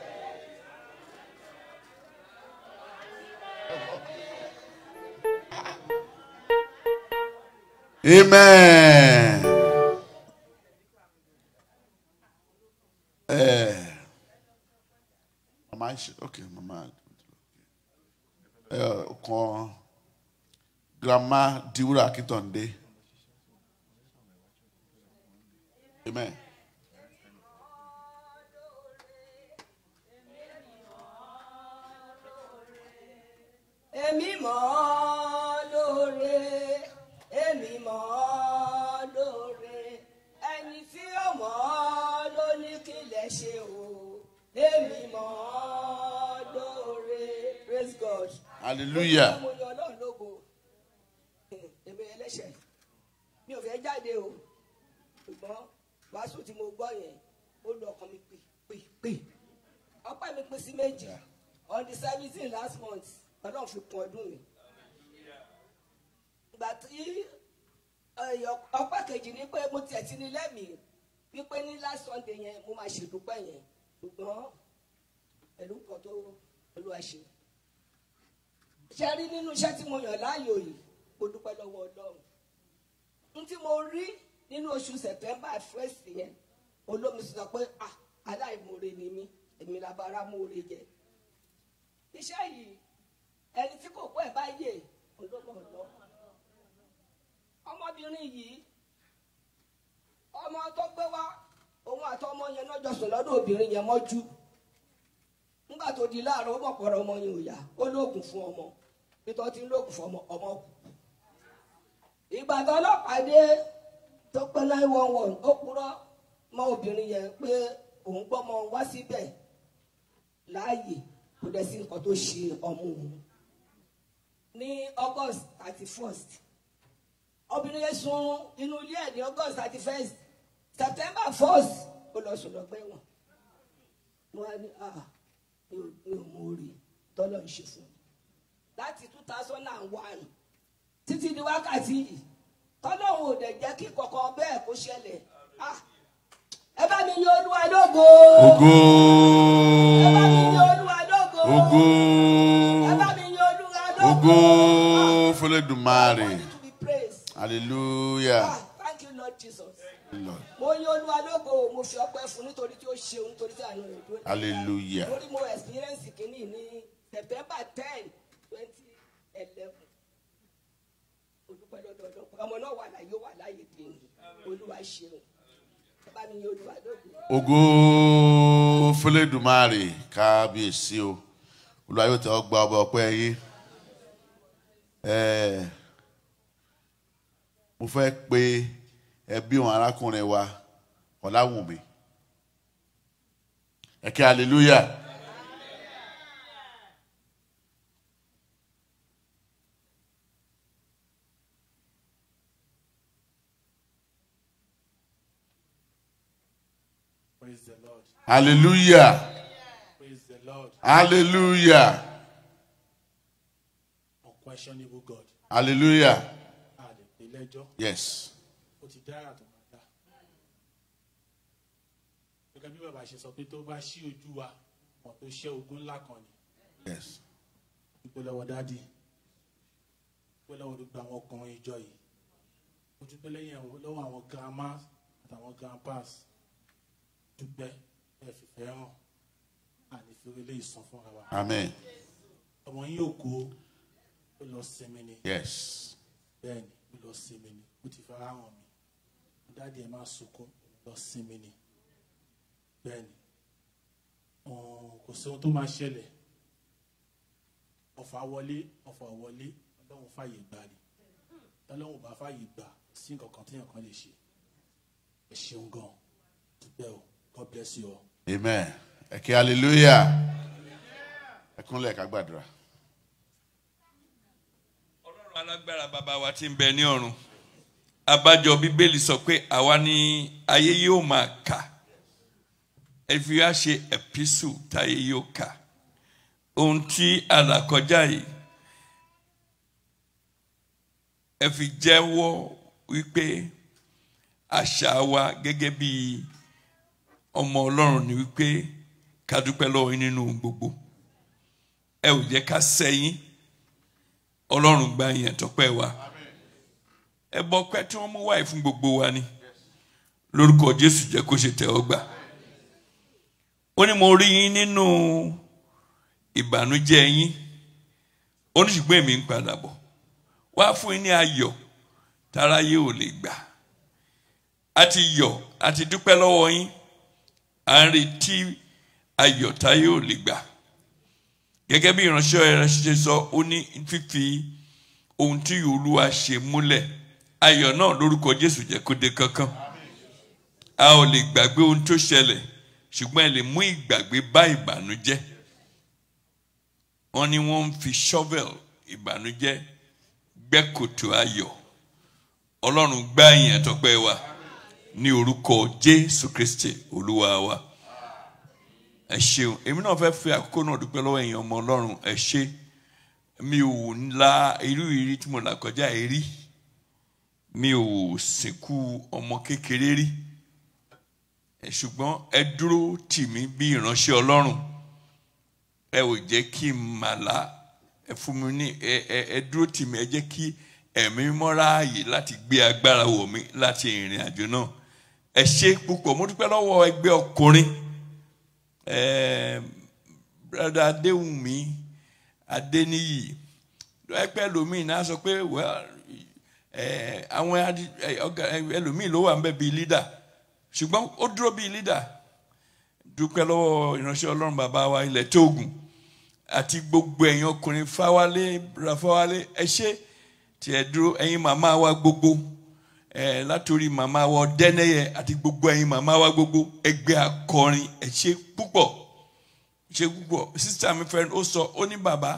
Amen. Uh, Mama okay, Mama. Uh, Grandma Diura Akitonde. Amen. èmi mọ̀ èmi mọ̀ ẹni tí ó mọ̀ ọ́ ló ní kílẹ̀ ṣe o èmi mọ̀ ọ́ lóore praise God. hallelujah. mo yọ ọlọ́run lógo èmi ẹlẹ́ṣẹ̀ mi ò fẹ́ jáde o ṣùgbọ́n wàásù tí mo gbọ́ yẹn ó lọ ọkàn mi pè pè pè ọpẹ́ mi pín sí méjì on the seventeen last month ọlọ́run fi kún ọdún mi. ìgbà tí ọpẹ́ kejì ni pé mo tiẹ̀ ti ní lẹ́mìí wípé ní last Sunday yẹn mo máa ṣèdúpẹ́ yẹn ṣùgbọ́n pẹ̀lú kan tó Olúwa ṣe ṣe rí nínú iṣẹ́ tí mo yàn láàyò yìí mo dúpẹ́ lọ́wọ́ Ọlọ́run n tí mo rí nínú oṣù September first yẹn olómi sọ pé ah aláìmoore ni mí èmi labara moore jẹ iṣẹ́ yìí ẹni tí kò pẹ́ bá yè olómi Ọlọ́run. ọmọbìnrin yìí ọmọ tó gbé wá òun àtọmọ yẹn náà sùn lọ́dọ̀ obìnrin yẹn mọ́jú nígbà tó di láàárọ̀ ó ọmọ yẹn ò yá ó lóògùn fún ọmọ nítorí tí ń lóògùn fún ọmọ kù ìgbà tó ọlọ́pàá pé ó yẹn pé òun wá síbẹ̀ láàyè kò dẹ̀ sí nǹkan tó ṣe ọmọ òun ní obìnrin yẹn sun inú ilé ẹ̀ ní august thirty first september first ó lọ sùn lọ́gbẹ́ wọn wọn á ní ah, mi ò mú orí tọ́lọ̀ ń ṣe fún mi láti two thousand and one títí di wákàtí yìí tọ́lọ̀ ò dẹ̀ jẹ́ kí kankan bẹ́ẹ̀ kó ṣẹlẹ̀ ah ẹ bá mi ní olúwa lógo. ògo. ẹ bá mi ní olúwa lógo. ẹ bá mi ní olúwa lógo. ògo fẹlẹ rè hallelujah. Ah, thank you lord jesus. mo yìn olúwa lógo mo fi ọpẹ́ fún nítorí tí ó ṣeun nítorí tí àánú rẹ̀ dúró. hallelujah. lórí mo experience kìíní ní september ten twenty eleven olùpẹ̀ lọ́dọọdún ọmọ náà wà láyé wà láyé dèyìn olúwa ṣeun ògo fúlẹ́dùmarè kábíyèsí o olùwàyò tẹ ọgbà ọba ọpẹ́ yìí. mo fẹ́ pe ẹbí wọn arákùnrin wa ọ̀làwùnmí ẹ̀kẹ́ hallelujah. Hallelujah. Praise the Lord. Hallelujah. Unquestionable God. Hallelujah. ilé yes. o ti dára tó máa dá. gẹ́gẹ́ bí bàbá ṣe sọ pé tó bá ṣí ojú wa mọ̀ tó ṣẹ́ ogun ńlá kan ni. yes. ìpolówó dáàdi ìpolówó gbogbo àwọn ọkùnrin ìjọ yìí ojúgbẹ́ lẹ́yìn lọ́wọ́ àwọn grandmas àtàwọn grandpas dúpẹ́ ẹ fìfẹ́ hàn ànífẹ́rẹ́ lè sọ fúnra wa. amen. ọmọ yín yóò kó lọ sinmi ni. yes. bẹ́ẹ̀ lọ sinmi ni ó ti fara hàn mi dáàdi ẹ máa sunkún lọ sinmi ni bẹ́ẹ̀ kò sí ohun tó máa ṣẹlẹ̀ ọ̀fà wọlé ọ̀fà wọlé ọlọ́run fàyè gbà ni ọlọ́run bá fàyè gbà sí nǹkan kan téèyàn lè ṣe ẹ ṣeun gan dúpẹ́ o God bless you all. amen ẹ kí hallelujah ẹ kúnlẹ̀ ká gbàdúrà ọlọ́run alágbára bàbá wa tí ń bẹ ní ọ̀run abájọ bíbélì sọ pé àwa ni ayé yóò máa kà ẹ fi wá ṣe ẹ̀písù táyé yóò kà ohun tí àlàkọjá yìí ẹ fi wípé àṣà wa gẹ́gẹ́ bí ọmọ ọlọ́run ni wípé ká dúpẹ́ yín nínú gbogbo ẹ ò jẹ́ ká sẹ́yìn ọlọ́run gba ìyẹn tọpẹ́ wa ẹbọ ọpẹ́ tí wọ́n mú wáyé fún gbogbo wa ni lórúkọ jésù jẹ́ kó ṣe tẹ́ ọ gbà ó ní mo rí yín nínú ìbànújẹ́ yín ó ní ṣùgbọ́n èmi ń padà bọ̀ wá fún yín ní ayọ̀ táráyé ò lè gbà a ti yọ̀ a ti dúpẹ́ lọ́wọ́ yín à ń retí ayọ̀ táyé ò lè gbà gẹ́gẹ́ bí ìránṣẹ́ rẹ̀ ṣe sọ ó ní fífi ohun tí olúwa ṣe múlẹ̀ ayọ̀ náà lórúkọ jésù jẹ́ kó dé kankan a ò lè gbàgbé ohun tó ṣẹlẹ̀ ṣùgbọ́n ẹ lè mú ìgbàgbé bá ìbànújẹ́ wọ́n ní wọ́n ń fi shovel ìbànújẹ́ gbẹ́ kòtò ayọ̀ ọlọ́run gbá ìyẹn tọpẹ́ wa ní orúkọ jésù kristi olúwa wa. Amen ẹ ṣeun èmi náà fẹ́ fi àkókò náà dúpẹ́ lọ́wọ́ èèyàn ọmọ ọlọ́run ẹ ṣe mi ò la irú ìrírí tí mo là kọjá yìí rí mi ò sìnkú ọmọ kékeré rí ṣùgbọ́n ẹ dúró tì mí bí ìránṣẹ́ ọlọ́run ẹ ò jẹ́ kí n mà lá ẹ fún mi ní ẹ ẹ ẹ dúró tì mí ẹ jẹ́ kí ẹ̀mí mọ́ra ààyè láti gbé agbára wọ̀ mí láti ìrìn àjò náà ẹ ṣe púpọ̀ mo dúpẹ́ lọ́wọ́ ẹgbẹ́ ọkùnrin. Eh, brother, brada Adéwùmí Adéníyì ẹgbẹ́ ẹlòmíì náà sọ pé eh, àwọn eh, ẹlòmíì ló wà ń bẹ bíi lídà ṣùgbọ́n ó dúró bíi lídà dúpẹ́ lọ́wọ́ ìránṣẹ́ Ọlọ́run bàbá wa ilẹ̀ Tóògùn àti gbogbo ẹ̀yin ọkùnrin Fáwálé Rafáwálé ẹ ṣé tí ẹ dúró ẹ̀yin màmá wa gbogbo ẹ látòrí màmá wa ọdẹnẹyẹ àti gbogbo ẹ̀yin màmá wa gbogbo ẹgbẹ́ akọrin ẹ ṣé púpọ̀ ṣe púpọ̀ sísá mi fẹ́ ó sọ ó ní bàbá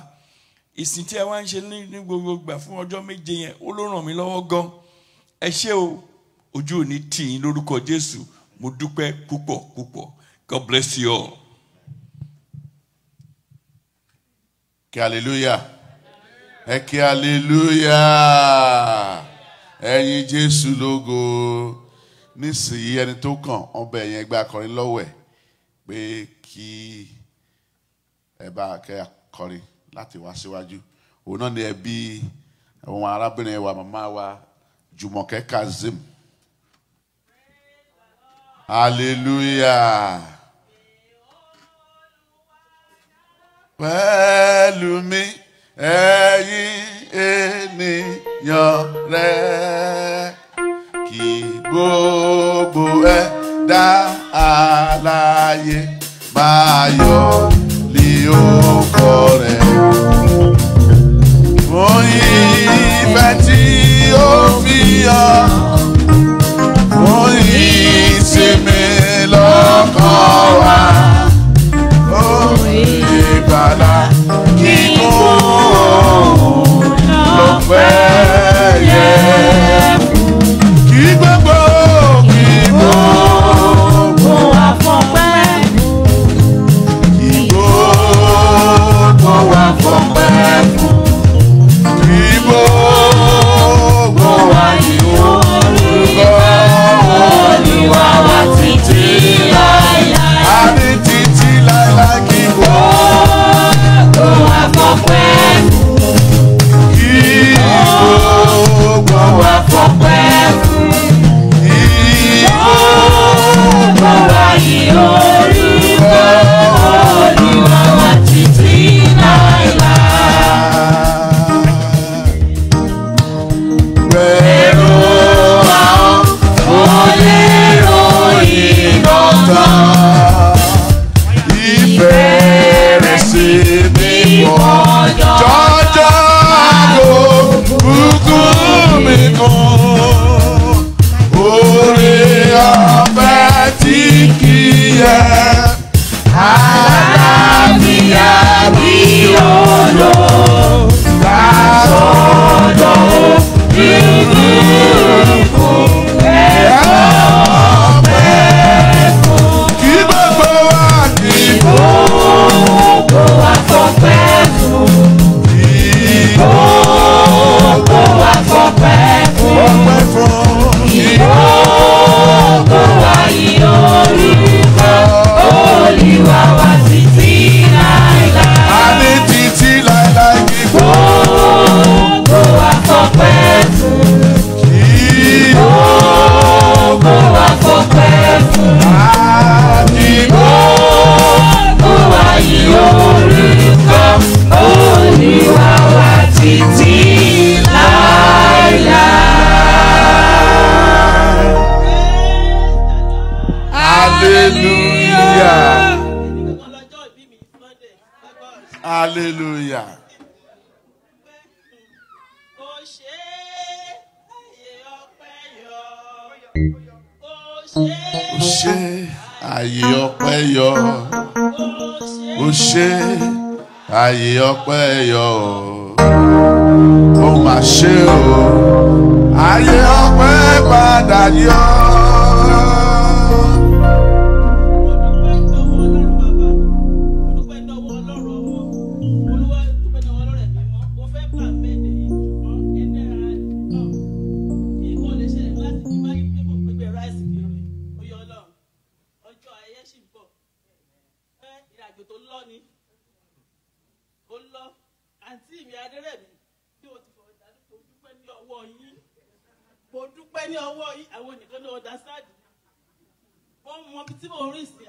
ìsìn tí ẹ wá ń ṣe ní gbogbo gbà fún ọjọ́ méje yẹn ó ló ràn mí lọ́wọ́ gan ẹ ṣé o ojú ò ní tì yín lórúkọ Jésù mo dúpẹ́ púpọ̀ púpọ̀ God bless you all. kí hallelujah ẹ kí hallelujah ẹ̀yin jésù lógo nísìnyí ẹni tó kàn ọbẹ̀ yẹn gba akọrin lọ́wọ́ ẹ̀ pé kí ẹ bá kẹ́ akọrin láti wá síwájú òun náà ni ẹbí àwọn arábìnrin wa màmá wa Jùmọ̀kẹ́ Kazeem hallelujah pẹ̀lú mi ẹ̀yin ènìyàn rẹ̀ kí gbogbo ẹ̀dá alààyè máa yọ̀ lé orúkọ rẹ̀. mo yìn ìfẹ́ tí wa ó ìbàlá ọpẹ́ yẹ kí gbogbo kí gbogbo wà fọpẹ́ kí gbogbo wà fọpẹ́ kí gbogbo wà ní orúkọ Olúwa wa títí láéláé àbí títí láéláé kí gbogbo. Lord. rẹ. Àlàáfíà bí ọ̀nà bá sọ̀rọ̀. lọ́wọ́ yìí àwọn nìkan ló understand wọ́n mọ ibi tí mò ń rìn sí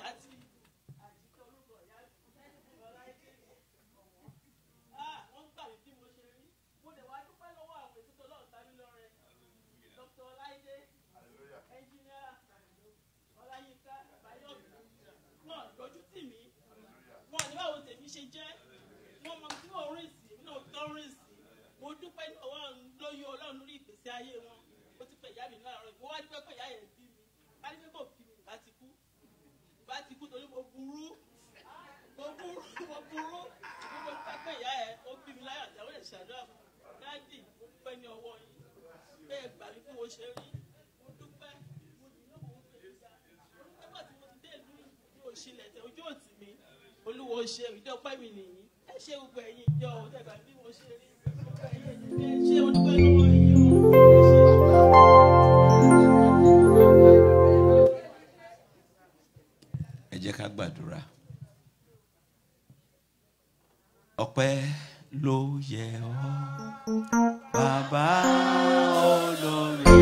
níjọ́ pé ìyá yẹn bí mi ká ní pé kò bí mi ìbá ti kú ìbá ti kú torí mo burú mo burú mo burú mo mo fẹ́ pé ìyá yẹn ó bí mi láyà àtàwọn èèyàn ṣàdúrà fún mi dáàdì mo pẹ́ ní ọwọ́ yìí bẹ́ẹ̀ gbà mí fún mo ṣe rí mo dúpẹ́ mo dì lọ́wọ́ mo fẹ́ ìjà nígbà tí mo ti dé ìlú mi ò ṣílẹ̀ tẹ ojú òtí mi olúwo ṣe ìdọ́pẹ́ mi nìyí ẹ ṣe gbogbo ẹ̀yin ìjọ òtẹ̀gbà bí mo ṣe rí gbogbo ẹ̀yin ìjọ ṣé mo dúpẹ́ lọ́wọ́ yìí o. Thank you. ká gbàdúrà ọpẹ́ ló yẹ ọ́ bàbá olórí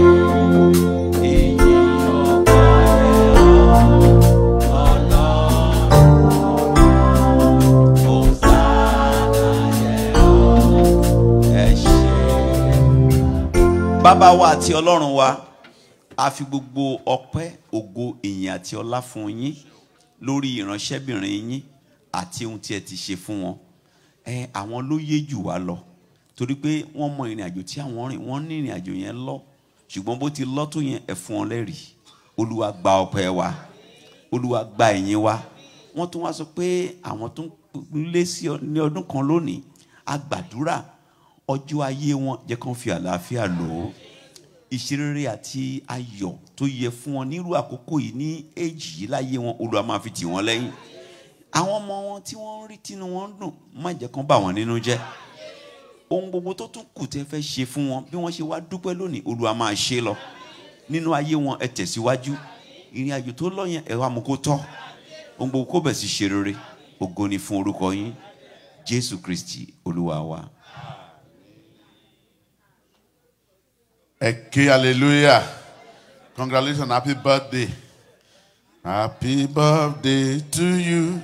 bàbá wa àti ọlọ́run wa a fi gbogbo ọpẹ́ ògo ìyìn àti ọlá fún yín lórí ìránṣẹ́bìnrin yín àti ohun tí ẹ ti ṣe fún wọn ẹ àwọn ló yé jù wá lọ torí pé wọ́n mọ ìrìn àjò tí àwọn rìn wọ́n ní ìrìn àjò yẹn lọ ṣùgbọ́n bó ti lọ tó yẹn ẹ fún wọn lẹ́rìí olúwa gba ọpẹ́ wa olúwa gba ìyìn wa wọ́n tún wá sọ pé àwọn tó ń lé sí ní ọdún kan lónìí a gbàdúrà ọjọ́ ayé wọn jẹ́ kán fi àlàáfíà lò ó ìṣerere àti ayọ̀ tó yẹ fún wọn nírú àkókò yìí ní èjì yìí láyé wọn Olúwa máa fi tì wọ́n lẹ́yìn àwọn ọmọ wọn tí wọ́n ń rí tínú wọn ń dùn má jẹ́ kán bà wọ́n nínú jẹ́ ohun gbogbo tó tún kù tẹ́ fẹ́ ṣe fún wọn bí wọ́n ṣe wá dúpẹ́ lónìí Olúwa máa ṣe lọ nínú ayé wọn ẹ tẹ̀síwájú ìrìn àjò tó lọ ẹ wá mú kó tọ́ ohun gbogbo kó bẹ̀ ṣe rere ògo ni fún orúkọ yín Jésù Kristi Olúwa wa. ẹ ké hallelujah. Congratulations, happy birthday. Happy birthday to you.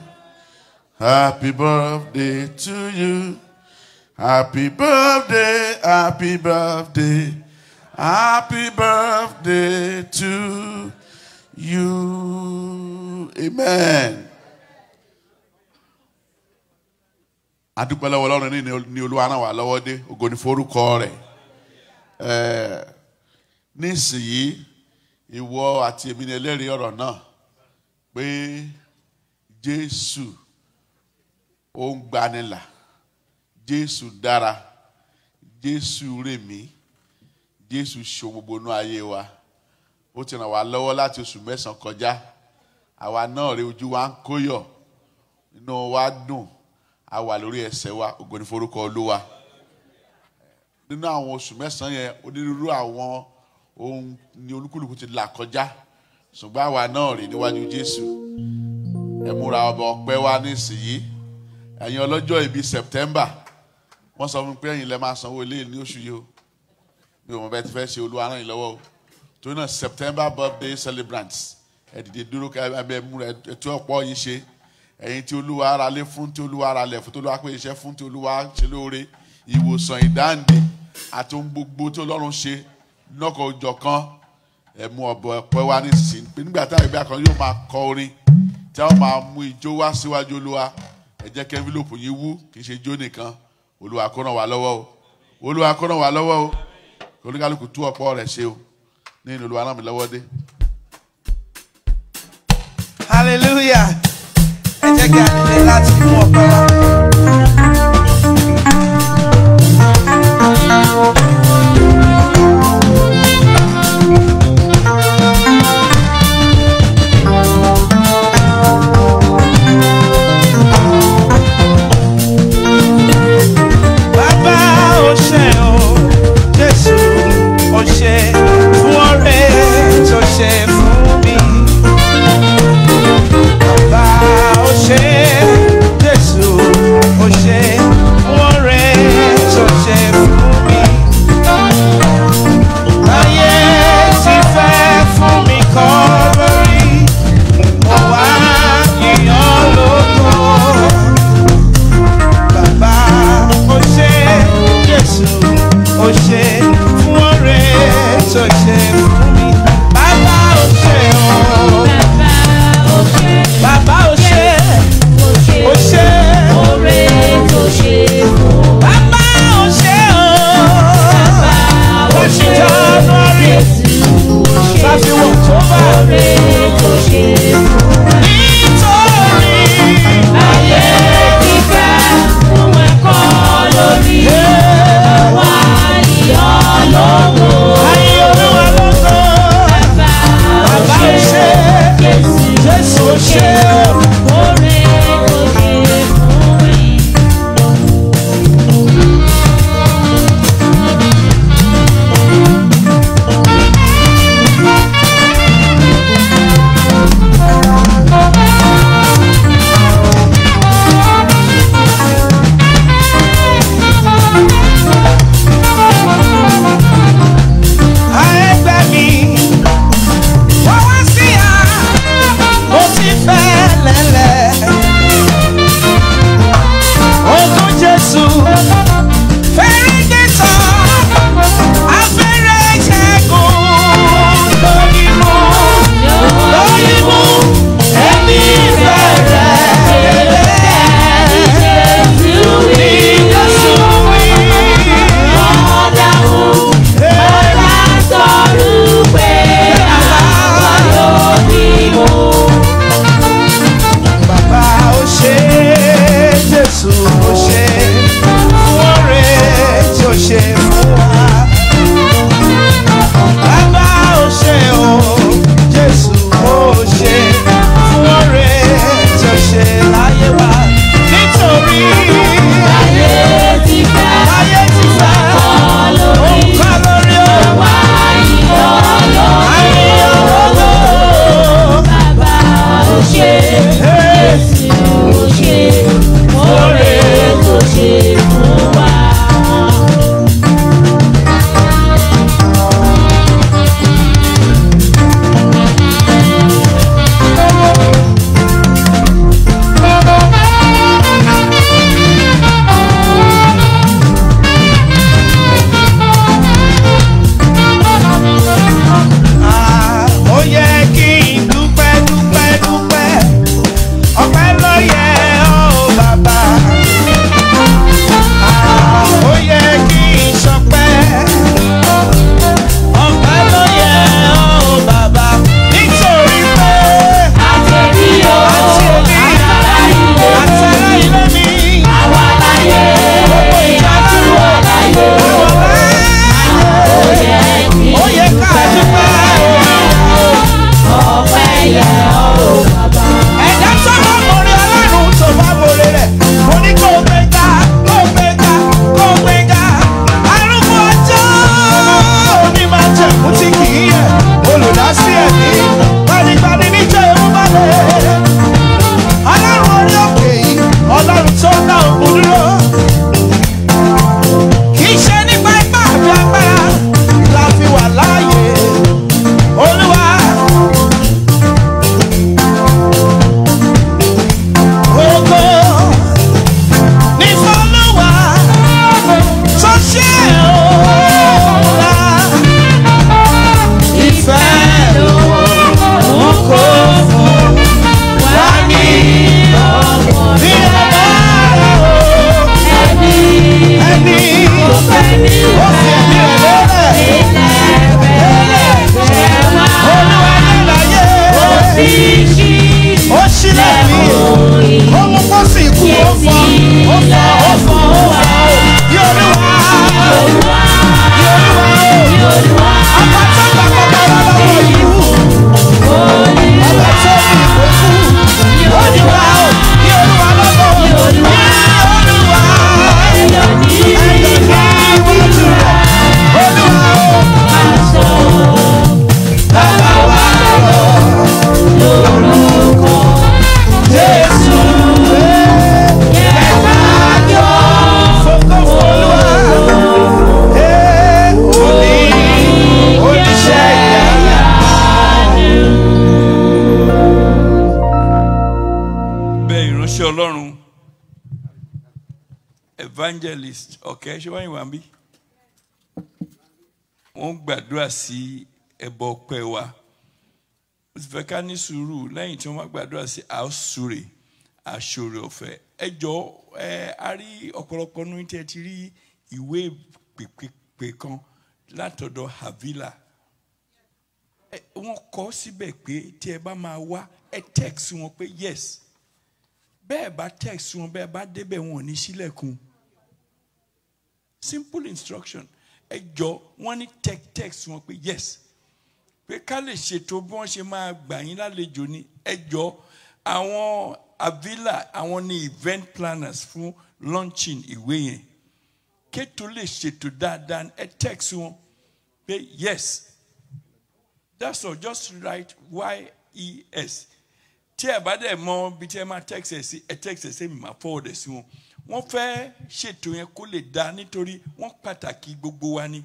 Happy birthday to you. Happy birthday, happy birthday. Happy birthday to you. Amen. adúpẹ́ lọ́wọ́ ọlọ́run ní ní olúwa náà wà lọ́wọ́ dé ògo ni forúkọ rẹ̀ nísìnyí. ìwọ àti èmi ni ẹlẹ́rìí ọ̀rọ̀ náà pé Jésù ó ń gbanilà Jésù dára Jésù rèmí Jésù ṣo gbogbo inú ayé wa ó ti ràn wá lọ́wọ́ láti oṣù mẹ́sàn-án kọjá àwa náà rí ojú wa ń kóyọ̀ inú wa dùn a wà lórí ẹsẹ̀ wa ògo ni forúkọ Olúwa nínú àwọn oṣù mẹ́sàn-án yẹn onírúurú àwọn òun ni olúkúlùkù ti là kọjá ṣùgbọ́n àwa náà rè níwájú Jésù ẹ múra ọba ọpẹ́ wa nísìnyí ẹ̀yin ọlọ́jọ́ ìbí September wọ́n sọ fún mi pé ẹ̀yin lẹ máa sanwó ilé ní oṣù yìí o bí òun bẹ́ẹ̀ ti fẹ́ ṣe olúwa ràn yín lọ́wọ́ o torí náà September birthday celebrants ẹ dìde dúró abẹ múra ẹ tí ọ̀pọ̀ yín ṣe ẹ̀yin tí olúwa ara lé fún tí olúwa ara lẹ̀ fún tí olúwa pé iṣẹ́ fún tí olúwa ṣe lóore ìwòsàn ìdáǹdè àti ohun gbogbo tí Ọlọ́run ṣe lọ́kọ̀ òjọ̀ kan ẹ mú ọ̀bọ ẹ̀pẹ́ nísinsìnyí nígbà táwọn ìgbà kan yóò máa kọ orin tí wọ́n máa mú ijó wá síwájú olúwa ẹ jẹ́ kí wú kì í ṣe ijó nìkan olúwa kó ràn wá lọ́wọ́ o olúwa kó ràn wá lọ́wọ́ o oníkálukú tú ọ̀pọ̀ rẹ̀ ṣe o ní ìlú olúwa ràn mí lọ́wọ́ dé. hallelujah ẹ kí a nílé láti mú ọ̀pá gbàdúrà sí ẹbọ ọpẹ́ wa ó sì fẹ́ ká ní sùúrù lẹ́yìn tí wọ́n bá gbàdúrà sí àásùrè àṣòrè ọ̀fẹ́ ẹ jọ ẹ a rí ọ̀pọ̀lọpọ̀ nínú tí ẹ ti rí ìwé pèpèpè kan látọ̀dọ̀ Havila wọ́n kọ síbẹ̀ pé tí ẹ bá máa wá ẹ text wọn pé yes bẹ́ẹ̀ bá text wọn bẹ́ẹ̀ bá débẹ̀ wọn ò ní sílẹ̀kùn simple instruction ẹ jọ wọ́n ní text wọn pé yes pé ká lè ṣètò bí wọ́n ṣe máa gbà yín lálejò ní ẹ àwọn avila àwọn ni event planners fún launching ìwé yẹn kéto lè ṣètò dáadáa ẹ text wọn pé yes that's all just write yes tí ẹ bá dẹ̀ mọ bí tí ẹ máa text ẹ sí ẹ text ẹ sí mi máa forward ẹ sí wọn wọ́n fẹ́ ṣètò yẹn kó lè dáa nítorí wọ́n pàtàkì gbogbo wa ni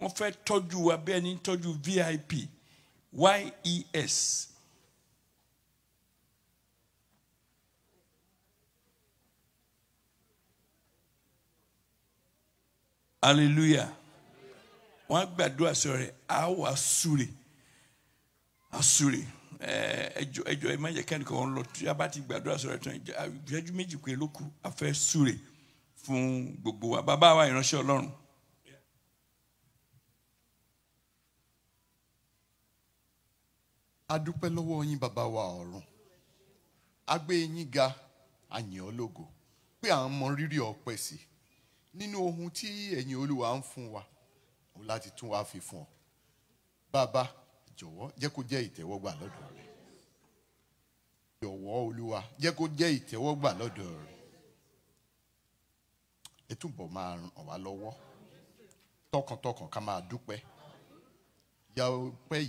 wọ́n fẹ́ tọ́jú wa bẹ́ẹ̀ ni tọ́jú VIP YES hallelujah wọ́n gbàdúrà sọ̀rọ̀ ẹ̀ á wà súre á Eh, ẹjọ ẹjọ ẹ má yẹ kẹ́nìkan ọ̀n lọ tí a bá ti gbàdúrà sọ̀rọ̀ tán ìjẹ́jú méjì pé ló kù a fẹ́ súre fún gbogbo wa bàbá wa ìránṣẹ́ ọlọ́run. a dúpẹ́ lọ́wọ́ yín bàbá wa ọ̀run a gbé yín ga a yìn ọ́ lógo pé à ń mọ rírì ọpẹ́ sí nínú ohun tí ẹ̀yin olúwa ń fún wa láti tún wá fi fún ọ bàbá jọ̀wọ́ jẹ́ kó jẹ́ ìtẹ́wọ́gbà lọ́dọ̀ ọwọ́ olúwa jẹ́ kó jẹ́ ìtẹ́wọ́gbà lọ́dọ̀ rẹ̀ ẹ máa ràn wá lọ́wọ́ tọkàntọkàn ká máa dúpẹ́ ya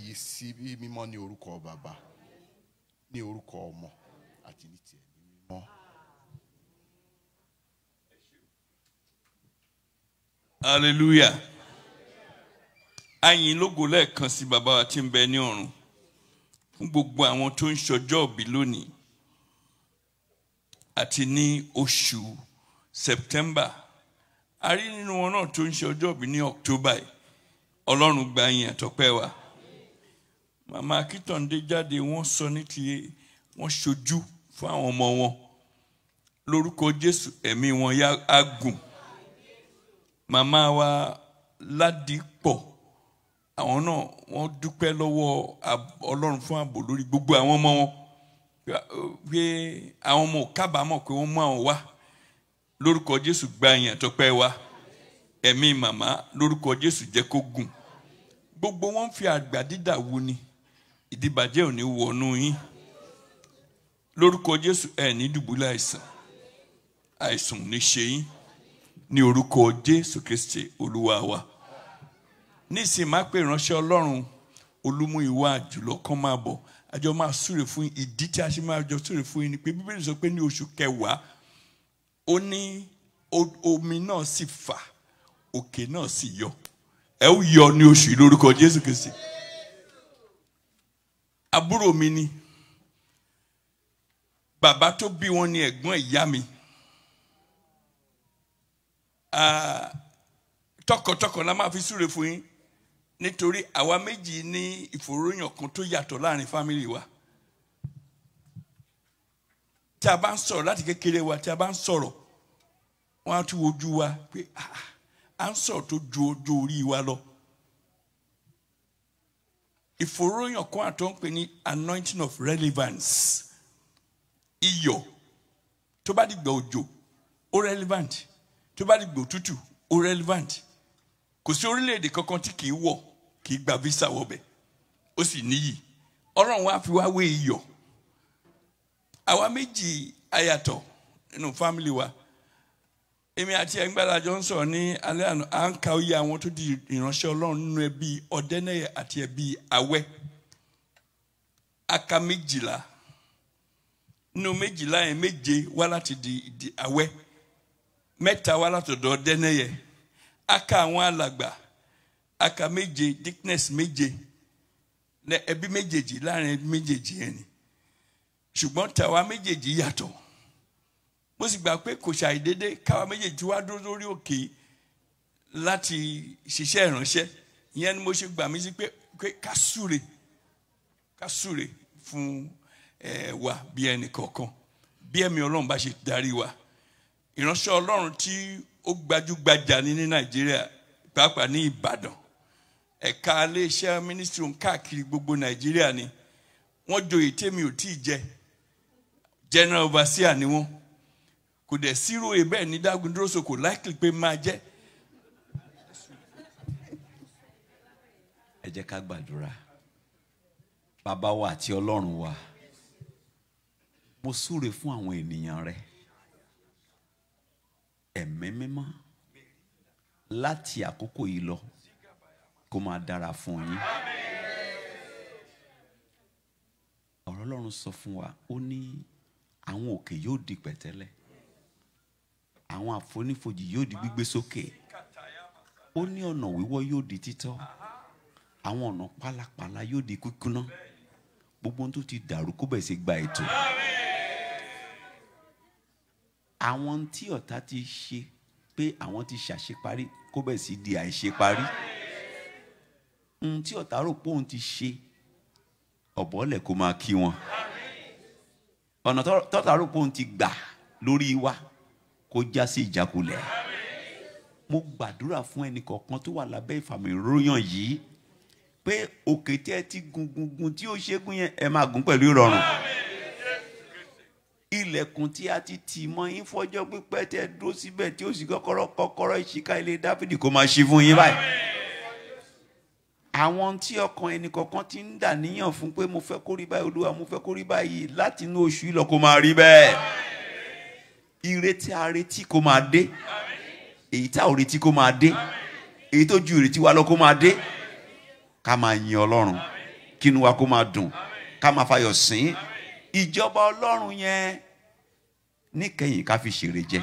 yìí sí mímọ́ ní orúkọ bàbá ní orúkọ ọmọ àti ní mímọ́. fún gbogbo àwọn tó ń ṣọjọ́ lónìí àti ní oṣù September a rí nínú wọn náà tó ń ṣọjọ́ ní October Ọlọ́run gba yìn àtọ́pẹ́ wa màmá Akíntọ́ndé jáde wọ́n sọ ní ti wọ́n ṣojú fún àwọn ọmọ wọn lórúkọ Jésù ẹ̀mí wọn yá á màmá wa Ládìpọ̀ àwọn náà wọ́n dúpẹ́ lọ́wọ́ ọlọ́run fún ààbò lórí gbogbo àwọn ọmọ wọn pé àwọn ọmọ ò kábàámọ̀ pé wọ́n mú àwọn wá lórúkọ jésù gba ìyàn tọpẹ́ wa ẹ̀mí màmá lórúkọ jésù jẹ́ kó gùn gbogbo wọn fi àgbà dídà wu ni ìdìbàjẹ́ ò ní wọnú yín lórúkọ jésù ẹ̀ ní dùbúlẹ̀ àìsàn àìsàn ní ṣe yín ní orúkọ jésù kristi olúwa wa nísìnyí máa pè ìránṣẹ́ ọlọ́run olúmú ìwà jùlọ kan máa bọ̀ àjọ máa súre fún yín ìdí tí a ṣe máa jọ súre fún yín ni pé bíbélì sọ pé ní oṣù kẹwàá ó ní omi náà sì fà òkè náà sì yọ ẹ ó yọ ní oṣù lórúkọ jésù kristi àbúrò mi ni bàbá tó bí wọn ni ẹ̀gbọ́n ìyá mi ah, tọkàntọkàn la máa fi súre fún yín nítorí àwa méjì ní ìfòròyàn kan tó yàtọ̀ láàrin fámìlì wa tí a bá ń sọ̀rọ̀ láti kékeré wa tí a bá ń sọ̀rọ̀ wọ́n á tún wojú wa pé ah, ah, à ń sọ̀rọ̀ tó ju ojú orí wa lọ ìfòròyàn kan àtọ́ ń pè ní anointing of relevance iyọ̀ tó bá dìgbà òjò ó relevant tó bá dìgbà òtútù ó relevant kò sí orílẹ̀-èdè kankan tí kì í wọ̀ kì í gba visa wọbẹ̀ ó sì níyì ọlọ́run wa fi wá wé iyọ̀ àwa méjì ayàtọ̀ nínú fámìlì wa èmi àti ẹgbẹ́ra jọ ń sọ̀rọ̀ ní alẹ́ àná à ń ka oyè àwọn tó di ìránṣẹ́ ọlọ́run nínú ẹbí ọ̀dẹ́nẹ́yẹ àti ẹbí awẹ́ aka méjìlá nínú méjìlá yẹn méje wá láti di awẹ́ mẹ́ta wá látọ̀dọ̀ ọ̀dẹ́nẹ́yẹ aka àwọn alàgbà aka méje thickness méje ní ẹbí méjèèjì láàrin ẹbí méjèèjì yẹn ni ṣùgbọ́n tàwa méjèèjì yàtọ̀ mo sì gbà pé kò ṣàìdédé káwa méjèèjì wá dúró lórí òkè láti ṣiṣẹ́ ìránṣẹ́ ìyẹn ni mo ṣe gbà mí sí pé ká súre ká súre fún ẹ wa bí ẹnì kọ̀ọ̀kan bí ẹ̀mí ọlọ́run bá ṣe darí wa ìránṣẹ́ ọlọ́run tí ó gbajúgbajà ní ní nàìjíríà pàápàá ní ìbàdàn ẹ̀ka iléeṣẹ́ ministry ohun káàkiri gbogbo nàìjíríà ni wọ́n joyè tèmi ò tí ì jẹ general overseer ni wọ́n kò dẹ̀ sírò e bẹ́ẹ̀ ní Dagun-Duro so kò likely pé máa jẹ́. ẹ jẹ́ ká gbàdúrà bàbá wa àti ọlọ́run wa mo súre fún àwọn ènìyàn rẹ̀ ẹ̀mí mímọ́ láti àkókò yìí lọ kó máa dára fún yín. ọ̀rọ̀ Ọlọ́run sọ fún wa ó ní àwọn òkè yóò di pẹ̀tẹ́lẹ̀ àwọn àfonífojì yóò di gbígbé sókè ó ní ọ̀nà wíwọ́ yóò di títọ́ àwọn ọ̀nà pálapàla yóò di kíkúná gbogbo ohun tó ti dàrú kó bẹ̀ sí gba ètò. Amen àwọn tí ọ̀tá ti ṣe pé àwọn ti ṣàṣeparí kó bẹ̀ sí di àìṣeparí ohun tí ọ̀tá rò pé òun ti ṣe ọ̀bọ̀lẹ̀ kó máa kí wọn ọ̀nà tọ́tà rò pé òun ti gbà lórí wa kó já sí ìjákulẹ̀ mo gbàdúrà fún ẹnì kọ̀ọ̀kan tó wà lábẹ́ ìfàmì yìí pé òkè tí ẹ ti gun gun gun tí ó ṣe gun yẹn ẹ máa gun pẹ̀lú ìrọ̀rùn. Amen kí ilẹ̀kùn tí a ti tì mọ́ yín fọjọ́ pípẹ́ tẹ́ dúró síbẹ̀ tí ó sì kọ́kọ́rọ́ kọ́kọ́rọ́ ìṣíká ilé dáfídì kó máa ṣí fún yín báyìí. àwọn tí ọkàn ẹnì kọ̀ọ̀kan ti ń dà níyàn fún pé mo fẹ́ kó rí báyìí olúwa mo fẹ́ kó rí báyìí láti inú oṣù yìí kó máa rí bẹ́ẹ̀. ìrètí a retí kó máa dé èyí tá ò retí kó máa dé èyí tó ju ìrètí wa lọ kó máa dé ká máa yin ọlọ́run kínú wa kó máa dùn ká máa fayọ̀ sìn ìjọba ọlọ́run yẹn níkẹyìn ká fi ṣèrè jẹ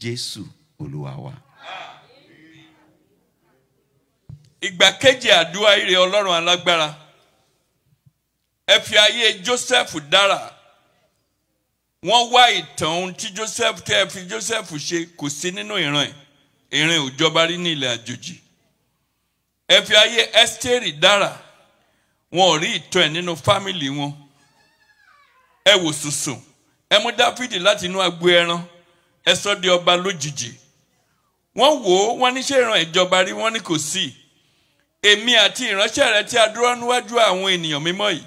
jésù olúwa wa. ìgbà kejì àdúrà ire ọlọ́run alágbára ẹ fi ayé joseph dára wọ́n wá ìtàn ohun tí joseph tẹ́ ẹ fi joseph ṣe kò sí nínú ìran ẹ̀ ìran ò jọba rí ní ilẹ̀ àjòjì ẹ fi ayé esteri dára wọn ò rí ìtàn ẹ̀ nínú fámìlì wọn ẹ wò sùsùn ẹ mú dáfídì láti inú agbo ẹran ẹ sọ di ọba lójijì wọ́n wò ó wọ́n níṣẹ́ ìran ìjọba rí wọ́n ní kò sí èmi àti ìránṣẹ́ rẹ tí a dúró níwájú àwọn ènìyàn mímọ́ yìí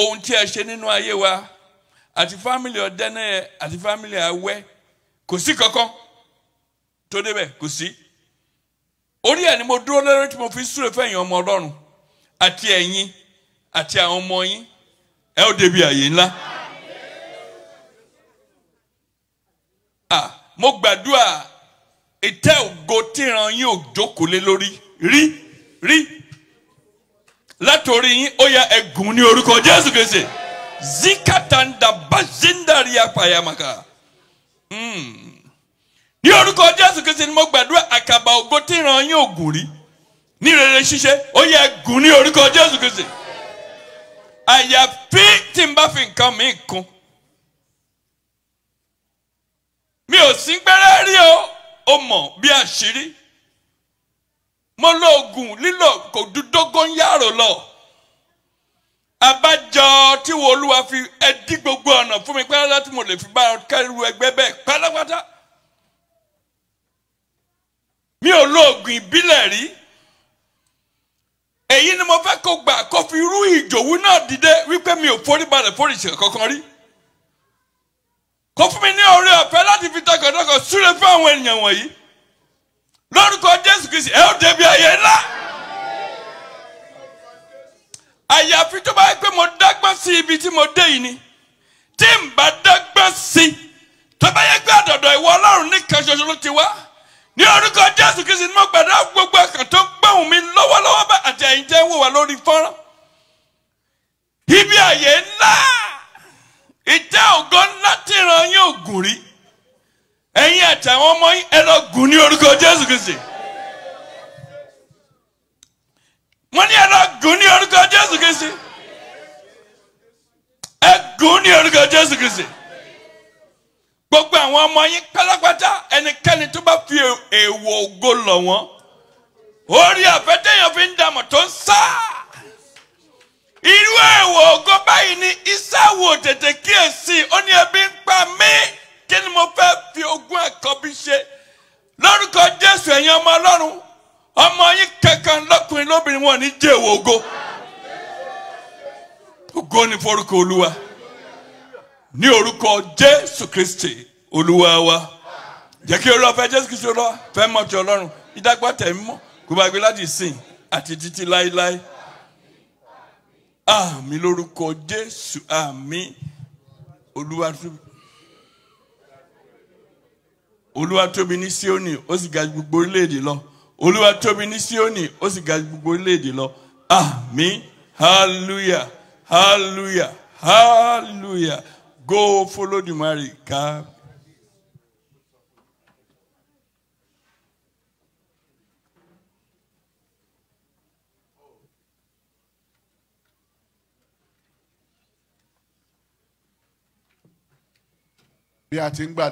ohun tí ẹ ṣe nínú ayé wa àti fámìlì ọdẹnẹ àti fámìlì awẹ kò sí kankan tó débẹ̀ kò sí orí ẹ̀ ni mo dúró lórí tí mo fi súre fẹ̀yìn ọmọ Ọlọ́run àti ẹ̀yin àti àwọn ọmọ yín ẹ ó débi àyè ńlá. mo gbàdúrà ìtẹ́ ògo tíran yín ò jókòó lé lórí rí rí látòrí yín ó yá ẹgùn ní orúkọ Jésù Kristi zikatanda bazindari apayamaka hmm. ní orúkọ Jésù Kristi ni mo gbàdúrà àkàbà ògo tíran yín ò gùn rí ní rere ṣíṣe ó yá ẹgùn ní orúkọ Jésù Kristi àyàfi tí n bá fi nǹkan mi kún mi ò sín gbẹ́rẹ́ rí o ó mọ̀ bí àṣírí mo lo oògùn lílò kò dúdógó ń yàrá lọ abájọ tí wo olúwa fi ẹdí gbogbo ọ̀nà fún mi pẹ́ láti mo lè fi bá kẹ́rù ẹgbẹ́ bẹ́ẹ̀ pátápátá mi ò lo oògùn ìbílẹ̀ rí èyí ni mo fẹ́ kó gbà kó fi irú ìjòwú náà dìde wípé mi ò forí balẹ̀ forí ìṣẹ̀ kankan rí kó fún mi ní oore ọ̀fẹ́ láti fi tọkàntọkàn súre fún àwọn ènìyàn wọ̀nyí lórúkọ jésù kristi ẹ ó débi ayé ńlá. àyàfi tó bá yẹ pé mo dágbọ́n sí ibi tí mo dé yìí ni tí n bá dágbọ́n sí tó bá yẹ pé àdọ̀dọ̀ ìwọ ọlọ́run nìkan ṣoṣo ló ti wá ní orúkọ jésù kristi ni mo gbàdúrà gbogbo ọkàn tó gbóhùn mi lọ́wọ́lọ́wọ́ bá àti ẹ̀yin tẹ́ ń wò wá lórí fọ́nrán ibi àyè ńlá ìtẹ́ ògo ńlá tí ìran yín ò gùn rí ẹ̀yin àtàwọn ọmọ yín ẹ lọ gùn ní orúkọ Jésù Kristi mo ní ẹ lọ gùn ní orúkọ Jésù Kristi ẹ gùn ní orúkọ Jésù Kristi gbogbo àwọn ọmọ yín pátápátá ẹnikẹ́ni tó bá fi èèwọ̀ ògo lọ̀ wọ́n orí àfẹ́tẹ́yàn fi ń dààmú tó ń sáà irú èèwọ̀ ògo báyìí ni Ísáwù tètè kíyèsí ó ní ebi ń pa mí kí ni mo fẹ́ fi ogún àkọ́bí ṣe lórúkọ Jésù ẹ̀yin ọmọ Ọlọ́run ọmọ yín kankan lọ́kùnrin lóbìnrin wọn ní jẹ́ èèwọ̀ ògo ògo ni forúkọ Olúwa ní orúkọ Jésù Kristi Olúwa wa jẹ́ kí Olúwa fẹ́ Jésù Kristi Olúwa fẹ́ mọ̀ ti Ọlọ́run ìdágbàtẹ̀ mímọ́ kó bá gbé láti sìn àti títí láéláé àmì lórúkọ Jésù àmì Olúwa tóbi Olúwa tóbi ní Síónì ó sì ga gbogbo orílẹ̀-èdè lọ Olúwa ní Síónì ó sì ga gbogbo orílẹ̀-èdè lọ àmì hallelujah hallelujah hallelujah go follow the mary kábí. bí a ti ń gbà